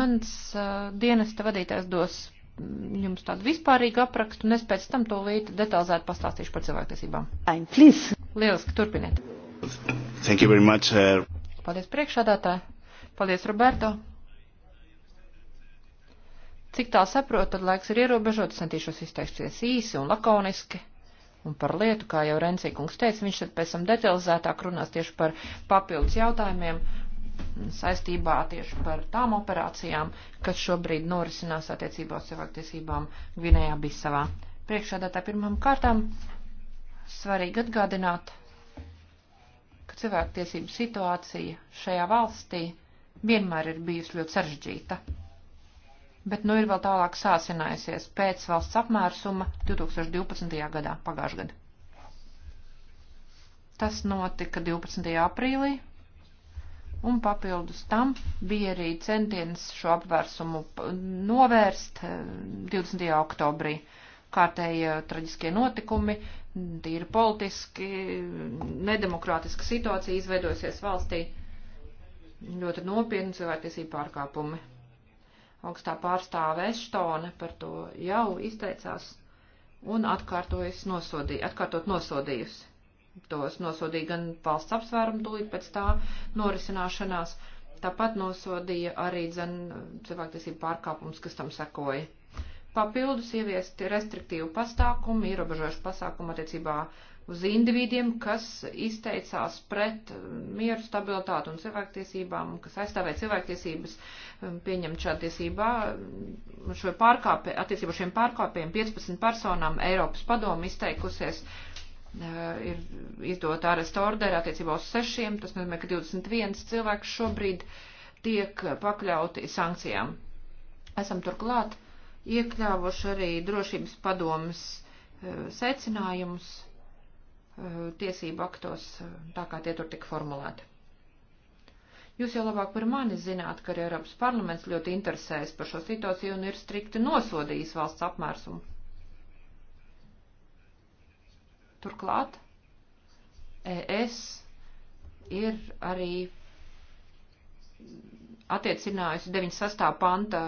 Mans uh, dienesta vadītājs dos jums tādu vispārīgu aprakstu, un es pēc tam to līdzi detalizēti pastāstīšu par cilvēktiesībām. Please. Lieliski, turpiniet. Thank you very much. Uh... Paldies priekšādātāji. Paldies, Roberto! Cik tā saprotu, tad laiks ir ierobežots, centīšos izteikties īsi un lakoniski. Un par lietu, kā jau Rencīkungs teica, viņš tad pēc tam detalizētāk runās tieši par papildus jautājumiem saistībā tieši par tām operācijām, kas šobrīd norisinās attiecībā uz cilvēktiesībām Gvinējā Bisavā. Priekšādātā pirmām kārtām svarīgi atgādināt, ka cilvēktiesību situācija šajā valstī vienmēr ir bijusi ļoti sarežģīta. Bet nu ir vēl tālāk sāsinājusies pēc valsts apmērsuma 2012. gadā, pagājušajā gadā. Tas notika 12. aprīlī, un papildus tam bija arī centiens šo apvērsumu novērst 20. Eh, oktobrī. Kārtēja traģiskie notikumi, tīri politiski, nedemokrātiska situācija izveidojusies valstī ļoti nopietni cilvēktiesību pārkāpumi. Augstā pārstāve Eštone par to jau izteicās un atkārtojas nosodī, atkārtot nosodījusi. Tos nosodīja gan valsts apsvērumu tūlīt pēc tā norisināšanās, tāpat nosodīja arī dzen cilvēktiesību pārkāpums, kas tam sekoja. Papildus ieviesti restriktīvu pasākumu, ierobežojuši pasākumu attiecībā uz individiem, kas izteicās pret um, mieru, stabilitātu un cilvēktiesībām, kas aizstāvēja cilvēktiesības, um, pieņemt šā tiesībā, um, šo pārkāpē, attiecībā šiem pārkāpējiem 15 personām Eiropas padomu izteikusies uh, ir izdota aresta ordera attiecībā uz sešiem, tas nozīmē, ka 21 cilvēks šobrīd tiek pakļauti sankcijām. Esam turklāt iekļāvuši arī drošības padomas uh, secinājumus Eh, tiesību aktos, eh, tā kā tie tur tik formulēti. Jūs jau labāk par mani zināt, ka arī Eiropas parlaments ļoti interesējas par šo situāciju un ir strikti nosodījis valsts apmērsumu. Turklāt ES ir arī attiecinājusi 96. panta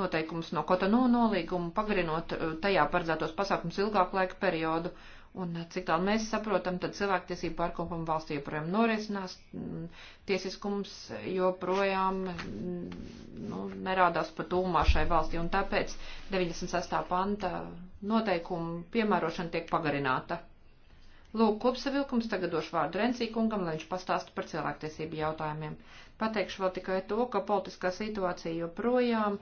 noteikumus no Kotonu nolīguma, pagarinot eh, tajā paredzētos pasākums ilgāku laika periodu. Uh, Un eh, cik tālu mēs saprotam, tad cilvēktiesību pārkopuma valstī joprojām norisinās, mm, tiesiskums joprojām mm, nu, nerādās pat tūmā šai valstī, un tāpēc 96. panta noteikumu piemērošana tiek pagarināta. Lūk, kopsavilkums tagad došu vārdu Rencīkungam, lai viņš pastāsta par cilvēktiesību jautājumiem. Pateikšu vēl tikai to, ka politiskā situācija joprojām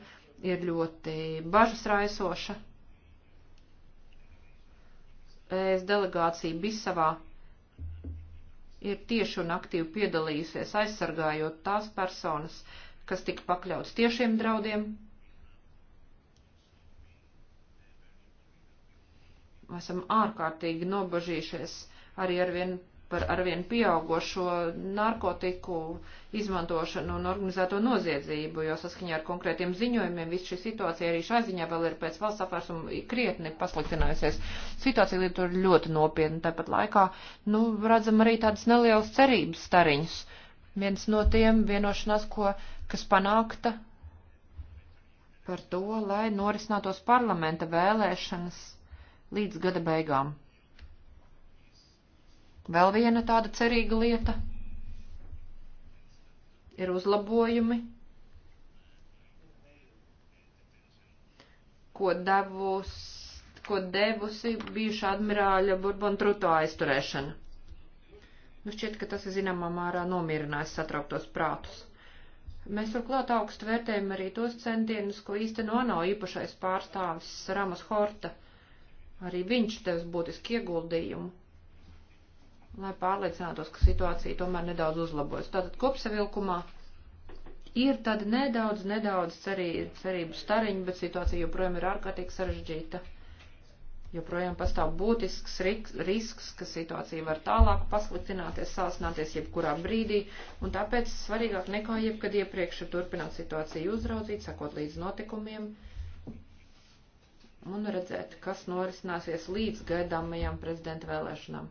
ir ļoti bažas raisoša ES delegācija Bisavā ir tieši un aktīvi piedalījusies aizsargājot tās personas, kas tika pakļauts tiešiem draudiem. Esam ārkārtīgi nobažījušies arī ar vien par arvien pieaugošo narkotiku izmantošanu un organizēto noziedzību, jo saskaņā ar konkrētiem ziņojumiem viss šī situācija arī šai ziņā vēl ir pēc valsts apvērsuma krietni pasliktinājusies. Situācija līdz tur ļoti nopietna, tāpat laikā, nu, redzam arī tādas nelielas cerības stariņas. Viens no tiem vienošanās, ko, kas panākta par to, lai norisinātos parlamenta vēlēšanas līdz gada beigām. Vēl viena tāda cerīga lieta ir uzlabojumi, ko devus, ko devusi bijuša admirāļa Burbon Truto aizturēšana. Nu šķiet, ka tas, zināmā mērā, nomierinājis satrauktos prātus. Mēs turklāt augstu vērtējam arī tos centienus, ko īsteno ANO īpašais pārstāvis Ramas Horta. Arī viņš devs būtiski ieguldījumu lai pārliecinātos, ka situācija tomēr nedaudz uzlabojas. Tātad kopsavilkumā ir tāda nedaudz, nedaudz cerī, cerību stariņa, bet situācija joprojām ir ārkārtīgi sarežģīta. Joprojām pastāv būtisks risks, ka situācija var tālāk pasliktināties, sāsināties jebkurā brīdī, un tāpēc svarīgāk nekā jebkad iepriekš ir turpināt situāciju uzraudzīt, sakot līdz notikumiem un redzēt, kas norisināsies līdz gaidāmajām prezidenta vēlēšanām.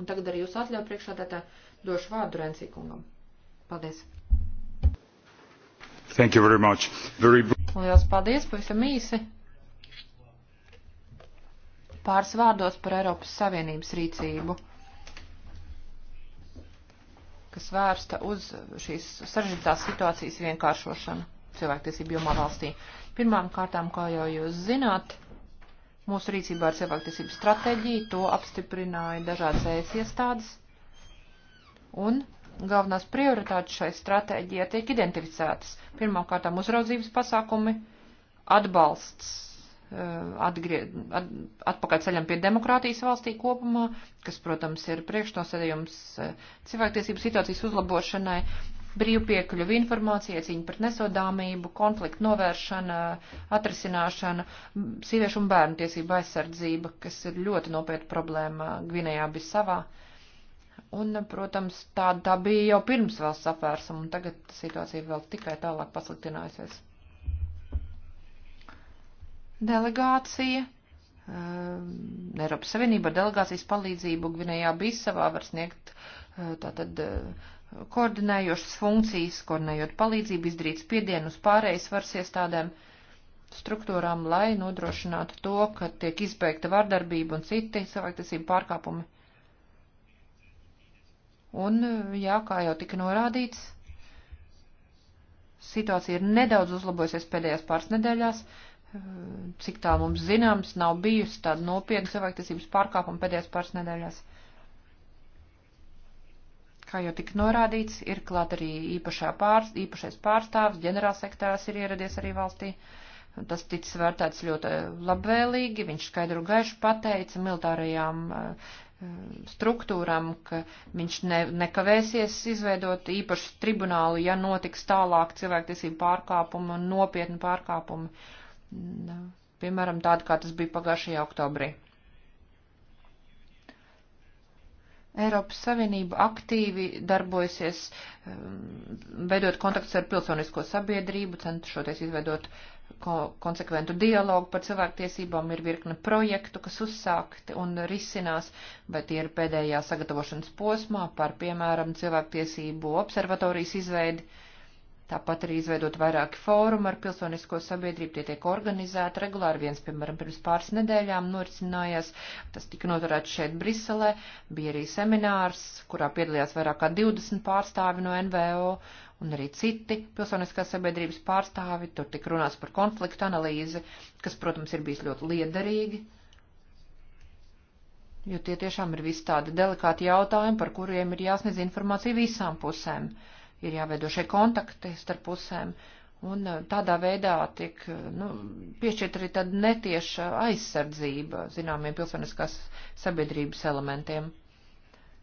Un tagad arī jūs atļauju priekšādātā došu vārdu Rensīkungam. Paldies. Thank you very much. Very... Lielas paldies, pavisam īsi. Pāris vārdos par Eiropas Savienības rīcību kas vērsta uz šīs sarežģītās situācijas vienkāršošanu cilvēktiesību jomā valstī. Pirmām kārtām, kā jau jūs zināt, Mūsu rīcībā ir cilvēktiesību stratēģija, to apstiprināja dažādas ēs iestādes, un galvenās prioritātes šai stratēģijai tiek identificētas. Pirmkārt, uzraudzības pasākumi, atbalsts eh, atgried, at, atpakaļ ceļam pie demokrātijas valstī kopumā, kas, protams, ir priekšnosēdījums eh, cilvēktiesību situācijas uzlabošanai, brīvpiekļuvi informācija, cīņa pret nesodāmību, konfliktu novēršana, atrisināšana, sieviešu un bērnu tiesība aizsardzība, kas ir ļoti nopietna problēma Gvinējā Bisavā. Un, protams, tā, tā bija jau pirms valsts apvērsuma, un tagad situācija vēl tikai tālāk pasliktinājusies. Delegācija Uh, Eiropas Savienība ar delegācijas palīdzību Gvinējā Bisavā var sniegt uh, tātad uh, koordinējošas funkcijas, koordinējot palīdzību, izdarīt spiedienu uz pārējais varas iestādēm struktūrām, lai nodrošinātu to, ka tiek izbeigta vardarbība un citi cilvēktiesību pārkāpumi. Un, jā, kā jau tika norādīts, situācija ir nedaudz uzlabojusies pēdējās pāris nedēļās. Cik tā mums zināms, nav bijusi tāda nopietna cilvēktiesības pārkāpuma pēdējās pāris nedēļās. Uh, Kā jau tik norādīts, ir klāt arī īpašā pārs, īpašais pārstāvs, ģenerālsektārs ir ieradies arī valstī. Tas ticis vērtēts ļoti labvēlīgi, viņš skaidru gaišu pateica militārajām uh, struktūram, ka viņš ne, nekavēsies izveidot īpašu tribunālu, ja notiks tālāk cilvēktiesību pārkāpumu un nopietnu pārkāpumu. Piemēram, tādu, kā tas bija pagājušajā oktobrī. Eiropas Savienība aktīvi darbojasies, um, veidot kontaktus ar pilsonisko sabiedrību, cenšoties izveidot ko konsekventu dialogu par cilvēktiesībām, ir virkne projektu, kas uzsākti un risinās, bet ir pēdējā sagatavošanas posmā par, piemēram, cilvēktiesību observatorijas izveidi Tāpat arī izveidot vairāki fórumi ar pilsonisko sabiedrību, tie tiek organizēti regulāri. Viens, piemēram, pirms pāris nedēļām norisinājās, tas tika noturēts šeit Briselē, bija arī seminārs, kurā piedalījās vairāk kā 20 pārstāvi no NVO un arī citi pilsoniskās sabiedrības pārstāvi. Tur tika runāts par konfliktu analīzi, kas, protams, ir bijis ļoti liederīgi. Jo tie tiešām ir visi tādi delikāti jautājumi, par kuriem ir jāsniedz informācija visām pusēm. Uh, ir jāveido šie kontakti starp pusēm, un uh, tādā veidā tiek uh, nu, piešķirt arī tāda netieša aizsardzība zināmiem pilsoniskās sabiedrības elementiem.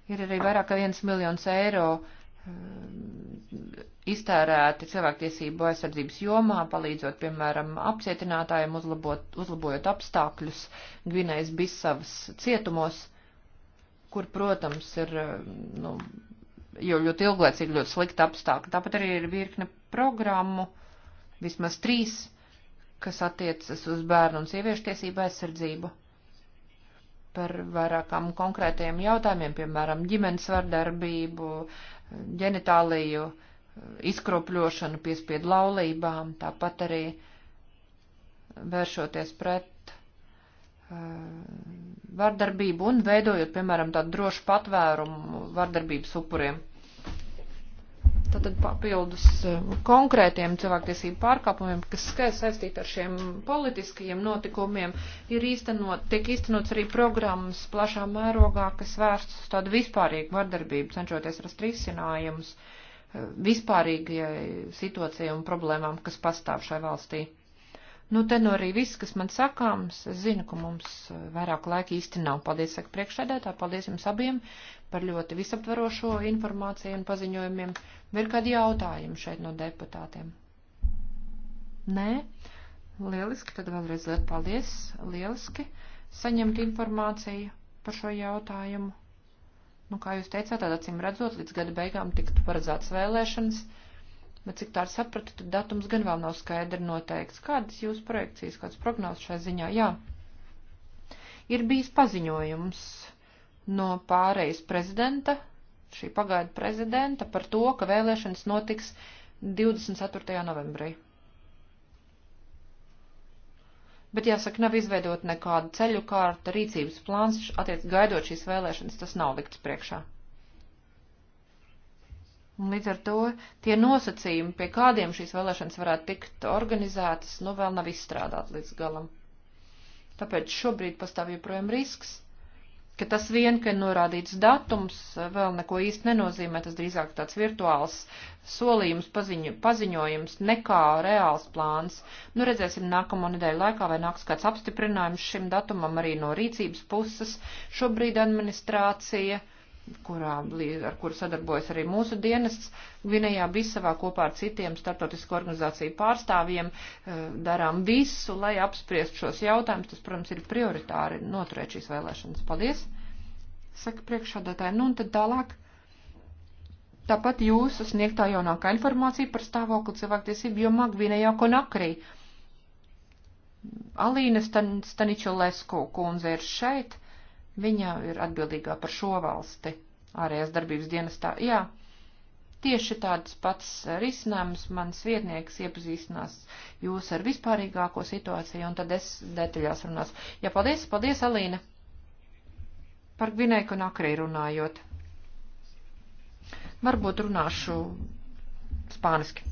Ir arī vairāk kā viens miljons eiro um, iztērēti cilvēktiesību aizsardzības jomā, palīdzot, piemēram, apcietinātājiem, uzlabot, uzlabojot apstākļus Gvinējas Bisavas cietumos, kur, protams, ir uh, nu, jo ļoti ilglaicīgi ļoti slikti apstākļi. Tāpat arī ir virkne programmu, vismaz trīs, kas attiecas uz bērnu un sieviešu tiesību aizsardzību. Par vairākām konkrētajiem jautājumiem, piemēram, ģimenes vardarbību, ģenitāliju, izkropļošanu, piespiedu laulībām, tāpat arī vēršoties pret Uh, vardarbību un veidojot, piemēram, tādu drošu patvērumu vardarbības upuriem. Tātad papildus uh, konkrētiem cilvēktiesību pārkāpumiem, kas skaits saistīti ar šiem politiskajiem notikumiem, ir īstenot, tiek īstenots arī programmas plašā mērogā, kas vērsts uz tādu vispārīgu vardarbību, cenšoties rast risinājumus uh, vispārīgajai situācijai un problēmām, kas pastāv šai valstī. Nu, te no nu arī viss, kas man sakāms, es zinu, ka mums eh, vairāk laika īsti nav. Paldies, saka priekšsēdētā, paldies jums abiem par ļoti visaptvarošo informāciju un paziņojumiem. Vai ir kādi jautājumi šeit no deputātiem? Nē? Lieliski, tad vēlreiz liet paldies, lieliski saņemt informāciju par šo jautājumu. Nu, kā jūs teicāt, tad acīm redzot, līdz gada beigām tiktu paredzētas vēlēšanas. Bet cik tā ir sapratu, tad datums gan vēl nav skaidri noteikts. Kādas jūs projekcijas, kāds prognozes šai ziņā? Jā. Ir bijis paziņojums no pārejas prezidenta, šī pagaida prezidenta, par to, ka vēlēšanas notiks 24. novembrī. Bet, jāsaka, nav izveidot nekādu ceļu kārta, rīcības plāns, attiec gaidot šīs vēlēšanas, tas nav likts priekšā. Un līdz ar to tie nosacījumi, pie kādiem šīs vēlēšanas varētu tikt organizētas, nu vēl nav izstrādāti līdz galam. Tāpēc šobrīd pastāv joprojām risks, ka tas vien, ka ir norādīts datums, vēl neko īsti nenozīmē, tas drīzāk tāds virtuāls solījums, paziņu, paziņojums, nekā reāls plāns. Nu, redzēsim nākamo nedēļu laikā, vai nāks kāds apstiprinājums šim datumam arī no rīcības puses. Šobrīd administrācija. Uh, kurā, ar kuru sadarbojas arī mūsu dienests. Gvinējā Bisavā kopā ar citiem startotisko organizāciju pārstāvjiem eh, darām visu, lai apspriest šos jautājumus. Tas, protams, ir prioritāri noturēt šīs vēlēšanas. Paldies! Saka priekšādātāji. Nu un tad tālāk. Tāpat jūsu sniegtā jaunākā informācija par stāvokli cilvēktiesību jomā Gvinējā Konakrī. Alīna Stan Staničo Lesko kundze ir šeit Viņa ir atbildīgā par šo valsti ārējās darbības dienestā. Jā, tieši tāds pats risinājums mans vietnieks iepazīstinās jūs ar vispārīgāko situāciju, un tad es detaļās runās. Jā, paldies, paldies, Alīna! Par Gvinēku un Akrī runājot. Varbūt runāšu spāniski.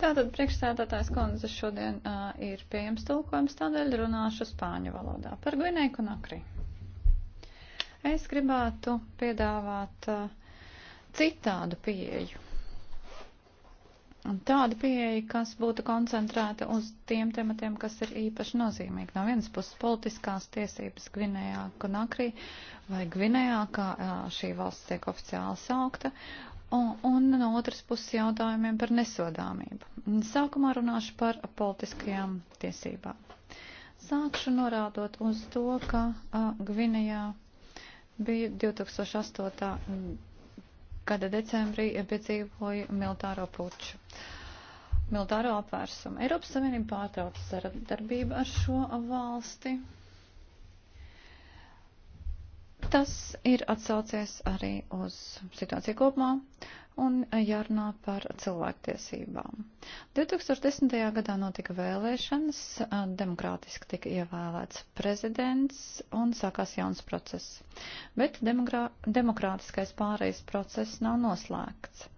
Tātad priekšsēdētājs kundze šodien uh, ir pieejams tulkojums, tādēļ runāšu spāņu valodā par Gvinēku un Akrī. Es gribētu piedāvāt uh, citādu pieeju. Tāda pieeja, kas būtu koncentrēta uz tiem tematiem, kas ir īpaši nozīmīgi. No vienas puses politiskās tiesības Gvinējā Konakrī vai Gvinējā, kā uh, šī valsts tiek oficiāli saukta, un, un no otras puses jautājumiem par nesodāmību. Sākumā runāšu par politiskajām tiesībām. Sākšu norādot uz to, ka uh, Gvinējā biju 2008. gada decembrī piedzīvoju militāro puču. Militāro apvērsumu. Eiropas Savienība pārtrauca sadarbību ar šo valsti. Tas ir atsaucies arī uz situāciju kopumā. Uh, un jārunā par cilvēktiesībām. 2010. gadā notika vēlēšanas, demokrātiski tika ievēlēts prezidents un sākās jauns process. Bet demokrātiskais pārējais process nav noslēgts.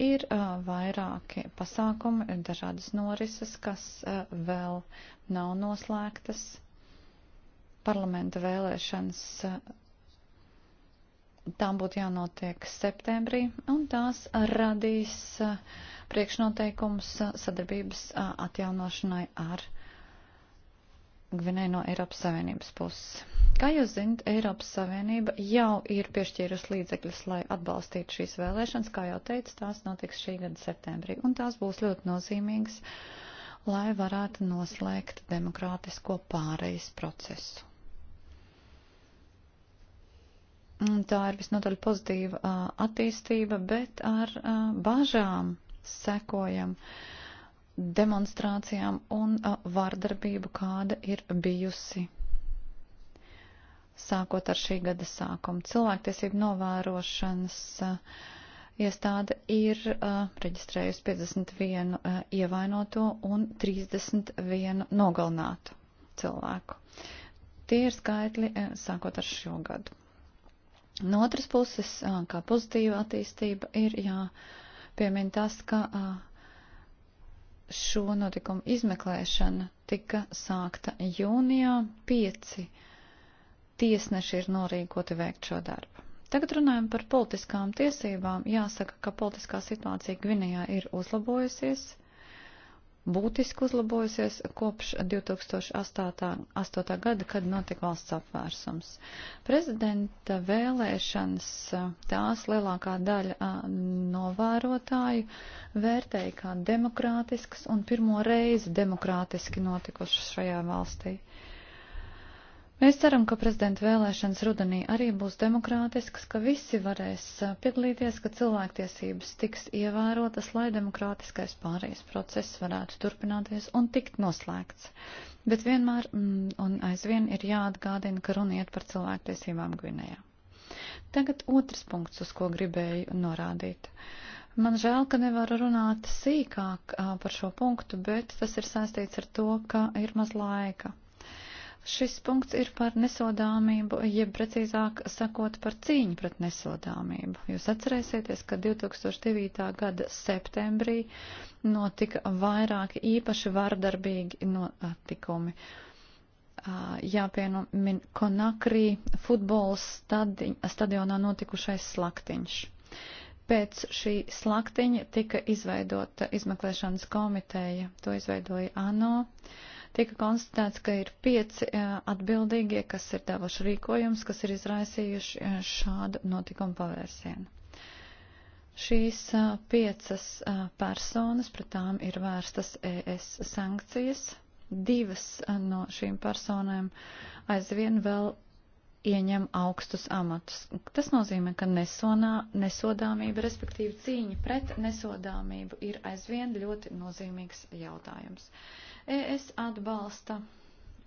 Ir uh, vairāki pasākumi, dažādas norises, kas uh, vēl nav noslēgtas. Parlamenta vēlēšanas uh, tām būtu jānotiek septembrī, un tās radīs priekšnoteikums sadarbības atjaunošanai ar Gvinēju no Eiropas Savienības puses. Kā jūs zinat, Eiropas Savienība jau ir piešķīrusi līdzekļus, lai atbalstītu šīs vēlēšanas, kā jau teicu, tās notiks šī gada septembrī, un tās būs ļoti nozīmīgas, lai varētu noslēgt demokrātisko pārejas procesu. Mm, tā ir visnotaļ pozitīva attīstība, bet ar bažām sekojam demonstrācijām un vardarbību, kāda ir bijusi sākot ar šī gada sākumu. Cilvēktiesību novērošanas iestāde ir reģistrējusi 51 ievainoto un 31 nogalnātu cilvēku. Tie ir skaitļi sākot ar šo gadu. No otras puses, kā pozitīva attīstība, ir jāpiemina tas, ka šo notikumu izmeklēšana tika sākta jūnijā. Pieci tiesneši ir norīkoti veikt šo darbu. Tagad runājam par politiskām tiesībām. Jāsaka, ka politiskā situācija Gvinējā ir uzlabojusies būtiski uzlabojusies kopš 2008. 8. gada, kad notika valsts apvērsums. Prezidenta vēlēšanas tās lielākā daļa novērotāju vērtēja kā demokrātiskas un pirmo reizi demokrātiski notikušas šajā valstī. Mēs ceram, ka prezidenta vēlēšanas rudenī arī būs demokrātiskas, ka visi varēs piedalīties, ka cilvēktiesības tiks ievērotas, lai demokrātiskais pārējais process varētu turpināties un tikt noslēgts. Bet vienmēr mm, un aizvien ir jāatgādina, ka runiet par cilvēktiesībām Gvinējā. Tagad otrs punkts, uz ko gribēju norādīt. Man žēl, ka nevaru runāt sīkāk par šo punktu, bet tas ir saistīts ar to, ka ir maz laika. Šis punkts ir par nesodāmību, jeb precīzāk sakot par cīņu pret nesodāmību. Jūs atcerēsieties, ka 2009. gada septembrī notika vairāki īpaši vardarbīgi notikumi. Jāpiemin Konakrī futbola stadi, stadionā notikušais slaktiņš. Pēc šī slaktiņa tika izveidota izmeklēšanas komiteja, to izveidoja ANO. Uh, Tika konstatēts, ka ir pieci eh, atbildīgie, kas ir devuši rīkojums, kas ir izraisījuši eh, šādu notikumu pavērsienu. Šīs eh, piecas personas, pret tām ir vērstas ES sankcijas. Divas no šīm personēm aizvien vēl ieņem augstus amatus. Tas nozīmē, ka nesonā, nesodāmība, respektīvi cīņa pret nesodāmību ir aizvien ļoti nozīmīgs jautājums. ES atbalsta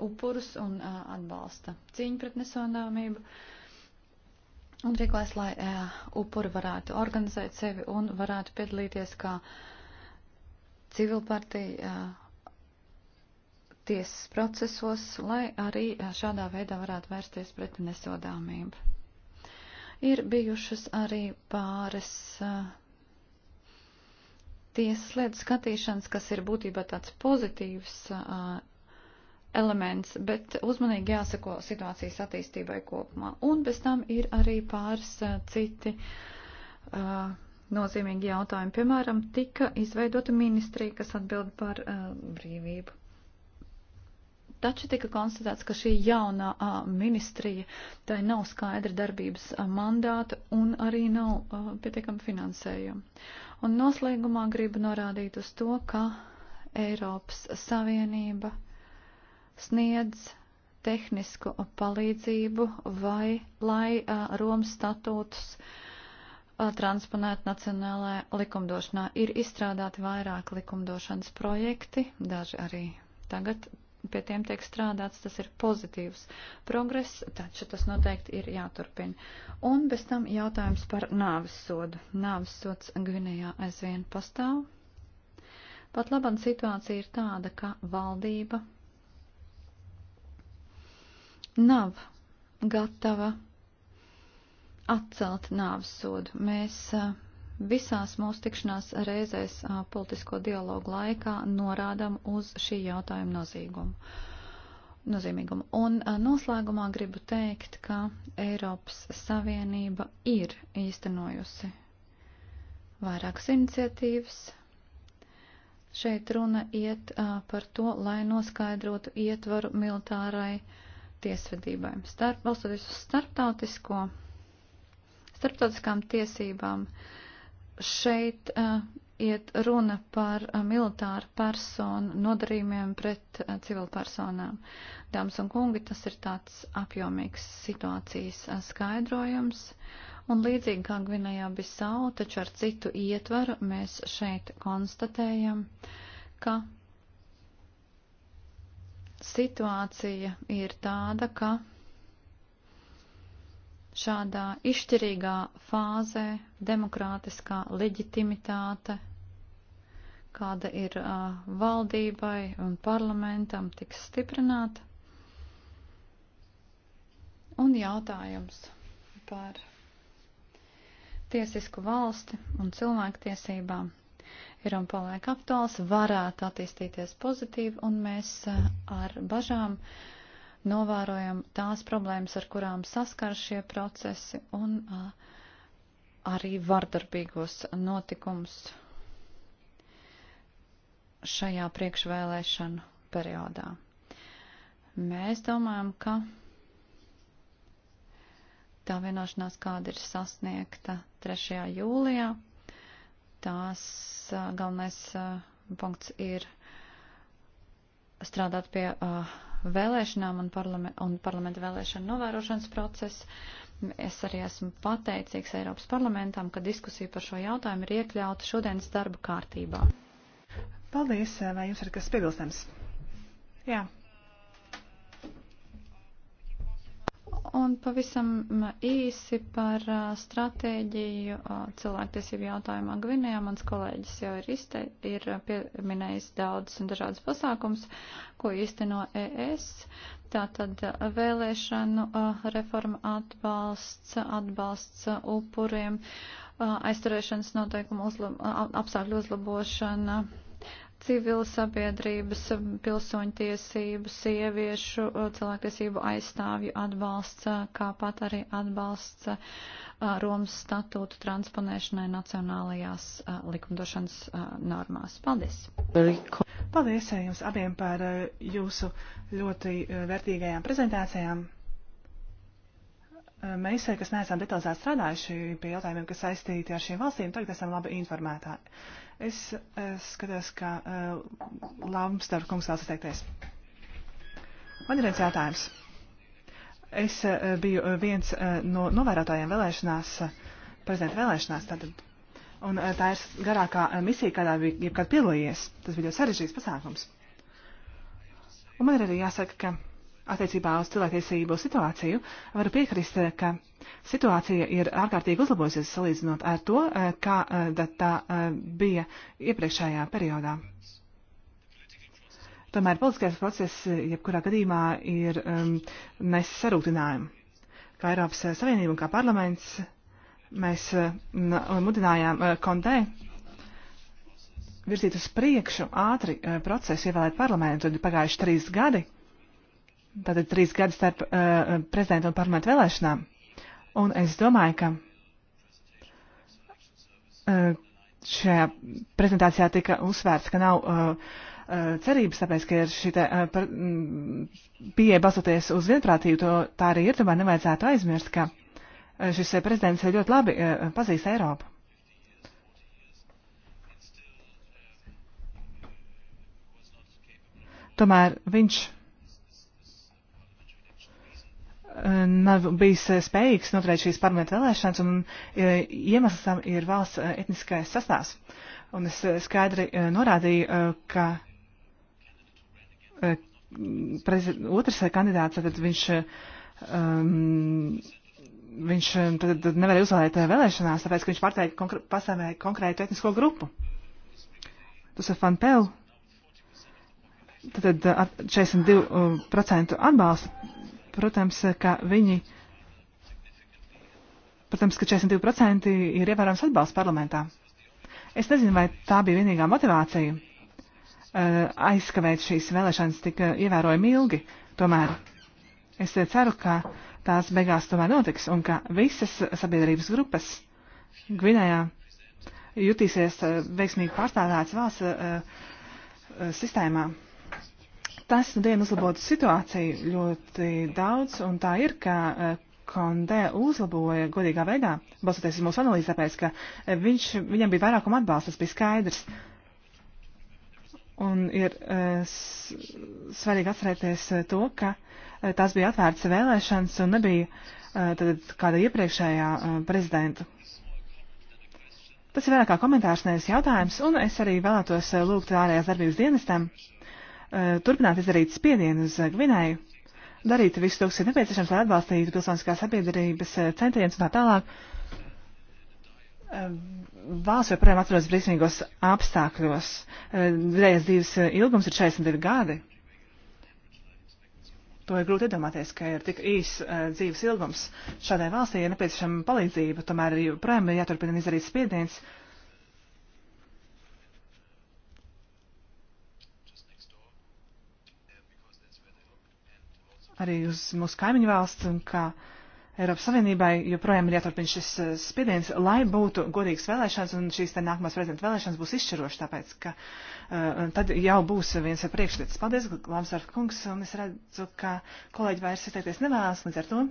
upurus un uh, atbalsta cīņu pret nesonāmību un rīkojas, lai uh, upuri varētu organizēt sevi un varētu piedalīties kā civilpartija uh, tiesas procesos, lai arī uh, šādā veidā varētu vērsties pret nesodāmību. Ir bijušas arī pāris. Uh, tiesas lietu skatīšanas, kas ir būtībā tāds pozitīvs uh, elements, bet uzmanīgi jāsako situācijas attīstībai kopumā. Un bez tam ir arī pāris uh, citi. Uh, nozīmīgi jautājumi. Piemēram, tika izveidota ministrija, kas atbild par uh, brīvību. Taču tika konstatēts, ka šī jaunā a, ministrija, tai nav skaidra darbības a, mandāta un arī nav a, pietiekama finansējuma. Un noslēgumā gribu norādīt uz to, ka Eiropas Savienība sniedz tehnisku palīdzību vai lai uh, Romas statūtus uh, transponētu nacionālajā likumdošanā. Ir izstrādāti vairāk likumdošanas projekti, daži arī tagad pie tiem tiek strādāts, tas ir pozitīvs progress, taču tas noteikti ir jāturpina. Un bez tam jautājums par nāvis sodu. Nāvis sods Gvinējā aizvien pastāv. Pat labam situācija ir tāda, ka valdība nav gatava atcelt nāvis sodu. Mēs uh, visās mūsu tikšanās reizēs politisko dialogu laikā norādam uz šī jautājuma nozīgumu. Nozīmīgumu. Un noslēgumā gribu teikt, ka Eiropas Savienība ir īstenojusi vairākas iniciatīvas. Šeit runa iet par to, lai noskaidrotu ietvaru militārai tiesvedībai. Starp, balstoties uz starptautisko, starptautiskām tiesībām, uh, Šeit uh, iet runa par militāru personu nodarījumiem pret civilpersonām. Dāmas un kungi, tas ir tāds apjomīgs situācijas skaidrojums. Un līdzīgi kā Gvinējā Bisau, taču ar citu ietvaru mēs šeit konstatējam, ka situācija ir tāda, ka šādā izšķirīgā fāzē demokrātiskā leģitimitāte, kāda ir uh, valdībai un parlamentam, tiks stiprināta. Un jautājums par tiesisku valsti un cilvēktiesībām ir un paliek aktuāls, varētu attīstīties pozitīvi, un mēs uh, ar bažām uh, novērojam tās problēmas, ar kurām saskar šie procesi un arī vardarbīgos notikums šajā priekšvēlēšanu periodā. Mēs domājam, ka tā vienošanās, kāda ir sasniegta 3. jūlijā, tās galvenais punkts ir strādāt pie uh, vēlēšanām un, parlament, un parlamenta vēlēšanu novērošanas procesu. Es arī esmu pateicīgs Eiropas parlamentam, ka diskusija par šo jautājumu ir iekļauta šodienas darba kārtībā. Paldies, vai jums ir kas piebilstams? Jā, un pavisam īsi par stratēģiju cilvēktiesību jautājumā Gvinējā. Mans kolēģis jau ir, izte, ir pieminējis daudz un dažādas pasākums, ko īsteno ES. Tātad vēlēšanu reforma atbalsts, atbalsts upuriem, aizturēšanas noteikumu uzlab, apstākļu uzlabošana civila sabiedrības, pilsoņu tiesību, sieviešu, uh, cilvēktiesību aizstāvju atbalsts, uh, kāpat arī atbalsts uh, Romas statūtu transponēšanai nacionālajās likumdošanas normās. Paldies! Paldies eh, jums abiem par eh, jūsu ļoti eh, vērtīgajām prezentācijām. Mēs, kas neesam detalizēti strādājuši pie jautājumiem, kas saistīti ar šīm valstīm, tagad esam labi informētāji. Es, es skatos, kā Lāvums Darba kungs vēlas izteikties. Man ir viens jautājums. Es eh, biju viens eh, no novērotājiem vēlēšanās, eh, prezidenta vēlēšanās, tātad. Un tā ir garākā misija, kādā bija jebkad piedalījies. Tas bija ļoti sarežģīts pasākums. Un man ir arī jāsaka, ka attiecībā uz cilvēktiesību situāciju, varu piekrist, ka situācija ir ārkārtīgi uzlabojusies salīdzinot ar to, eh, kāda eh, tā eh, bija iepriekšējā periodā. Tomēr politiskais process jebkurā gadījumā ir um, nes sarūktinājumu. Kā Eiropas Savienība un kā parlaments mēs uh, mudinājām uh, Kondē virzīt uz priekšu ātri uh, procesu ievēlēt parlamentu, un pagājuši trīs gadi. Uh, tātad trīs gadi starp uh, eh, prezidenta un parlamentu vēlēšanām. Un es domāju, ka uh, šajā prezentācijā tika uzsvērts, ka nav uh, cerības, tāpēc, ka ir šī uh, pieeja balstoties uz vienprātību, to tā arī ir, tomēr nevajadzētu aizmirst, ka šis prezidents ļoti labi uh, pazīst Eiropu. Tomēr viņš nav bijis eh, spējīgs noturēt šīs parlamentu vēlēšanas, un eh, iemesls tam ir valsts eh, etniskais sastāvs. Un es skaidri norādīju, ka otrs kandidāts, tad viņš, um, viņš tad, tad nevarēja uzvēlēt vēlēšanās, tāpēc, ka viņš pārteica konkrē, pastāvēja konkrētu etnisko grupu. Tas ir Fanpel. Tad 42% atbalsta Protams, ka viņi, protams, ka 42% ir ievērojams atbalsts parlamentā. Es nezinu, vai tā bija vienīgā motivācija eh, aizskavēt šīs vēlēšanas tik eh, ievērojami ilgi. Tomēr es eh, ceru, ka tās beigās tomēr notiks un ka visas sabiedrības grupas Gvinējā jutīsies veiksmīgi pārstāvētas valsts sistēmā. Tas nu dienu uzlabotu situāciju ļoti daudz, un tā ir, ka Kondē eh, uzlaboja godīgā veidā, balstoties uz mūsu analīzi, tāpēc, ka eh, viņš, viņam bija vairākuma atbalsts, tas bija skaidrs. Un ir eh, svarīgi atcerēties to, ka tās bija atvērtas vēlēšanas un nebija tad, kāda iepriekšējā prezidenta. Tas ir vairāk kā komentārs, nevis jautājums, un es arī vēlētos lūgt ārējās darbības dienestam turpināt izdarīt spiedienu uz Gvinēju, darīt visu to, kas ir nepieciešams, lai atbalstītu pilsoniskās sabiedrības centienus un tā tālāk. Valsts joprojām atrodas briesmīgos apstākļos. Vidējais dzīves ilgums ir 42 gadi. To ir grūti iedomāties, ka ir tik īs uh, dzīves ilgums. Šādai valstī ir nepieciešama palīdzība, tomēr joprojām ir jāturpina izdarīt spiediens uh, arī uz mūsu kaimiņu valsts un kā Eiropas Savienībai joprojām ir jāturpina šis eh, spiediens, lai būtu godīgas vēlēšanas un šīs te nākamās prezidenta vēlēšanas būs izšķirošas, tāpēc ka uh, tad jau būs viens ar priekšlietas. Paldies, Lamsdorf kungs, un es redzu, ka kolēģi vairs izteikties nevēlas līdz ar to.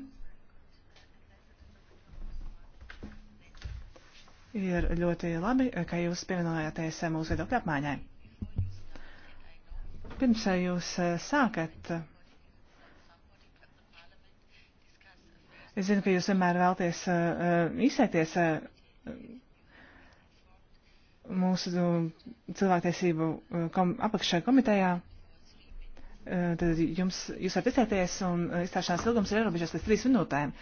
Ir ļoti labi, eh, ka jūs pievienojāties mūsu viedokļu apmaiņai. Pirms jūs sākat Es zinu, ka jūs vienmēr vēlties uh, uh izsēties uh, mūsu uh, cilvēktiesību uh, kom apakšējā komitejā. Uh, tad jums, jūs varat izsēties un izstāšanās ilgums ir ierobežots līdz trīs minūtēm.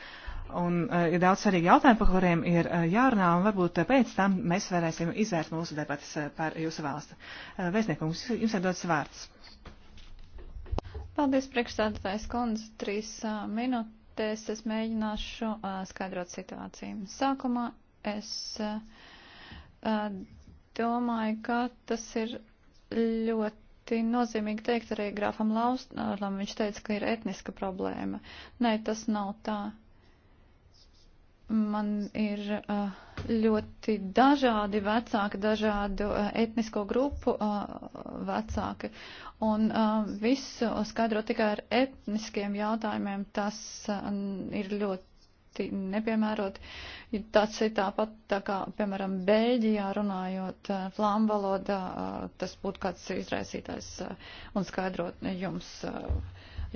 Un uh, ir daudz svarīgi jautājumi, par kuriem ir uh, jārunā, un varbūt uh, pēc tam mēs varēsim izvērst mūsu debatas uh, par jūsu valsti. Uh, Vēstniekums, jums, jums ir dots vārds. Paldies, priekšstādātājs kundze, trīs uh, minūtes debatēs es mēģināšu uh, skaidrot situāciju. Sākumā es uh, domāju, ka tas ir ļoti nozīmīgi teikt arī grāfam Laustam, viņš teica, ka ir etniska problēma. Nē, tas nav tā man ir eh, ļoti dažādi vecāki, dažādu eh, etnisko grupu eh, vecāki. Un visu skaidro tikai ar etniskiem jautājumiem, tas ir ļoti nepiemēroti. Tas ir tāpat tā kā, piemēram, Bēļģijā runājot flāmu valodā, tas būtu kāds izraisītājs un skaidrot jums,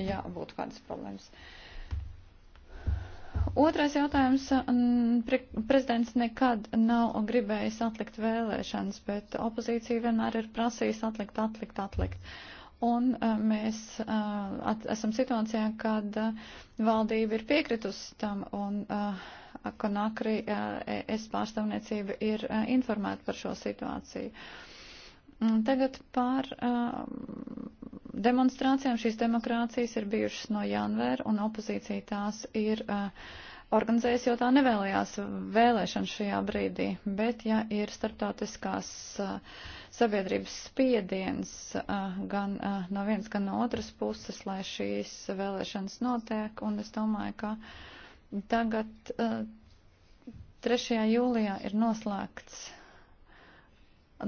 jā, būtu kādas problēmas. Uh, Otrais jautājums. Pre prezidents nekad nav gribējis atlikt vēlēšanas, bet opozīcija vienmēr ir prasījusi atlikt, atlikt, atlikt. Un e, mēs e, at, esam situācijā, kad e, valdība ir piekritusi tam un Konakri es pārstāvniecība ir informēta par šo situāciju. Mm, tagad par uh, demonstrācijām. Šīs demokrācijas ir bijušas no janvēra, un opozīcija tās ir uh, organizējusi, jo tā nevēlējās vēlēšanu šajā brīdī. Bet, ja ir starptautiskās uh, sabiedrības spiediens uh, gan uh, no vienas, gan no otras puses, lai šīs vēlēšanas notiek, un es domāju, ka tagad uh, 3. jūlijā ir noslēgts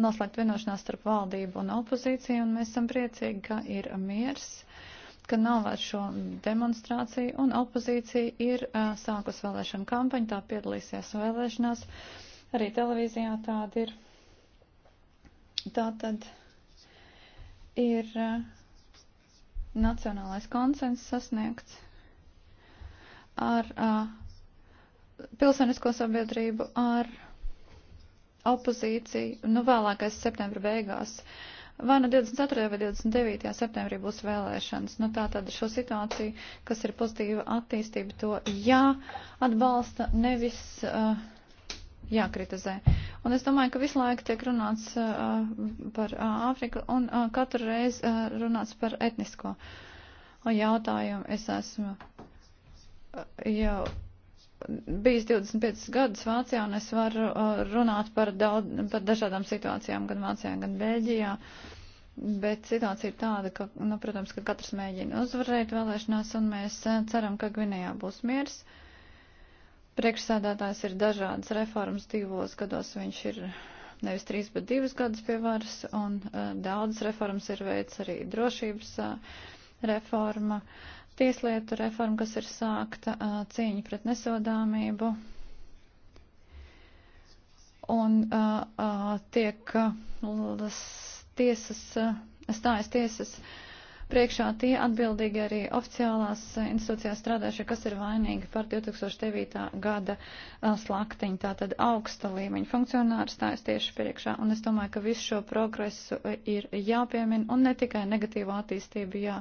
noslēgt vienošanās starp valdību un opozīciju, un mēs esam priecīgi, ka ir miers, ka nav vairs šo demonstrāciju, un opozīcija ir uh, sākus vēlēšanu kampaņu, tā piedalīsies vēlēšanās, arī televīzijā tāda ir. Tā tad ir uh, nacionālais konsens sasniegts ar uh, pilsonisko sabiedrību, ar opozīciju, nu vēlākais septembra beigās. Vai nu 24. vai 29. septembrī būs vēlēšanas. Nu, tā tad šo situāciju, kas ir pozitīva attīstība, to jāatbalsta, nevis uh, jākritizē. Un es domāju, ka visu laiku tiek runāts uh, par uh, Āfriku un uh, katru reizi uh, runāts par etnisko jautājumu. Es esmu uh, jau bijis 25 gadus Vācijā, un es varu uh, runāt par, daudz, par dažādām situācijām gan Vācijā, gan Bēļģijā. Bet situācija ir tāda, ka, nu, protams, ka katrs mēģina uzvarēt vēlēšanās, un mēs uh, ceram, ka Gvinējā būs miers. Priekšsēdētājs ir dažādas reformas divos gados, viņš ir nevis trīs, bet divas gadus pie varas, un uh, daudzas reformas ir veids arī drošības uh, reforma. Uh, Tieslietu reforma, kas ir sākta, cīņa pret nesodāmību un tiek tiesas, stājas tiesas priekšā tie atbildīgi arī oficiālās institūcijās strādājušie, kas ir vainīgi par 2009. gada slaktiņu, tātad augsta līmeņa funkcionāri stājas tieši priekšā. Un es domāju, ka visu šo progresu ir jāpiemina un ne tikai negatīvo attīstību jā. Ja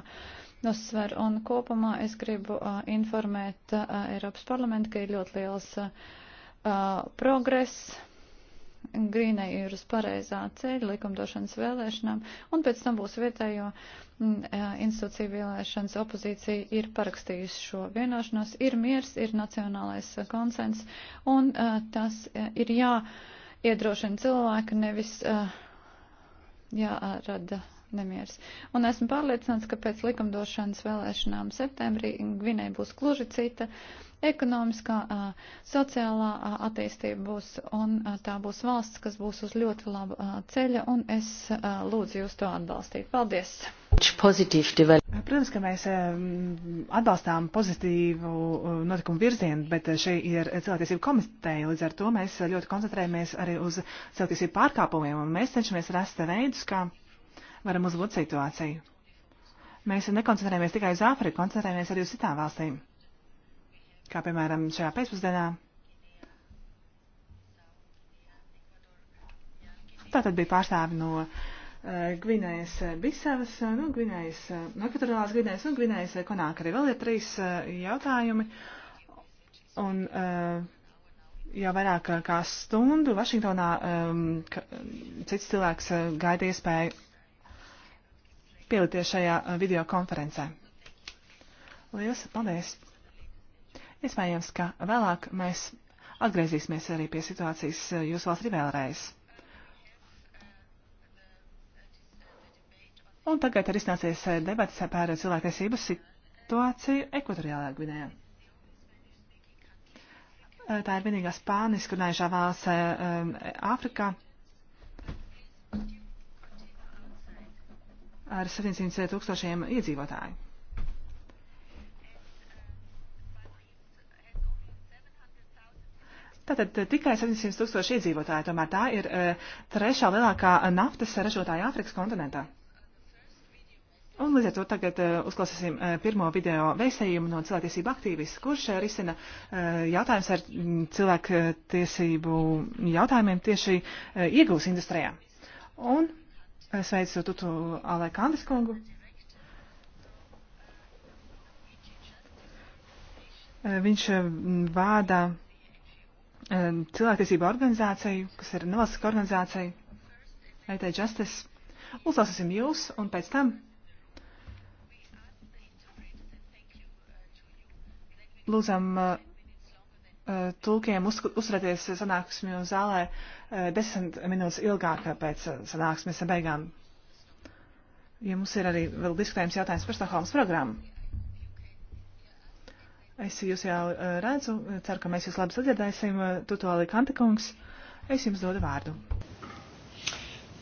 uzsver. Un kopumā es gribu uh, informēt uh, Eiropas parlamentu, ka ir ļoti liels uh, progress. Grīnai ir uz pareizā ceļa likumdošanas vēlēšanām, un pēc tam būs vietējo institūciju vēlēšanas opozīcija ir parakstījusi šo vienošanos. Ir miers, ir nacionālais konsens, un uh, tas ir jāiedrošina cilvēku, nevis uh, jārada nemieris. Un esmu pārliecināts, ka pēc likumdošanas vēlēšanām septembrī Gvinēja būs kluži cita ekonomiskā, sociālā attīstība būs, un tā būs valsts, kas būs uz ļoti laba ceļa, un es lūdzu jūs to atbalstīt. Paldies! Protams, ka mēs atbalstām pozitīvu notikumu virzienu, bet šī ir cilvēktiesību komiteja, līdz ar to mēs ļoti koncentrējamies arī uz cilvēktiesību pārkāpumiem, un mēs cenšamies rast veidus, kā. Ka varam uzlabot situāciju. Mēs nekoncentrējamies tikai uz Āfriku, koncentrējamies arī uz citām valstīm. Kā piemēram šajā pēcpusdienā. Tā tad bija pārstāvi no uh, Gvinējas eh, Bisavas, eh, no Gvinējas, no Ekvatoriālās Gvinējas un Gvinējas Konākari. Vēl ir trīs uh, jautājumi. Un, uh, jau vairāk kā stundu Vašingtonā um, cits cilvēks gaida iespēju pielieties šajā videokonferencē. Lielas paldies! Iespējams, ka vēlāk mēs atgriezīsimies arī pie situācijas jūsu valstī vēlreiz. Un tagad arī iznācies debats par cilvēktiesību situāciju ekvatoriālajā Gvinējā. Tā ir vienīgā spāniski runājušā valsts Āfrikā. Um, ar 700 tūkstošiem iedzīvotāju. Tātad eh, tikai 700 tūkstoši iedzīvotāji, tomēr tā ir e, trešā lielākā naftas ražotāja Āfrikas kontinentā. Un līdz ar to tagad e, uzklausīsim e, pirmo video veisējumu no cilvēktiesību aktīvis, kurš risina jautājums ar mm, cilvēktiesību jautājumiem tieši iegūs industrijā. Un Sveicu Tutu Alē Kandis kungu. Viņš eh, vādā eh, cilvēktiesību organizāciju, kas ir nevalstiska organizācija, ET Justice. Uzklausīsim jūs, un pēc tam lūdzam eh, tulkiem uzturēties sanāksmju zālē Eh, desmit minūtes ilgāk eh, pēc eh, sanāksmes beigām. Ja mums ir arī vēl diskutējums jautājums par Stokholmas programmu. Es jūs jau redzu, ceru, ka mēs jūs labi sadzirdēsim. Tutuāli Kantikungs, es jums dodu vārdu.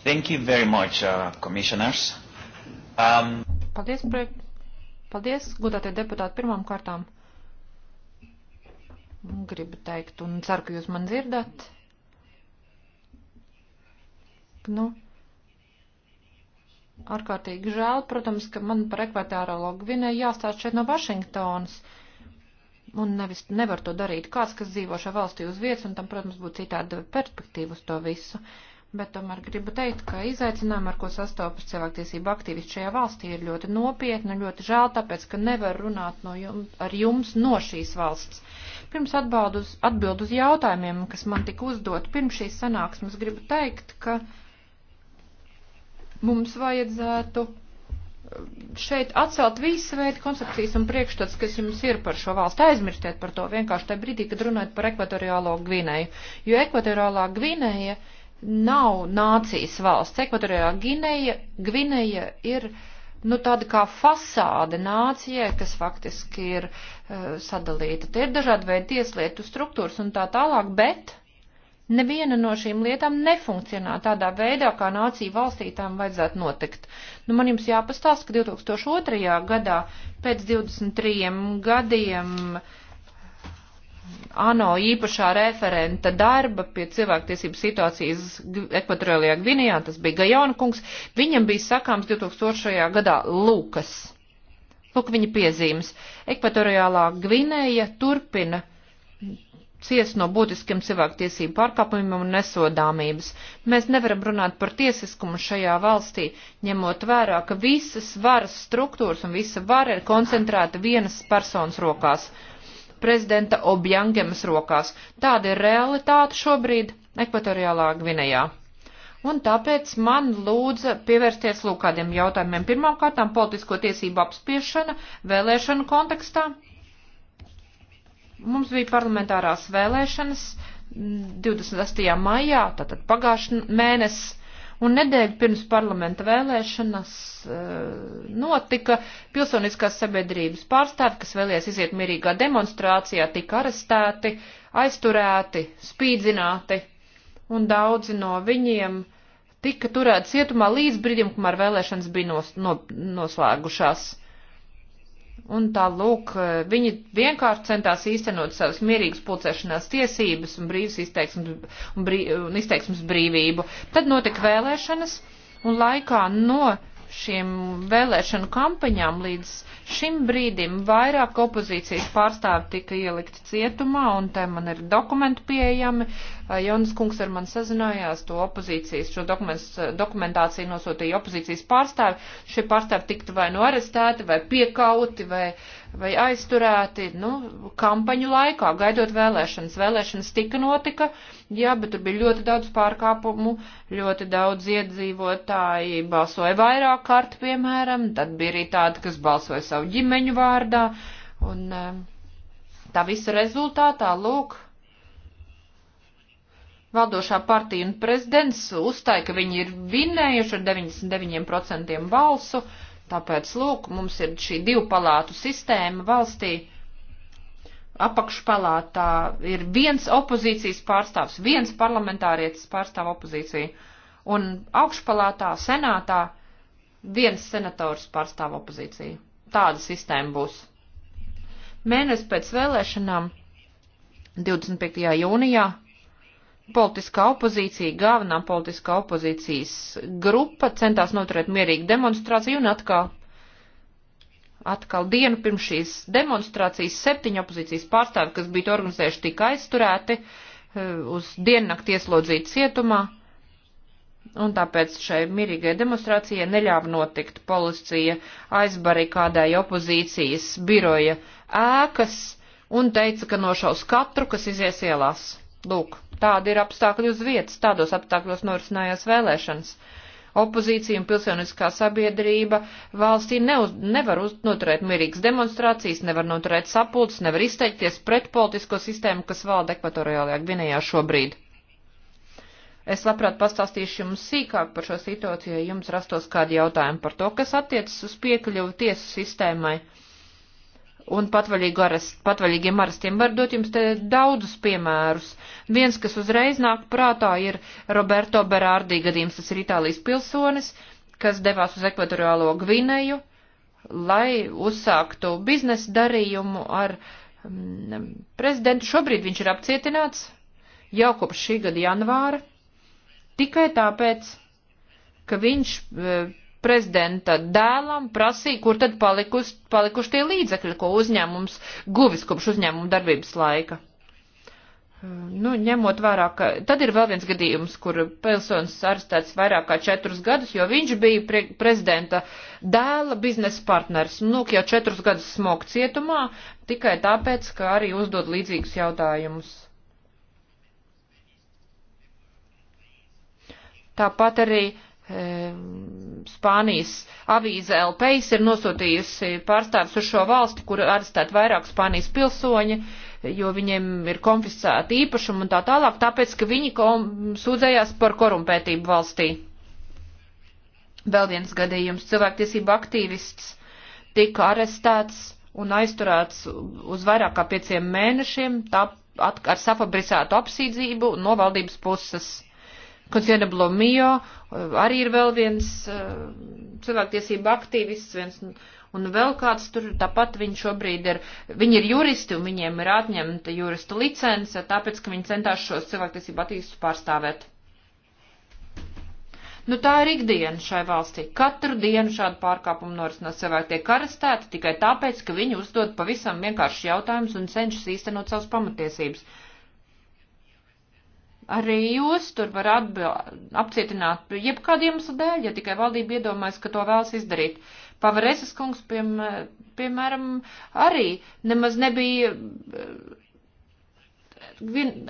Thank you very much, uh, commissioners. Um... Paldies, priek... Paldies, gudātie deputāti, pirmām kārtām. Gribu teikt, un ceru, ka jūs man dzirdat. Uh, Nu, ārkārtīgi žēl, protams, ka man par ekvatāro Gvinēju jāstāst šeit no Vašingtonas. Un nevis, nevar to darīt kāds, kas dzīvo šajā valstī uz vietas, un tam, protams, būtu citāda perspektīva uz to visu. Bet tomēr gribu teikt, ka izaicinājumi, ar ko sastopas cilvēktiesība aktīvisti šajā valstī, ir ļoti nopietni un ļoti žēl, tāpēc, ka nevar runāt no jums, ar jums no šīs valsts. Pirms atbild uz, atbild uz jautājumiem, kas man tika uzdot pirms šīs sanāksmes, gribu teikt, ka. Uh, Mums vajadzētu eh, šeit atcelt visu veidu koncepcijas un priekšstats, kas jums ir par šo valstu. Aizmirstiet par to vienkārši tajā brīdī, kad runājat par ekvatoriālo Gvinēju. Jo ekvatoriālā Gvinēja nav nācijas valsts. Ekvatoriālā Gvinēja, Gvinēja ir nu, tāda kā fasāde nācijai, kas faktiski ir uh, sadalīta. Te ir dažādi veidi tieslietu struktūras un tā tālāk, bet Neviena no šīm lietām nefunkcionē tādā veidā, kā nācija valstī tām vajadzētu notikt. Nu, man jums jāpastāst, ka 2002. gadā pēc 23 gadiem ANO īpašā referenta darba pie cilvēktiesību situācijas ekvatoriālajā Gvinijā, tas bija Gajona kungs, viņam bija sakāms 2000. gadā Lūkas. Lūk viņa piezīmes. Ekvatoriālā Gvinēja turpina ciest no būtiskiem cilvēktiesību pārkāpumiem un nesodāmības. Mēs nevaram runāt par tiesiskumu šajā valstī, ņemot vērā, ka visas varas struktūras un visa vara ir koncentrēta vienas personas rokās - prezidenta Objangemas rokās. Tāda ir realitāte šobrīd Ekvatoriālā Gvinējā. Un tāpēc man lūdza pievērsties lūkādiem jautājumiem. Pirmkārtām politisko tiesību apspiešana vēlēšanu kontekstā Mums bija parlamentārās vēlēšanas 28. maijā, tātad pagājušā mēnesis. Un nedēļu pirms parlamenta vēlēšanas e, notika pilsoniskās sabiedrības pārstāvi, kas vēlējās iziet mierīgā demonstrācijā, tika arestēti, aizturēti, spīdzināti, un daudzi no viņiem tika turēti cietumā līdz brīdim, kamēr vēlēšanas bija nos, no, noslēgušās. Un tā lūk, eh, viņi vienkārši centās īstenot savas mierīgas pulcēšanās tiesības un brīvas izteiksmes, un brī, un izteiksmes brīvību. Tad notika vēlēšanas, un laikā no šiem vēlēšanu kampaņām līdz šim brīdim vairāk opozīcijas pārstāvi tika ielikti cietumā, un te man ir dokumenti pieejami, Jonas Kungs ar mani sazinājās, to opozīcijas, šo dokumentāciju nosūtīja opozīcijas pārstāvi. Šie pārstāvi tiktu vai nu no arestēti, vai piekauti, vai, vai aizturēti, nu, kampaņu laikā, gaidot vēlēšanas. Vēlēšanas tika notika, jā, bet tur bija ļoti daudz pārkāpumu, ļoti daudz iedzīvotāji balsoja vairāk kārt, piemēram, tad bija arī tādi, kas balsoja savu ģimeņu vārdā, un eh, tā visa rezultātā, lūk, valdošā partija un prezidents uzstāja, ka viņi ir vinējuši ar 99% balsu, tāpēc, lūk, mums ir šī divu palātu sistēma valstī. Apakšpalātā ir viens opozīcijas pārstāvs, viens parlamentārietis pārstāv opozīciju, un augšpalātā, senātā viens senators pārstāv opozīciju. Tāda sistēma būs. Mēnesis pēc vēlēšanām, 25. jūnijā, politiskā opozīcija, galvenā politiskā opozīcijas grupa centās noturēt mierīgu demonstrāciju un atkal, atkal dienu pirms šīs demonstrācijas septiņi opozīcijas pārstāvi, kas bija organizējuši, tika aizturēti eh, uz diennakti ieslodzīti cietumā. Un tāpēc šai mierīgai demonstrācijai neļāva notikt. Policija aizbarikādēja opozīcijas biroja ēkas un teica, ka nošaus katru, kas izies ielās. Lūk, Tāda ir apstākļi uz vietas, tādos apstākļos norisinājās vēlēšanas. Opozīcija un pilsoniskā sabiedrība valstī neuz, nevar uz, noturēt mierīgas demonstrācijas, nevar noturēt sapulces, nevar izteikties pret politisko sistēmu, kas valda ekvatoriālajā Gvinējā šobrīd. Es labprāt pastāstīšu jums sīkāk par šo situāciju, ja jums rastos kādi jautājumi par to, kas attiecas uz piekļuvu tiesu sistēmai un arest, patvaļīgiem arestiem. Var dot jums te daudzus piemērus. Viens, kas uzreiz nāk prātā, ir Roberto Berardi gadījums, tas ir Itālijas pilsonis, kas devās uz ekvatoriālo Gvineju, lai uzsāktu biznesa darījumu ar mm, prezidentu. Šobrīd viņš ir apcietināts jau kopš šī gada janvāra, tikai tāpēc, ka viņš eh, prezidenta dēlam prasīja, kur tad palikuši, palikuši tie līdzekļi, ko uzņēmums guvis kopš uzņēmuma darbības laika. Nu, ņemot vērā, ka tad ir vēl viens gadījums, kur pilsonis arestēts vairāk kā četrus gadus, jo viņš bija pre prezidenta dēla biznesa partners. Nu, jau četrus gadus smog cietumā, tikai tāpēc, ka arī uzdod līdzīgus jautājumus. Tāpat arī uh, Spānijas avīze El Pais ir nosūtījusi pārstāvis uz šo valsti, kur arestēt vairāk Spānijas pilsoņi, jo viņiem ir konfiscēta īpašuma un tā tālāk, tāpēc, ka viņi sūdzējās par korumpētību valstī. Vēl viens gadījums - cilvēktiesība aktīvists tika arestēts un aizturēts uz vairāk kā pieciem mēnešiem tā, at, ar safabrisētu apsīdzību no valdības puses Konsiena Blomio eh, arī ir vēl viens uh, cilvēktiesība aktīvists, viens un vēl kāds tur tāpat viņi šobrīd ir, viņi ir juristi un viņiem ir atņemta jurista licence, tāpēc, ka viņi centās šos cilvēktiesību attīstus pārstāvēt. Nu tā ir ikdiena šai valstī. Katru dienu šādu pārkāpumu norisinās cilvēki tiek arestēti tikai tāpēc, ka viņi uzdod pavisam vienkāršus jautājumus un cenšas īstenot savas pamatiesības. Arī jūs tur var apcietināt jebkādu iemeslu dēļ, ja tikai valdība iedomājas, ka to vēlas izdarīt. Pavareses kungs, piem, piemēram, arī nemaz nebija eh,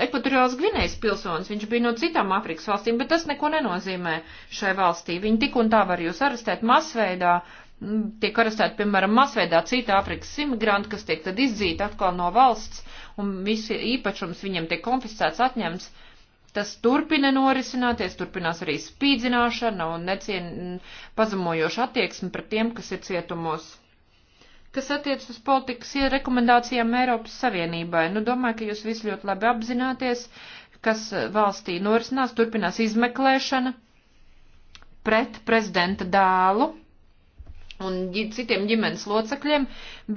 ekvatoriāls Gvinējas pilsonis, viņš bija no citām Afrikas valstīm, bet tas neko nenozīmē šai valstī. Viņi tik un tā var jūs arestēt masveidā, mm, tiek arestēti, piemēram, masveidā cita Afrikas imigranti, kas tiek tad izdzīti atkal no valsts, un visi īpašums viņiem tiek konfiscēts, atņemts. Uh, Tas turpina norisināties, turpinās arī spīdzināšana un necien pazemojoša attieksme pret tiem, kas ir cietumos. Kas attiecas uz politikas rekomendācijām Eiropas Savienībai, nu domāju, ka jūs visi ļoti labi apzināties, kas e, valstī norisinās, turpinās izmeklēšana pret prezidenta dēlu un citiem ģimenes locekļiem,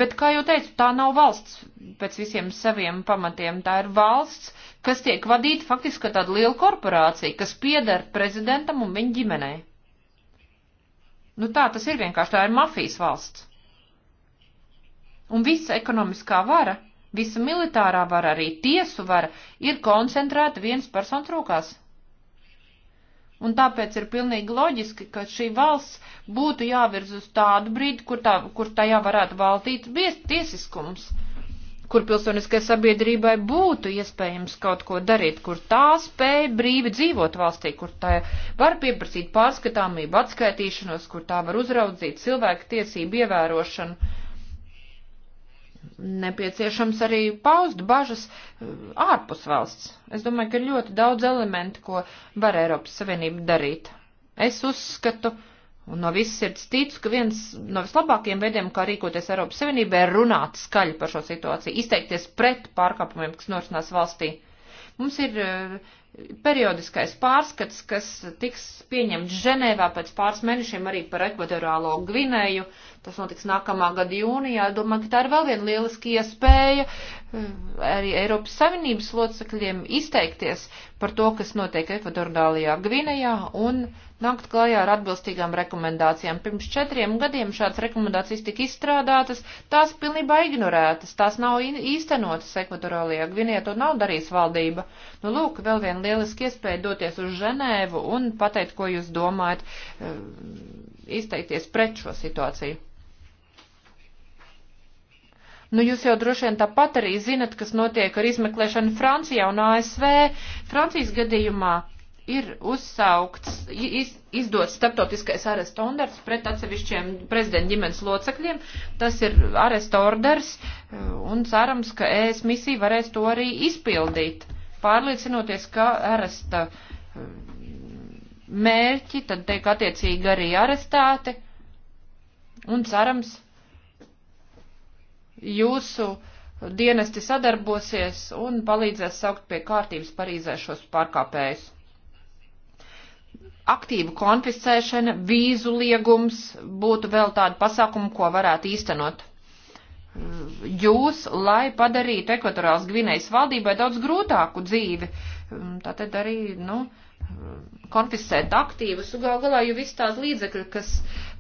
bet, kā jau teicu, tā nav valsts pēc visiem saviem pamatiem. Tā ir valsts, kas tiek vadīta faktiski kā tāda liela korporācija, kas pieder prezidentam un viņa ģimenei. Nu tā, tas ir vienkārši, tā ir mafijas valsts. Un visa ekonomiskā vara, visa militārā vara, arī tiesu vara ir koncentrēta viens personas rokās. Un tāpēc ir pilnīgi loģiski, ka šī valsts būtu jāvirz uz tādu brīdi, kur, tā, kur tajā varētu valdīt bies, tiesiskums, kur pilsoniskai sabiedrībai būtu iespējams kaut ko darīt, kur tā spēja brīvi dzīvot valstī, kur tā var pieprasīt pārskatāmību, atskaitīšanos, kur tā var uzraudzīt cilvēku tiesību ievērošanu nepieciešams arī paust bažas eh, ārpus valsts. Es domāju, ka ir ļoti daudz elementi, ko var Eiropas Savienība darīt. Es uzskatu un no visas sirds ticu, ka viens no vislabākajiem veidiem, kā rīkoties Eiropas Savienībā, ir runāt skaļi par šo situāciju, izteikties pret pārkāpumiem, kas norisinās valstī. Mums ir eh, periodiskais pārskats, kas tiks pieņemts Ženēvā pēc pāris mēnešiem arī par ekvatorālo Gvinēju. Tas notiks nākamā gada jūnijā. Domāju, ka tā ir vēl viena lieliski iespēja eh, arī Eiropas Savienības locekļiem izteikties par to, kas notiek ekvatorālajā Gvinējā un uh, nākt klajā ar atbilstīgām rekomendācijām. Pirms četriem gadiem šādas rekomendācijas tika izstrādātas, tās pilnībā ignorētas, tās nav īstenotas ekvatorālajā Gvinijā, to nav darījis valdība. Nu, lūk, vēl viena lieliski iespēja doties uz Ženēvu un pateikt, ko jūs domājat, eh, izteikties pret šo situāciju. Nu, jūs jau droši vien tāpat arī zinat, kas notiek ar izmeklēšanu Francijā un ASV. Francijas gadījumā ir uzsaukts, iz, izdots starptautiskais arestu orders pret atsevišķiem prezidenta ģimenes locekļiem. Tas ir arestu orders eh, un cerams, ka ES misija varēs to arī izpildīt, pārliecinoties, ka aresta eh, mērķi tad tiek attiecīgi arī arestēti un cerams jūsu dienesti sadarbosies un palīdzēs saukt pie kārtības Parīzē šos pārkāpējus aktīvu konfiscēšana, vīzu liegums būtu vēl tādi pasākumi, ko varētu īstenot. Jūs, lai padarītu ekvatorāls Gvinējas valdībai daudz grūtāku dzīvi, um, tātad arī, nu, konfiscēt aktīvus, gal galā jau viss tās līdzekļi, kas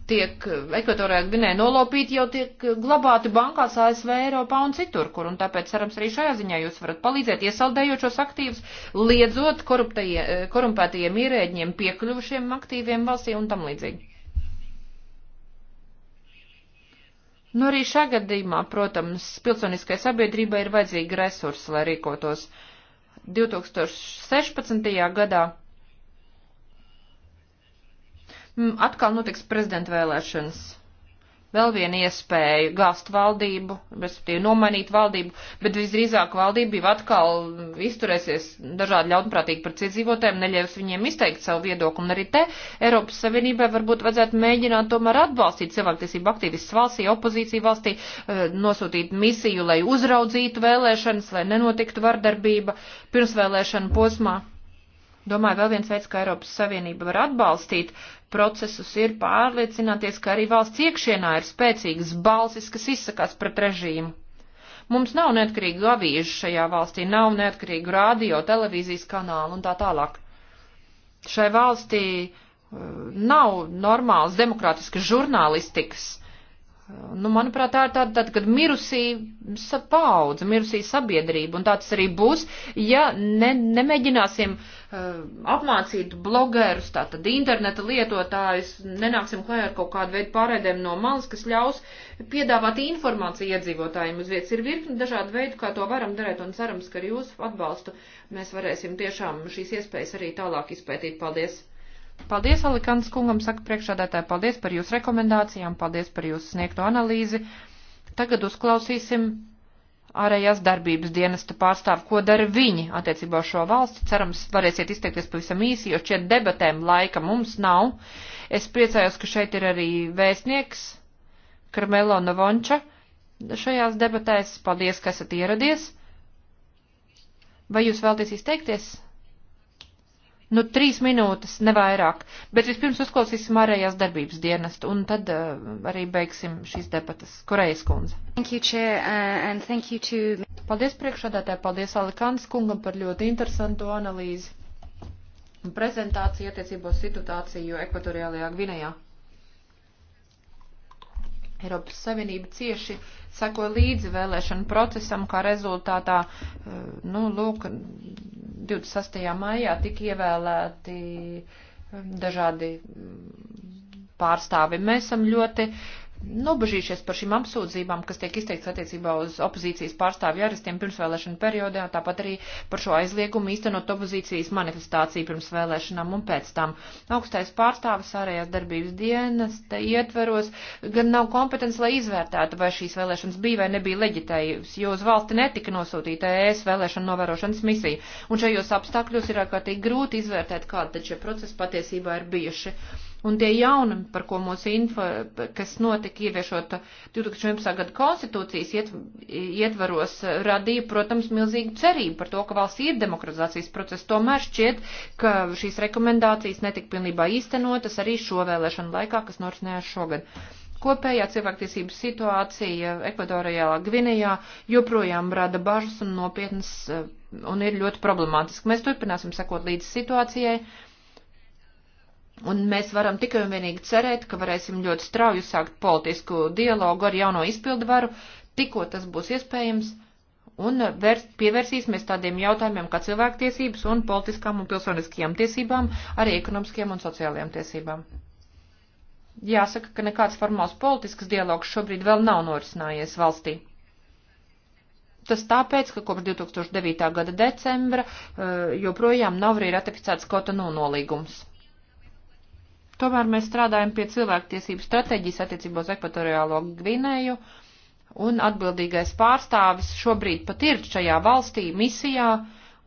tiek Ekvatorā Gvinē nolopīti, jau tiek glabāti bankās ASV, Eiropā un citur, kur, un tāpēc, cerams, arī šajā ziņā jūs varat palīdzēt iesaldējošos aktīvus, liedzot korumpētajiem ierēģiem piekļuvušiem aktīviem valstī un tam līdzīgi. Nu arī šā gadījumā, protams, pilsoniskai sabiedrībai ir vajadzīgi resursi, lai rīkotos 2016. gadā Mm, atkal notiks prezidenta vēlēšanas. Vēl viena iespēja gāzt valdību, respektīvi nomainīt valdību, bet visdrīzāk valdība jau atkal izturēsies dažādi ļaunprātīgi par citzīvotēm, neļaus viņiem izteikt savu viedokli. Un arī te Eiropas Savienībai varbūt vajadzētu mēģināt tomēr atbalstīt cilvēktiesību aktīvistus valstī, opozīciju valstī, eh, nosūtīt misiju, lai uzraudzītu vēlēšanas, lai nenotiktu vardarbība pirms vēlēšanu posmā. Domāju, vēl viens veids, kā Eiropas Savienība var atbalstīt procesus, ir pārliecināties, ka arī valsts iekšienā ir spēcīgas balsis, kas izsakās pret režīmu. Mums nav neatkarīgu avīžu šajā valstī, nav neatkarīgu radio, televīzijas kanālu un tā tālāk. Šai valstī uh, nav normāls demokrātiskas žurnālistikas. Uh, nu, manuprāt, tā ir tāda, tāda kad mirusī paudze, mirusī sabiedrība, un tā tas arī būs, ja ne, nemēģināsim uh, Uh, apmācītu blogerus, tātad interneta lietotājus, nenāksim klajā ar kaut kādu veidu pārēdēm no malas, kas ļaus piedāvāt informāciju iedzīvotājiem uz vietas. Ir virkni dažādi veidi, kā to varam darīt, un cerams, ka ar jūsu atbalstu mēs varēsim tiešām šīs iespējas arī tālāk izpētīt. Paldies! Paldies, Alikants kungam, saka priekšādātāji, paldies par jūsu rekomendācijām, paldies par jūsu sniegto analīzi. Tagad uzklausīsim ārējās darbības dienesta pārstāvi, ko dara viņi attiecībā uz šo valsti. Cerams, varēsiet izteikties pavisam īsi, jo šķiet debatēm laika mums nav. Es priecājos, ka šeit ir arī vēstnieks Karmelo Navonča šajās debatēs. Paldies, ka esat ieradies. Vai jūs vēlties izteikties? Nu, trīs minūtes, nevairāk. Bet vispirms uzklausīsim ārējās darbības dienestu, un tad uh, arī beigsim šīs debatas. Korejas kundze. Thank you, chair, uh, and thank you to... Paldies priekšādātāji, paldies Alikants kungam par ļoti interesantu analīzi un prezentāciju attiecībos situāciju ekvatoriālajā Gvinējā. Eiropas Savienība cieši seko līdzi vēlēšanu procesam, kā rezultātā, eh, nu, lūk, 28. maijā tika ievēlēti eh, dažādi mm, pārstāvi. Mēs esam ļoti uh, nobežījušies par šīm apsūdzībām, kas tiek izteikts attiecībā uz opozīcijas pārstāvju arestiem pirmsvēlēšanu periodā, tāpat arī par šo aizliegumu īstenot opozīcijas manifestāciju pirms vēlēšanām un pēc tam. Augstais pārstāvis ārējās darbības dienas ietveros gan nav kompetents, lai izvērtētu, vai šīs vēlēšanas bija vai nebija leģitējas, jo uz valsti netika nosūtīta ES vēlēšana novērošanas misija, un šajos apstākļos ir ārkārtīgi grūti izvērtēt, kāda tad šie procesi patiesībā ir bijuši. Un tie jaunumi, par ko mūsu info, kas notika ieviešot 2011. gada konstitūcijas iet, ietvaros, radīja, protams, milzīgu cerību par to, ka valsts ir demokratizācijas process. Tomēr šķiet, ka šīs rekomendācijas netika pilnībā īstenotas arī šo vēlēšanu laikā, kas norisinājās šogad. Kopējā cilvēktiesības situācija Ekvadorijā, Gvinējā joprojām rada bažas un nopietnas un ir ļoti problemātiski. Mēs turpināsim sekot līdz situācijai. Uh, Un mēs varam tikai un vienīgi cerēt, ka varēsim ļoti strauju sākt politisku dialogu ar jauno izpildvaru, tikko tas būs iespējams, un vērs, pievērsīsimies tādiem jautājumiem kā cilvēktiesības un politiskām un pilsoniskajām tiesībām, arī ekonomiskajām un sociālajām tiesībām. Jāsaka, ka nekāds formāls politisks dialogs šobrīd vēl nav norisinājies valstī. Tas tāpēc, ka kopš 2009. gada decembra eh, joprojām nav arī ratificēts Kotonu nolīgums. Tomēr mēs strādājam pie cilvēktiesību stratēģijas attiecībā uz ekvatoriālo Gvinēju, un atbildīgais pārstāvis šobrīd pat ir šajā valstī misijā,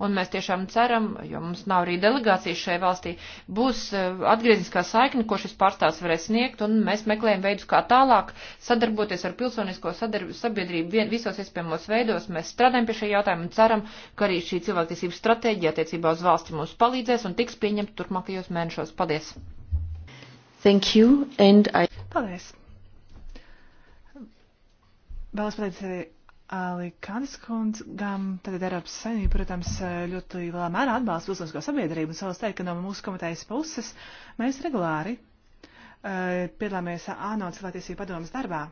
un mēs tiešām ceram, jo mums nav arī delegācijas šajā valstī, būs e, atgrieziskā saikne, ko šis pārstāvs varēs sniegt, un mēs meklējam veidus, kā tālāk sadarboties ar pilsonisko sadarb sabiedrību vien, visos iespējamos veidos. Mēs strādājam pie šī jautājuma un ceram, ka arī šī cilvēktiesību stratēģija attiecībā uz valsti mums palīdzēs un tiks pieņemta turpmākajos mēnešos. Paldies! Thank you, and I... Paldies. Vēlos pateikt arī Alikānas kundzgam, tad Eiropas Savienība, protams, ļoti lielā mērā atbalsta pilsonisko sabiedrību un savas teikt, ka no mūsu komitejas puses mēs regulāri uh, piedalāmies ANO cilvēktiesību padomas darbā.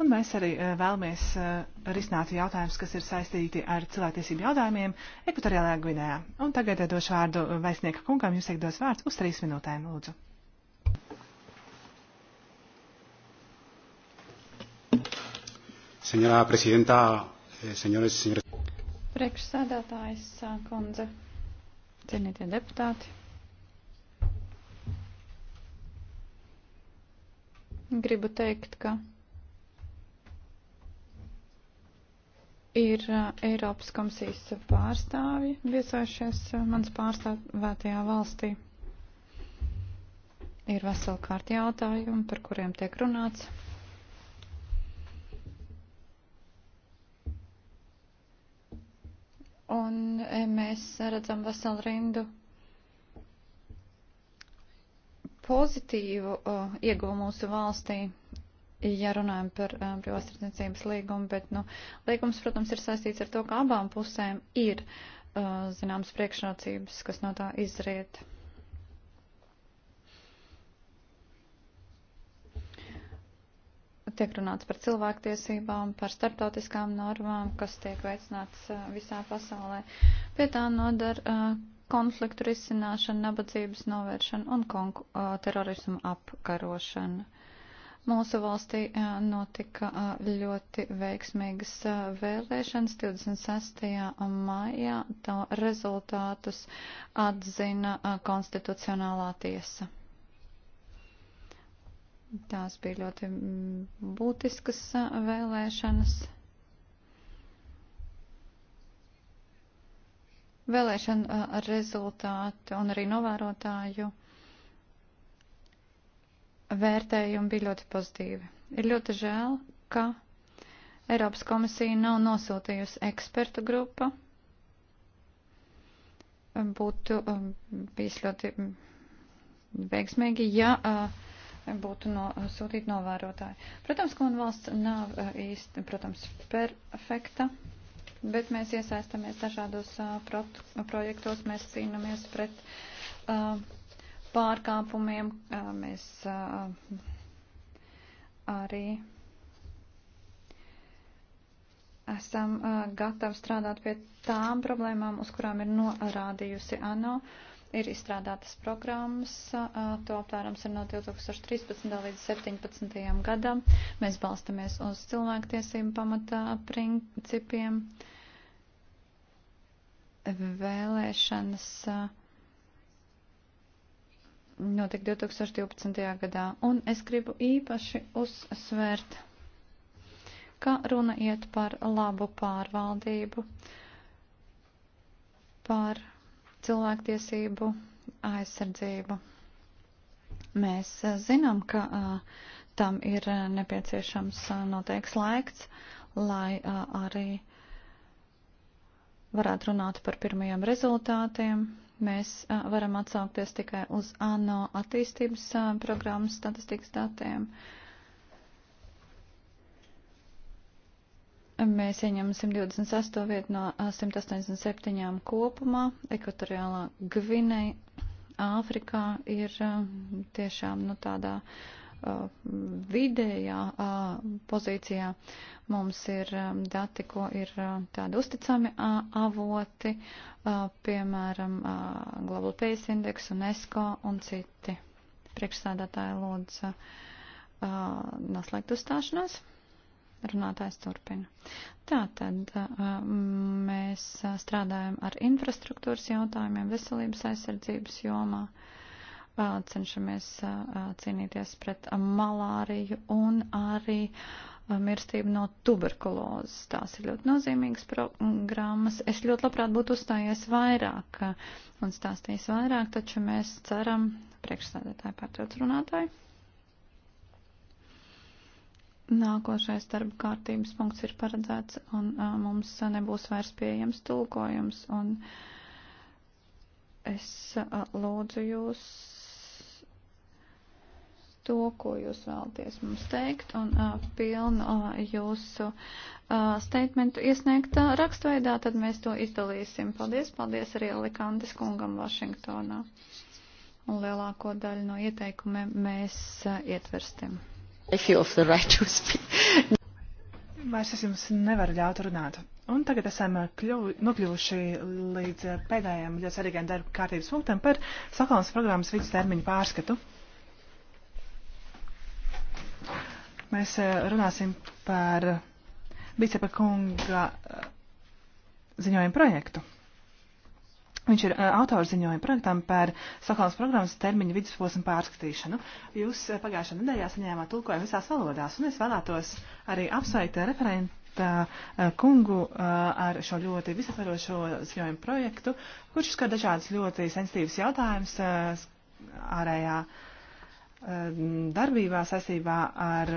Un mēs arī eh, vēlamies eh, risināt jautājumus, kas ir saistīti ar cilvēktiesību jautājumiem Ekvatoriālajā Gvinējā. Un tagad eh, došu vārdu Vaisnieka kungam, jūs tiek dos vārds uz trīs minūtēm, lūdzu. Senjorā prezidentā, senjores, senjores. Priekšsēdētājs kundze, cienītie deputāti. Gribu teikt, ka ir uh, Eiropas komisijas pārstāvi viesojušies uh, mans pārstāvētajā valstī. Ir vesela kārta jautājumu, par kuriem tiek runāts. Un e, mēs redzam veselu rindu pozitīvu uh, ieguvumu mūsu valstī ja runājam par um, eh, privās tirdzniecības līgumu, bet, nu, līgums, protams, ir saistīts ar to, ka abām pusēm ir, uh, eh, zināms, priekšnācības, kas no tā izriet. Tiek runāts par cilvēktiesībām, par starptautiskām normām, kas tiek veicināts uh, visā pasaulē. Pie tā nodara uh, konfliktu risināšana, nabadzības novēršana un konku, uh, terorismu apkarošana. Mūsu valstī notika ļoti veiksmīgas vēlēšanas 26. maijā. Tā rezultātus atzina konstitucionālā tiesa. Tās bija ļoti mm, būtiskas vēlēšanas. Vēlēšana rezultāti un arī novērotāju vērtējumi bija ļoti pozitīvi. Ir ļoti žēl, ka Eiropas komisija nav nosūtījusi ekspertu grupu. Būtu um, bijis ļoti um, veiksmīgi, ja uh, būtu nosūtīti novērotāji. Protams, ka man valsts nav uh, īsti, protams, perfekta, bet mēs iesaistamies dažādos uh, projektos, mēs cīnāmies pret. Uh, pārkāpumiem. Mēs arī esam gatavi strādāt pie tām problēmām, uz kurām ir norādījusi ANO. Ir izstrādātas programmas, to aptvērums ir no 2013. līdz 2017. gadam. Mēs balstamies uz cilvēktiesību pamatā principiem vēlēšanas. Uh, notika 2012. gadā. Un es gribu īpaši uzsvērt, ka runa iet par labu pārvaldību, par cilvēktiesību aizsardzību. Mēs zinām, ka a, tam ir nepieciešams noteikts laiks, lai a, arī varētu runāt par pirmajiem rezultātiem, Mēs varam atsaukties tikai uz ANO attīstības programmas statistikas datiem. Mēs ieņemam 128 vietu no 187 kopumā. Ekvatoriālā Gvineja Āfrikā ir tiešām nu, tādā uh, Uh, vidējā uh, pozīcijā mums ir um, dati, ko ir uh, tādi uzticami avoti, piemēram, Global Pace Index, UNESCO un citi. Priekšsādātāja lūdzu noslēgt uzstāšanos. Runātājs turpina. Tātad mēs strādājam ar infrastruktūras jautājumiem veselības aizsardzības jomā. Uh, cenšamies cīnīties pret malāriju un arī mirstību no tuberkulozes. Tās ir ļoti nozīmīgas programmas. Es ļoti labprāt būtu uzstājies vairāk un stāstījis vairāk, taču mēs ceram priekšsēdētāju pārtrauc runātāju. Nākošais darba kārtības punkts ir paredzēts, un uh, mums nebūs vairs pieejams tulkojums. Un, uh, es lūdzu jūs to, ko jūs vēlaties mums teikt, un uh, pilnu uh, jūsu uh, statementu iesniegt uh, rakstveidā, tad mēs to izdalīsim. Paldies, paldies arī Likantes kungam Vašingtonā. Un lielāko daļu no ieteikumiem mēs uh, ietverstim. Right Vairs es jums nevaru ļaut runāt. Un tagad esam kļuvi, nokļuvuši līdz pēdējiem ļoti svarīgiem darba kārtības punktam par Stokholmas programmas vidustermiņu pārskatu. Mēs eh, runāsim par Bicepa kunga eh, ziņojumu projektu. Viņš ir eh, autors ziņojuma projektam par Stokholmas programmas termiņu vidusposmu pārskatīšanu. Jūs pagājušajā nedēļā saņēmāt tulkojumu visās valodās, un es vēlētos arī apsveikt referenta kungu ar šo ļoti visaptvarošo ziņojumu projektu, kurš skar dažādas ļoti sensitīvas jautājumas ārējā. Uh, Um, darbībā saistībā ar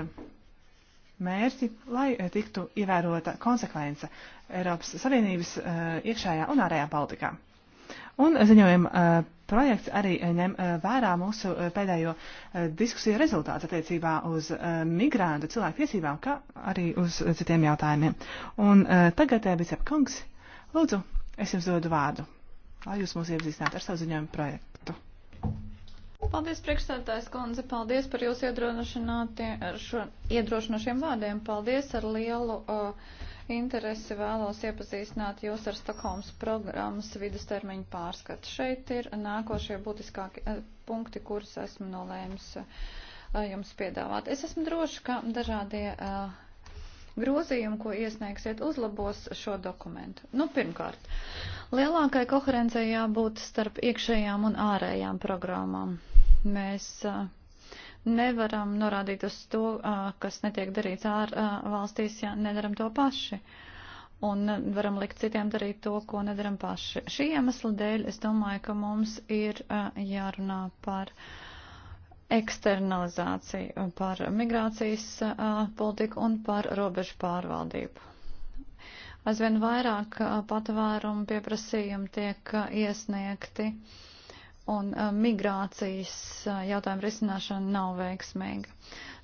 mērķi, lai eh, tiktu ievērota konsekvence Eiropas Savienības eh, iekšējā un ārējā politikā. Un ziņojuma eh, projekts arī ņem vērā mūsu pēdējo diskusiju rezultātu attiecībā uz migrantu cilvēku tiesībām, kā arī uz citiem jautājumiem. Un tagad, Bicep kungs, lūdzu, es jums dodu vārdu, lai jūs mūs iepazīstinātu ar savu ziņojumu projektu. Paldies, priekšstādātājs Konze, paldies par jūsu iedrošinošiem vārdiem. Paldies ar lielu uh, interesi vēlos iepazīstināt jūs ar Stokholmas programmas vidustermiņu pārskatu. Šeit ir nākošie būtiskākie uh, punkti, kurus esmu nolēmis uh, jums piedāvāt. Es esmu droši, ka dažādie uh, grozījumi, ko iesniegsiet, uzlabos šo dokumentu. Nu, pirmkārt, lielākai koherencei jābūt starp iekšējām un ārējām programmām. Mēs nevaram norādīt uz to, kas netiek darīts ārvalstīs, ja nedaram to paši. Un varam likt citiem darīt to, ko nedaram paši. Šī iemesla dēļ es domāju, ka mums ir jārunā par eksternalizāciju, par migrācijas politiku un par robežu pārvaldību. Aizvien vairāk patvērumu pieprasījumu tiek iesniegti uh, un uh, migrācijas uh, jautājumu risināšana nav veiksmīga.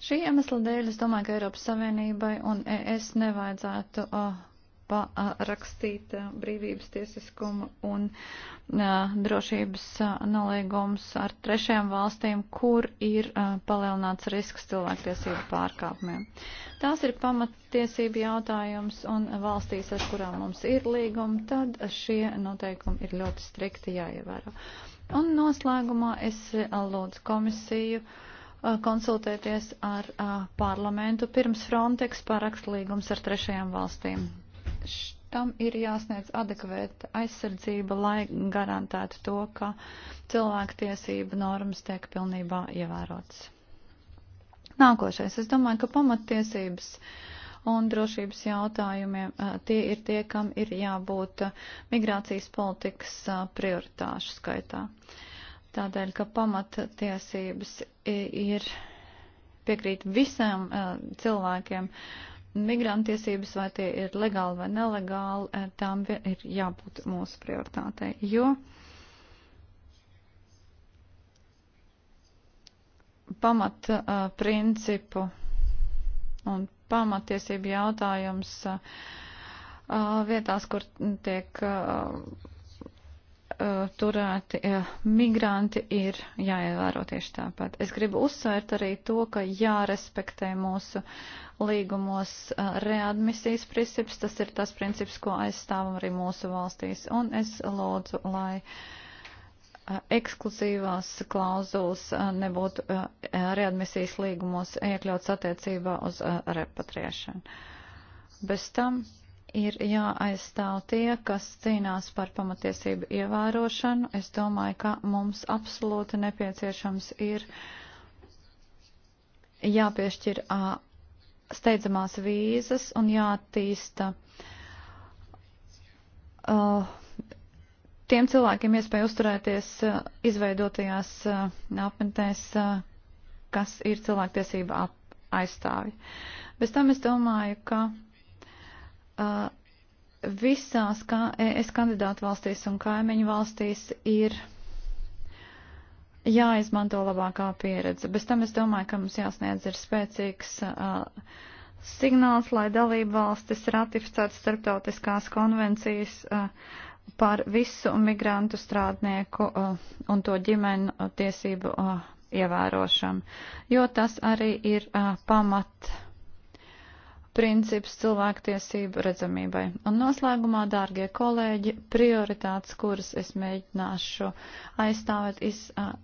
Šī iemesla dēļ es domāju, ka Eiropas Savienībai un ES nevajadzētu uh, parakstīt brīvības tiesiskumu un drošības nolīgumus ar trešajām valstīm, kur ir palielināts risks cilvēktiesību pārkāpumiem. Tās ir pamattiesība jautājums un valstīs, ar kurām mums ir līguma, tad šie noteikumi ir ļoti strikti jāievēro. Ja Un noslēgumā es eh, lūdzu komisiju eh, konsultēties ar eh, parlamentu pirms Frontex parakst līgums ar trešajām valstīm. Tam ir jāsniedz adekvēta aizsardzība, lai garantētu to, ka cilvēktiesība normas tiek pilnībā ievērotas. Nākošais. Es domāju, ka pamattiesības uh, un drošības jautājumiem. Tie ir tie, kam ir jābūt migrācijas politikas prioritāšu skaitā. Tādēļ, ka pamattiesības ir piekrīt visiem cilvēkiem, migrantiesības, vai tie ir legāli vai nelegāli, tām ir jābūt mūsu prioritātei. Jo pamat uh, principu un pamatiesību jautājums uh, uh, vietās, kur tiek uh, turēti migranti, ir jāievēro tieši tāpat. Es gribu uzsvērt arī to, ka jārespektē mūsu līgumos readmisijas princips. Tas ir tas princips, ko aizstāvam arī mūsu valstīs. Un es lūdzu, lai. Uh, ekskluzīvās klauzulas nebūtu readmisijas līgumos iekļauts attiecībā uz repatriešanu. Bez tam ir jāaizstāv tie, kas cīnās par pamatiesību ievērošanu. Es domāju, ka mums absolūti nepieciešams ir jāpiešķir steidzamās vīzas un jātīsta uh, tiem cilvēkiem iespēja uzturēties eh, izveidotajās eh, apmetnēs, eh, kas ir cilvēktiesība aizstāvi. Bez tam es domāju, ka visās es kandidātu valstīs un kaimiņu valstīs ir jāizmanto labākā pieredze. Bez tam es domāju, ka mums jāsniedz ir spēcīgs uh, signāls, lai dalība valstis ratificētu starptautiskās konvencijas, uh, par visu migrantu strādnieku eh, un to ģimenu eh, tiesību eh, ievērošanu, jo tas arī ir pamat princips cilvēktiesību redzamībai. Un noslēgumā, dārgie kolēģi, prioritātes, kuras es mēģināšu aizstāvēt,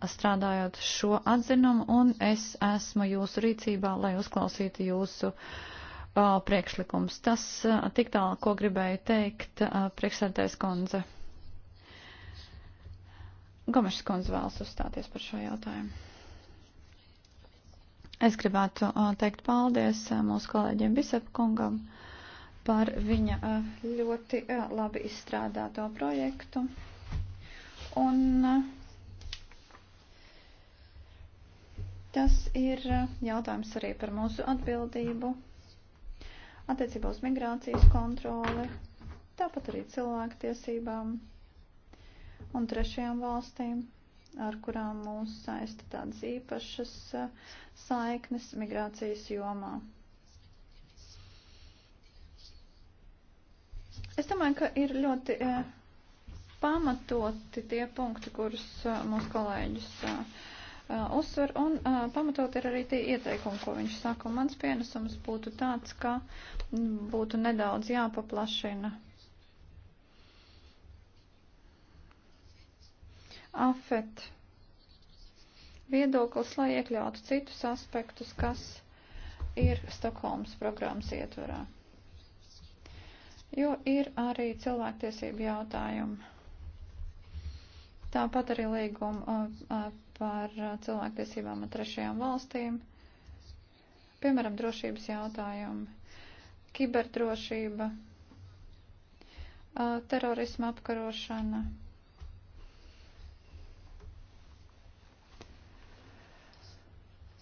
izstrādājot šo atzinumu, un es esmu jūsu rīcībā, lai uzklausītu jūsu uh, uh, priekšlikums. Tas uh, tik tālu, ko gribēju teikt, uh, priekšsēdētais kundze. Gomešs kundze vēlas uzstāties par šo jautājumu. Es gribētu uh, teikt paldies uh, mūsu kolēģiem Bisepkungam par viņa uh, ļoti uh, labi izstrādāto projektu. Un, uh, Tas ir jautājums arī par mūsu atbildību attiecībā uz migrācijas kontroli, tāpat arī cilvēktiesībām un trešajām valstīm, ar kurām mūs saista tādas īpašas eh, saiknes migrācijas jomā. Es domāju, ka ir ļoti eh, pamatoti tie punkti, kurus eh, mūsu kolēģis uh, Uh, uzsver un uh, pamatot ir arī tie ieteikumi, ko viņš saka. Un mans pienesums būtu tāds, ka mm, būtu nedaudz jāpaplašina afet viedoklis, lai iekļautu citus aspektus, kas ir Stokholmas programmas ietvarā. Jo ir arī cilvēktiesību jautājumi. Tāpat arī līguma uh, uh, par uh, cilvēktiesībām ar trešajām valstīm, piemēram, drošības jautājumi, kiberdrošība, uh, terorisma apkarošana.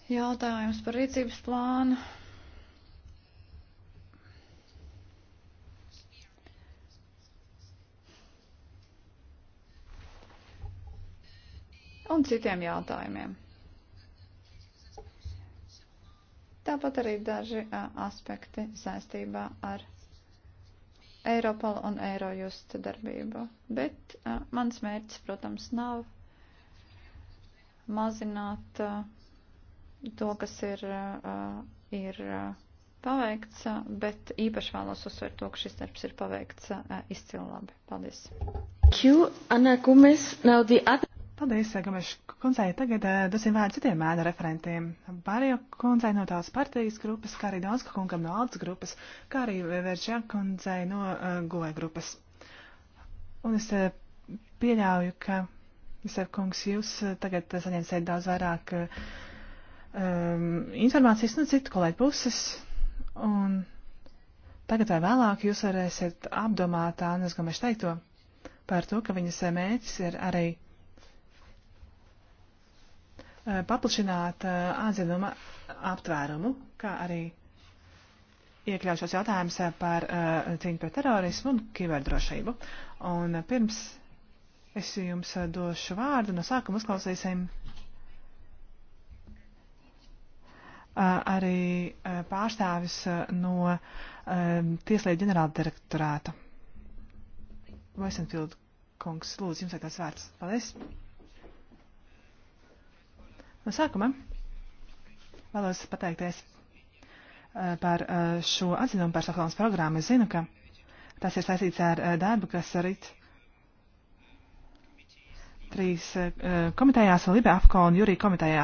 Jautājums par rīcības plānu un citiem jautājumiem. Tāpat arī daži a, aspekti saistībā ar Eiropalu un Eirojust darbību. Bet a, mans mērķis, protams, nav mazināt a, to, kas ir, ir paveikts, bet īpaši vēlos uzsvērt to, ka šis darbs ir paveikts izcili labi. Paldies! Q, Anna Gumes, now the other... Paldies, Gameša kundzei. Tagad eh, dosim vārdu citiem mēda referentiem. Bārija kundzei no tās partijas grupas, kā arī Donska kungam no Altas grupas, kā arī Veržjā kundzei no uh, eh, Goja grupas. Un es uh, pieļauju, ka, Visēv kungs, jūs uh, tagad saņemsiet daudz vairāk uh, informācijas no citu kolēģu puses. Un tagad vai vēlāk jūs varēsiet apdomāt Annas Gameša teikto par to, ka viņas mērķis ir arī Eh, paplašināt eh, atzinuma aptvērumu, kā arī iekļaušos jautājums eh, par cīņu pret terorismu un kiberdrošību. Un pirms es jums došu vārdu, no sākuma uzklausīsim arī pārstāvis no Tieslietu ģenerāla direktorāta. Vaisenfield kungs, lūdzu, jums ir tāds vārds. Paldies! No sākuma vēlos pateikties eh, par eh, šo atzinumu par Stokholmas programmu. Es zinu, ka tas ir saistīts ar eh, darbu, kas rīt trīs komitejās, Libe, Afko un Jurija komitejā.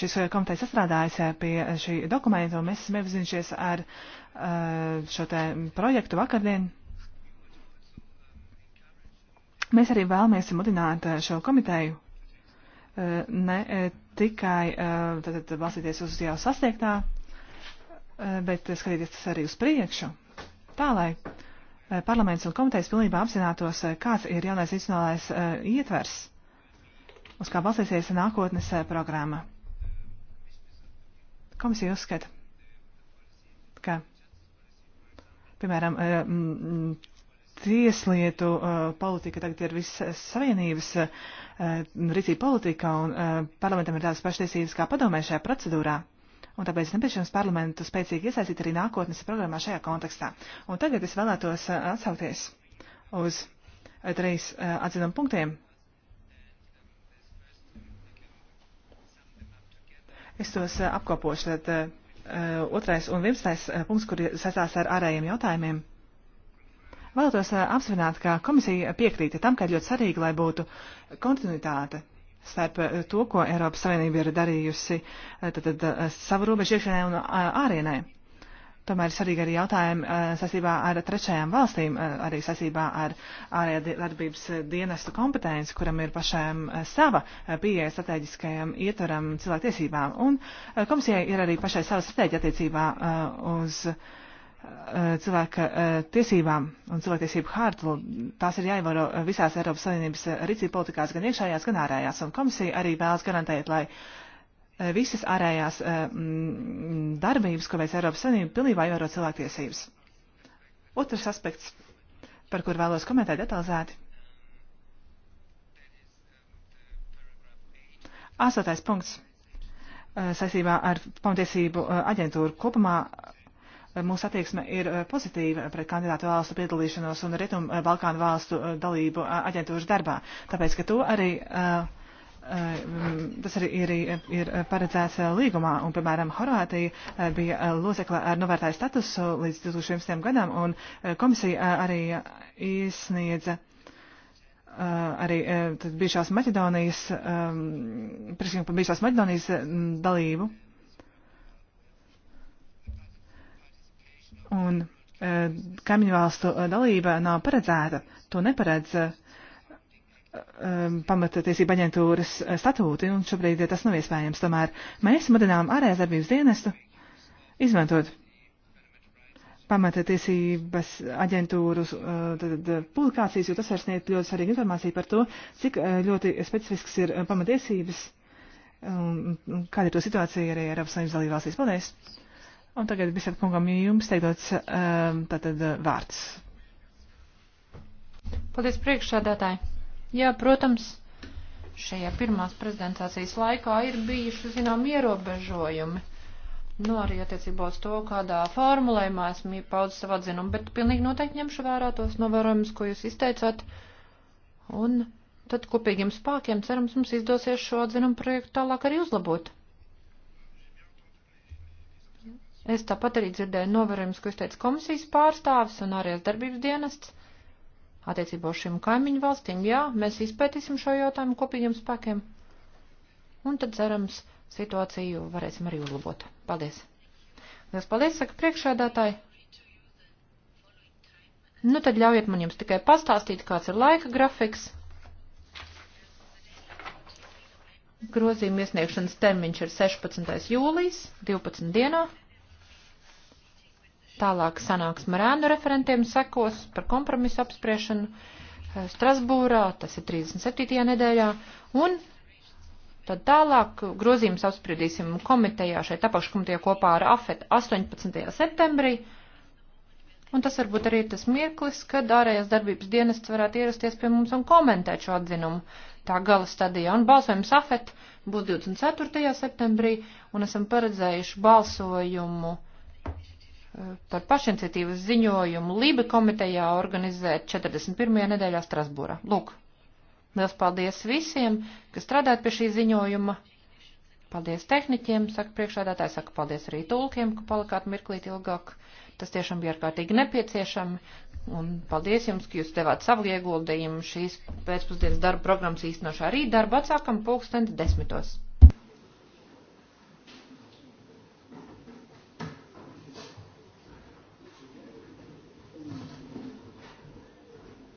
Šis komitejas sastrādājas pie šī dokumenta, un mēs esam iepazinušies ar šo te projektu vakardien. Mēs arī vēlamies mudināt šo komiteju Eh, ne eh, tikai tātad, eh, balstīties uz jau sasniegtā, bet skatīties arī uz priekšu, tā lai parlaments un komitejas pilnībā apzinātos, kāds ir jaunais institucionālais ietvers, uz kā balstīsies nākotnes programma. Komisija uzskata, ka, piemēram, tieslietu uh, politika tagad ir visas uh, savienības uh, rīcība politikā, un uh, parlamentam ir tādas paštiesības kā padomē šajā procedūrā. Un tāpēc nepieciešams parlamentu spēcīgi iesaistīt arī nākotnes programmā šajā kontekstā. Un tagad es vēlētos uh, atsaukties uz uh, trīs uh, atzinumu punktiem. Es tos uh, apkopošu. Tad, uh, uh Otrais un vienpadsmitais uh, punkts, kur saistās ar ārējiem jautājumiem. Uh, Vēlētos eh, apsvērt, ka komisija piekrīta tam, ka ir ļoti svarīgi, lai būtu kontinuitāte starp eh, to, ko Eiropas Savienība ir darījusi eh, tad, tad, savu robežu iekšienē un ārienē. Tomēr svarīgi arī jautājumi sasībā ar trešajām valstīm, arī sasībā ar ārējā darbības dienestu kompetenci, kuram ir pašām sava pieeja strateģiskajam ietveram cilvēktiesībām. Un komisijai ir arī pašai sava strateģija attiecībā uz uh, Eh, cilvēka eh, tiesībām un cilvēktiesību hārtu, tās ir jāievēro visās Eiropas Savienības eh, rīcība politikās, gan iekšējās, gan ārējās. Un komisija arī vēlas garantēt, lai visas ārējās darbības, ko veic Eiropas Savienība, pilnībā ievēro cilvēktiesības. Otrs aspekts, par kur vēlos komentēt detalizēti. Astotais punkts saistībā ar pamatiesību aģentūru kopumā mūsu attieksme ir eh, pozitīva pret kandidātu valstu piedalīšanos un Rietumu eh, Balkānu valstu eh, dalību aģentūras darbā, tāpēc, ka to arī. Tas arī ir, ir paredzēts līgumā, un, piemēram, Horvātija bija locekla ar novērtāju statusu līdz 2011. gadam, un komisija arī iesniedza arī bijušās Maķedonijas, priekšlikums par bijušās Maķedonijas dalību Un e, kaimiņvalstu e, dalība nav paredzēta. To neparedz e, pamatotiesība aģentūras statūti, un šobrīd tas nav iespējams. Tomēr mēs mudinām ārējās darbības dienestu izmantot pamatotiesības aģentūras publikācijas, jo tas var sniegt ļoti svarīgu informāciju par to, cik ļoti specifisks ir pamatiesības un kāda ir to situācija arī Eiropas Savienības dalībvalstīs. Paldies! Un tagad visat kungam jums teiktots ehm, tātad eh, vārds. Paldies priekšsādātāji. Jā, protams, šajā pirmās prezidentācijas laikā ir bijuši, zinām, ierobežojumi. Nu, arī attiecībā uz to, kādā formulējumā esmu paudz savu atzinumu, bet pilnīgi noteikti ņemšu vērā tos novērojumus, ko jūs izteicāt. Un tad kopīgiem spākiem, cerams, mums izdosies šo atzinumu projektu tālāk arī uzlabot. Es tāpat arī dzirdēju novērojumus, ko izteica komisijas pārstāvis un ārējās darbības dienests. Attiecībā uz šīm kaimiņu valstīm, jā, mēs izpētīsim šo jautājumu kopīgiem spēkiem. Un tad, cerams, situāciju varēsim arī uzlabot. Paldies! Liels paldies, saka priekšādātāji! Nu tad ļaujiet man jums tikai pastāstīt, kāds ir laika grafiks. Grozījuma iesniegšanas termiņš ir 16. jūlijas, 12. dienā. Tālāk sanāksme ar ēnu referentiem sekos par kompromisu apspriešanu eh, Strasbūrā, tas ir 37. nedēļā, un tad tālāk grozījums apspriedīsim komitejā šeit apakškomitejā kopā ar AFET 18. septembrī, un tas varbūt arī ir tas mirklis, kad ārējās darbības dienests varētu ierasties pie mums un komentēt šo atzinumu tā gala stadijā, un balsojums AFET būs 24. septembrī, un esam paredzējuši balsojumu par pašiniciatīvas ziņojumu Lība komitejā organizēt 41. nedēļā Strasbūrā. Lūk, liels paldies visiem, kas strādājat pie šī ziņojuma. Paldies tehniķiem, saka priekšādātāji, saka paldies arī tulkiem, ka palikāt mirklīt ilgāk. Tas tiešām bija ārkārtīgi nepieciešami. Un paldies jums, ka jūs devāt savu ieguldījumu šīs pēcpusdienas darba programmas īstenošā. Rīt darbu atsākam pulkstens desmitos.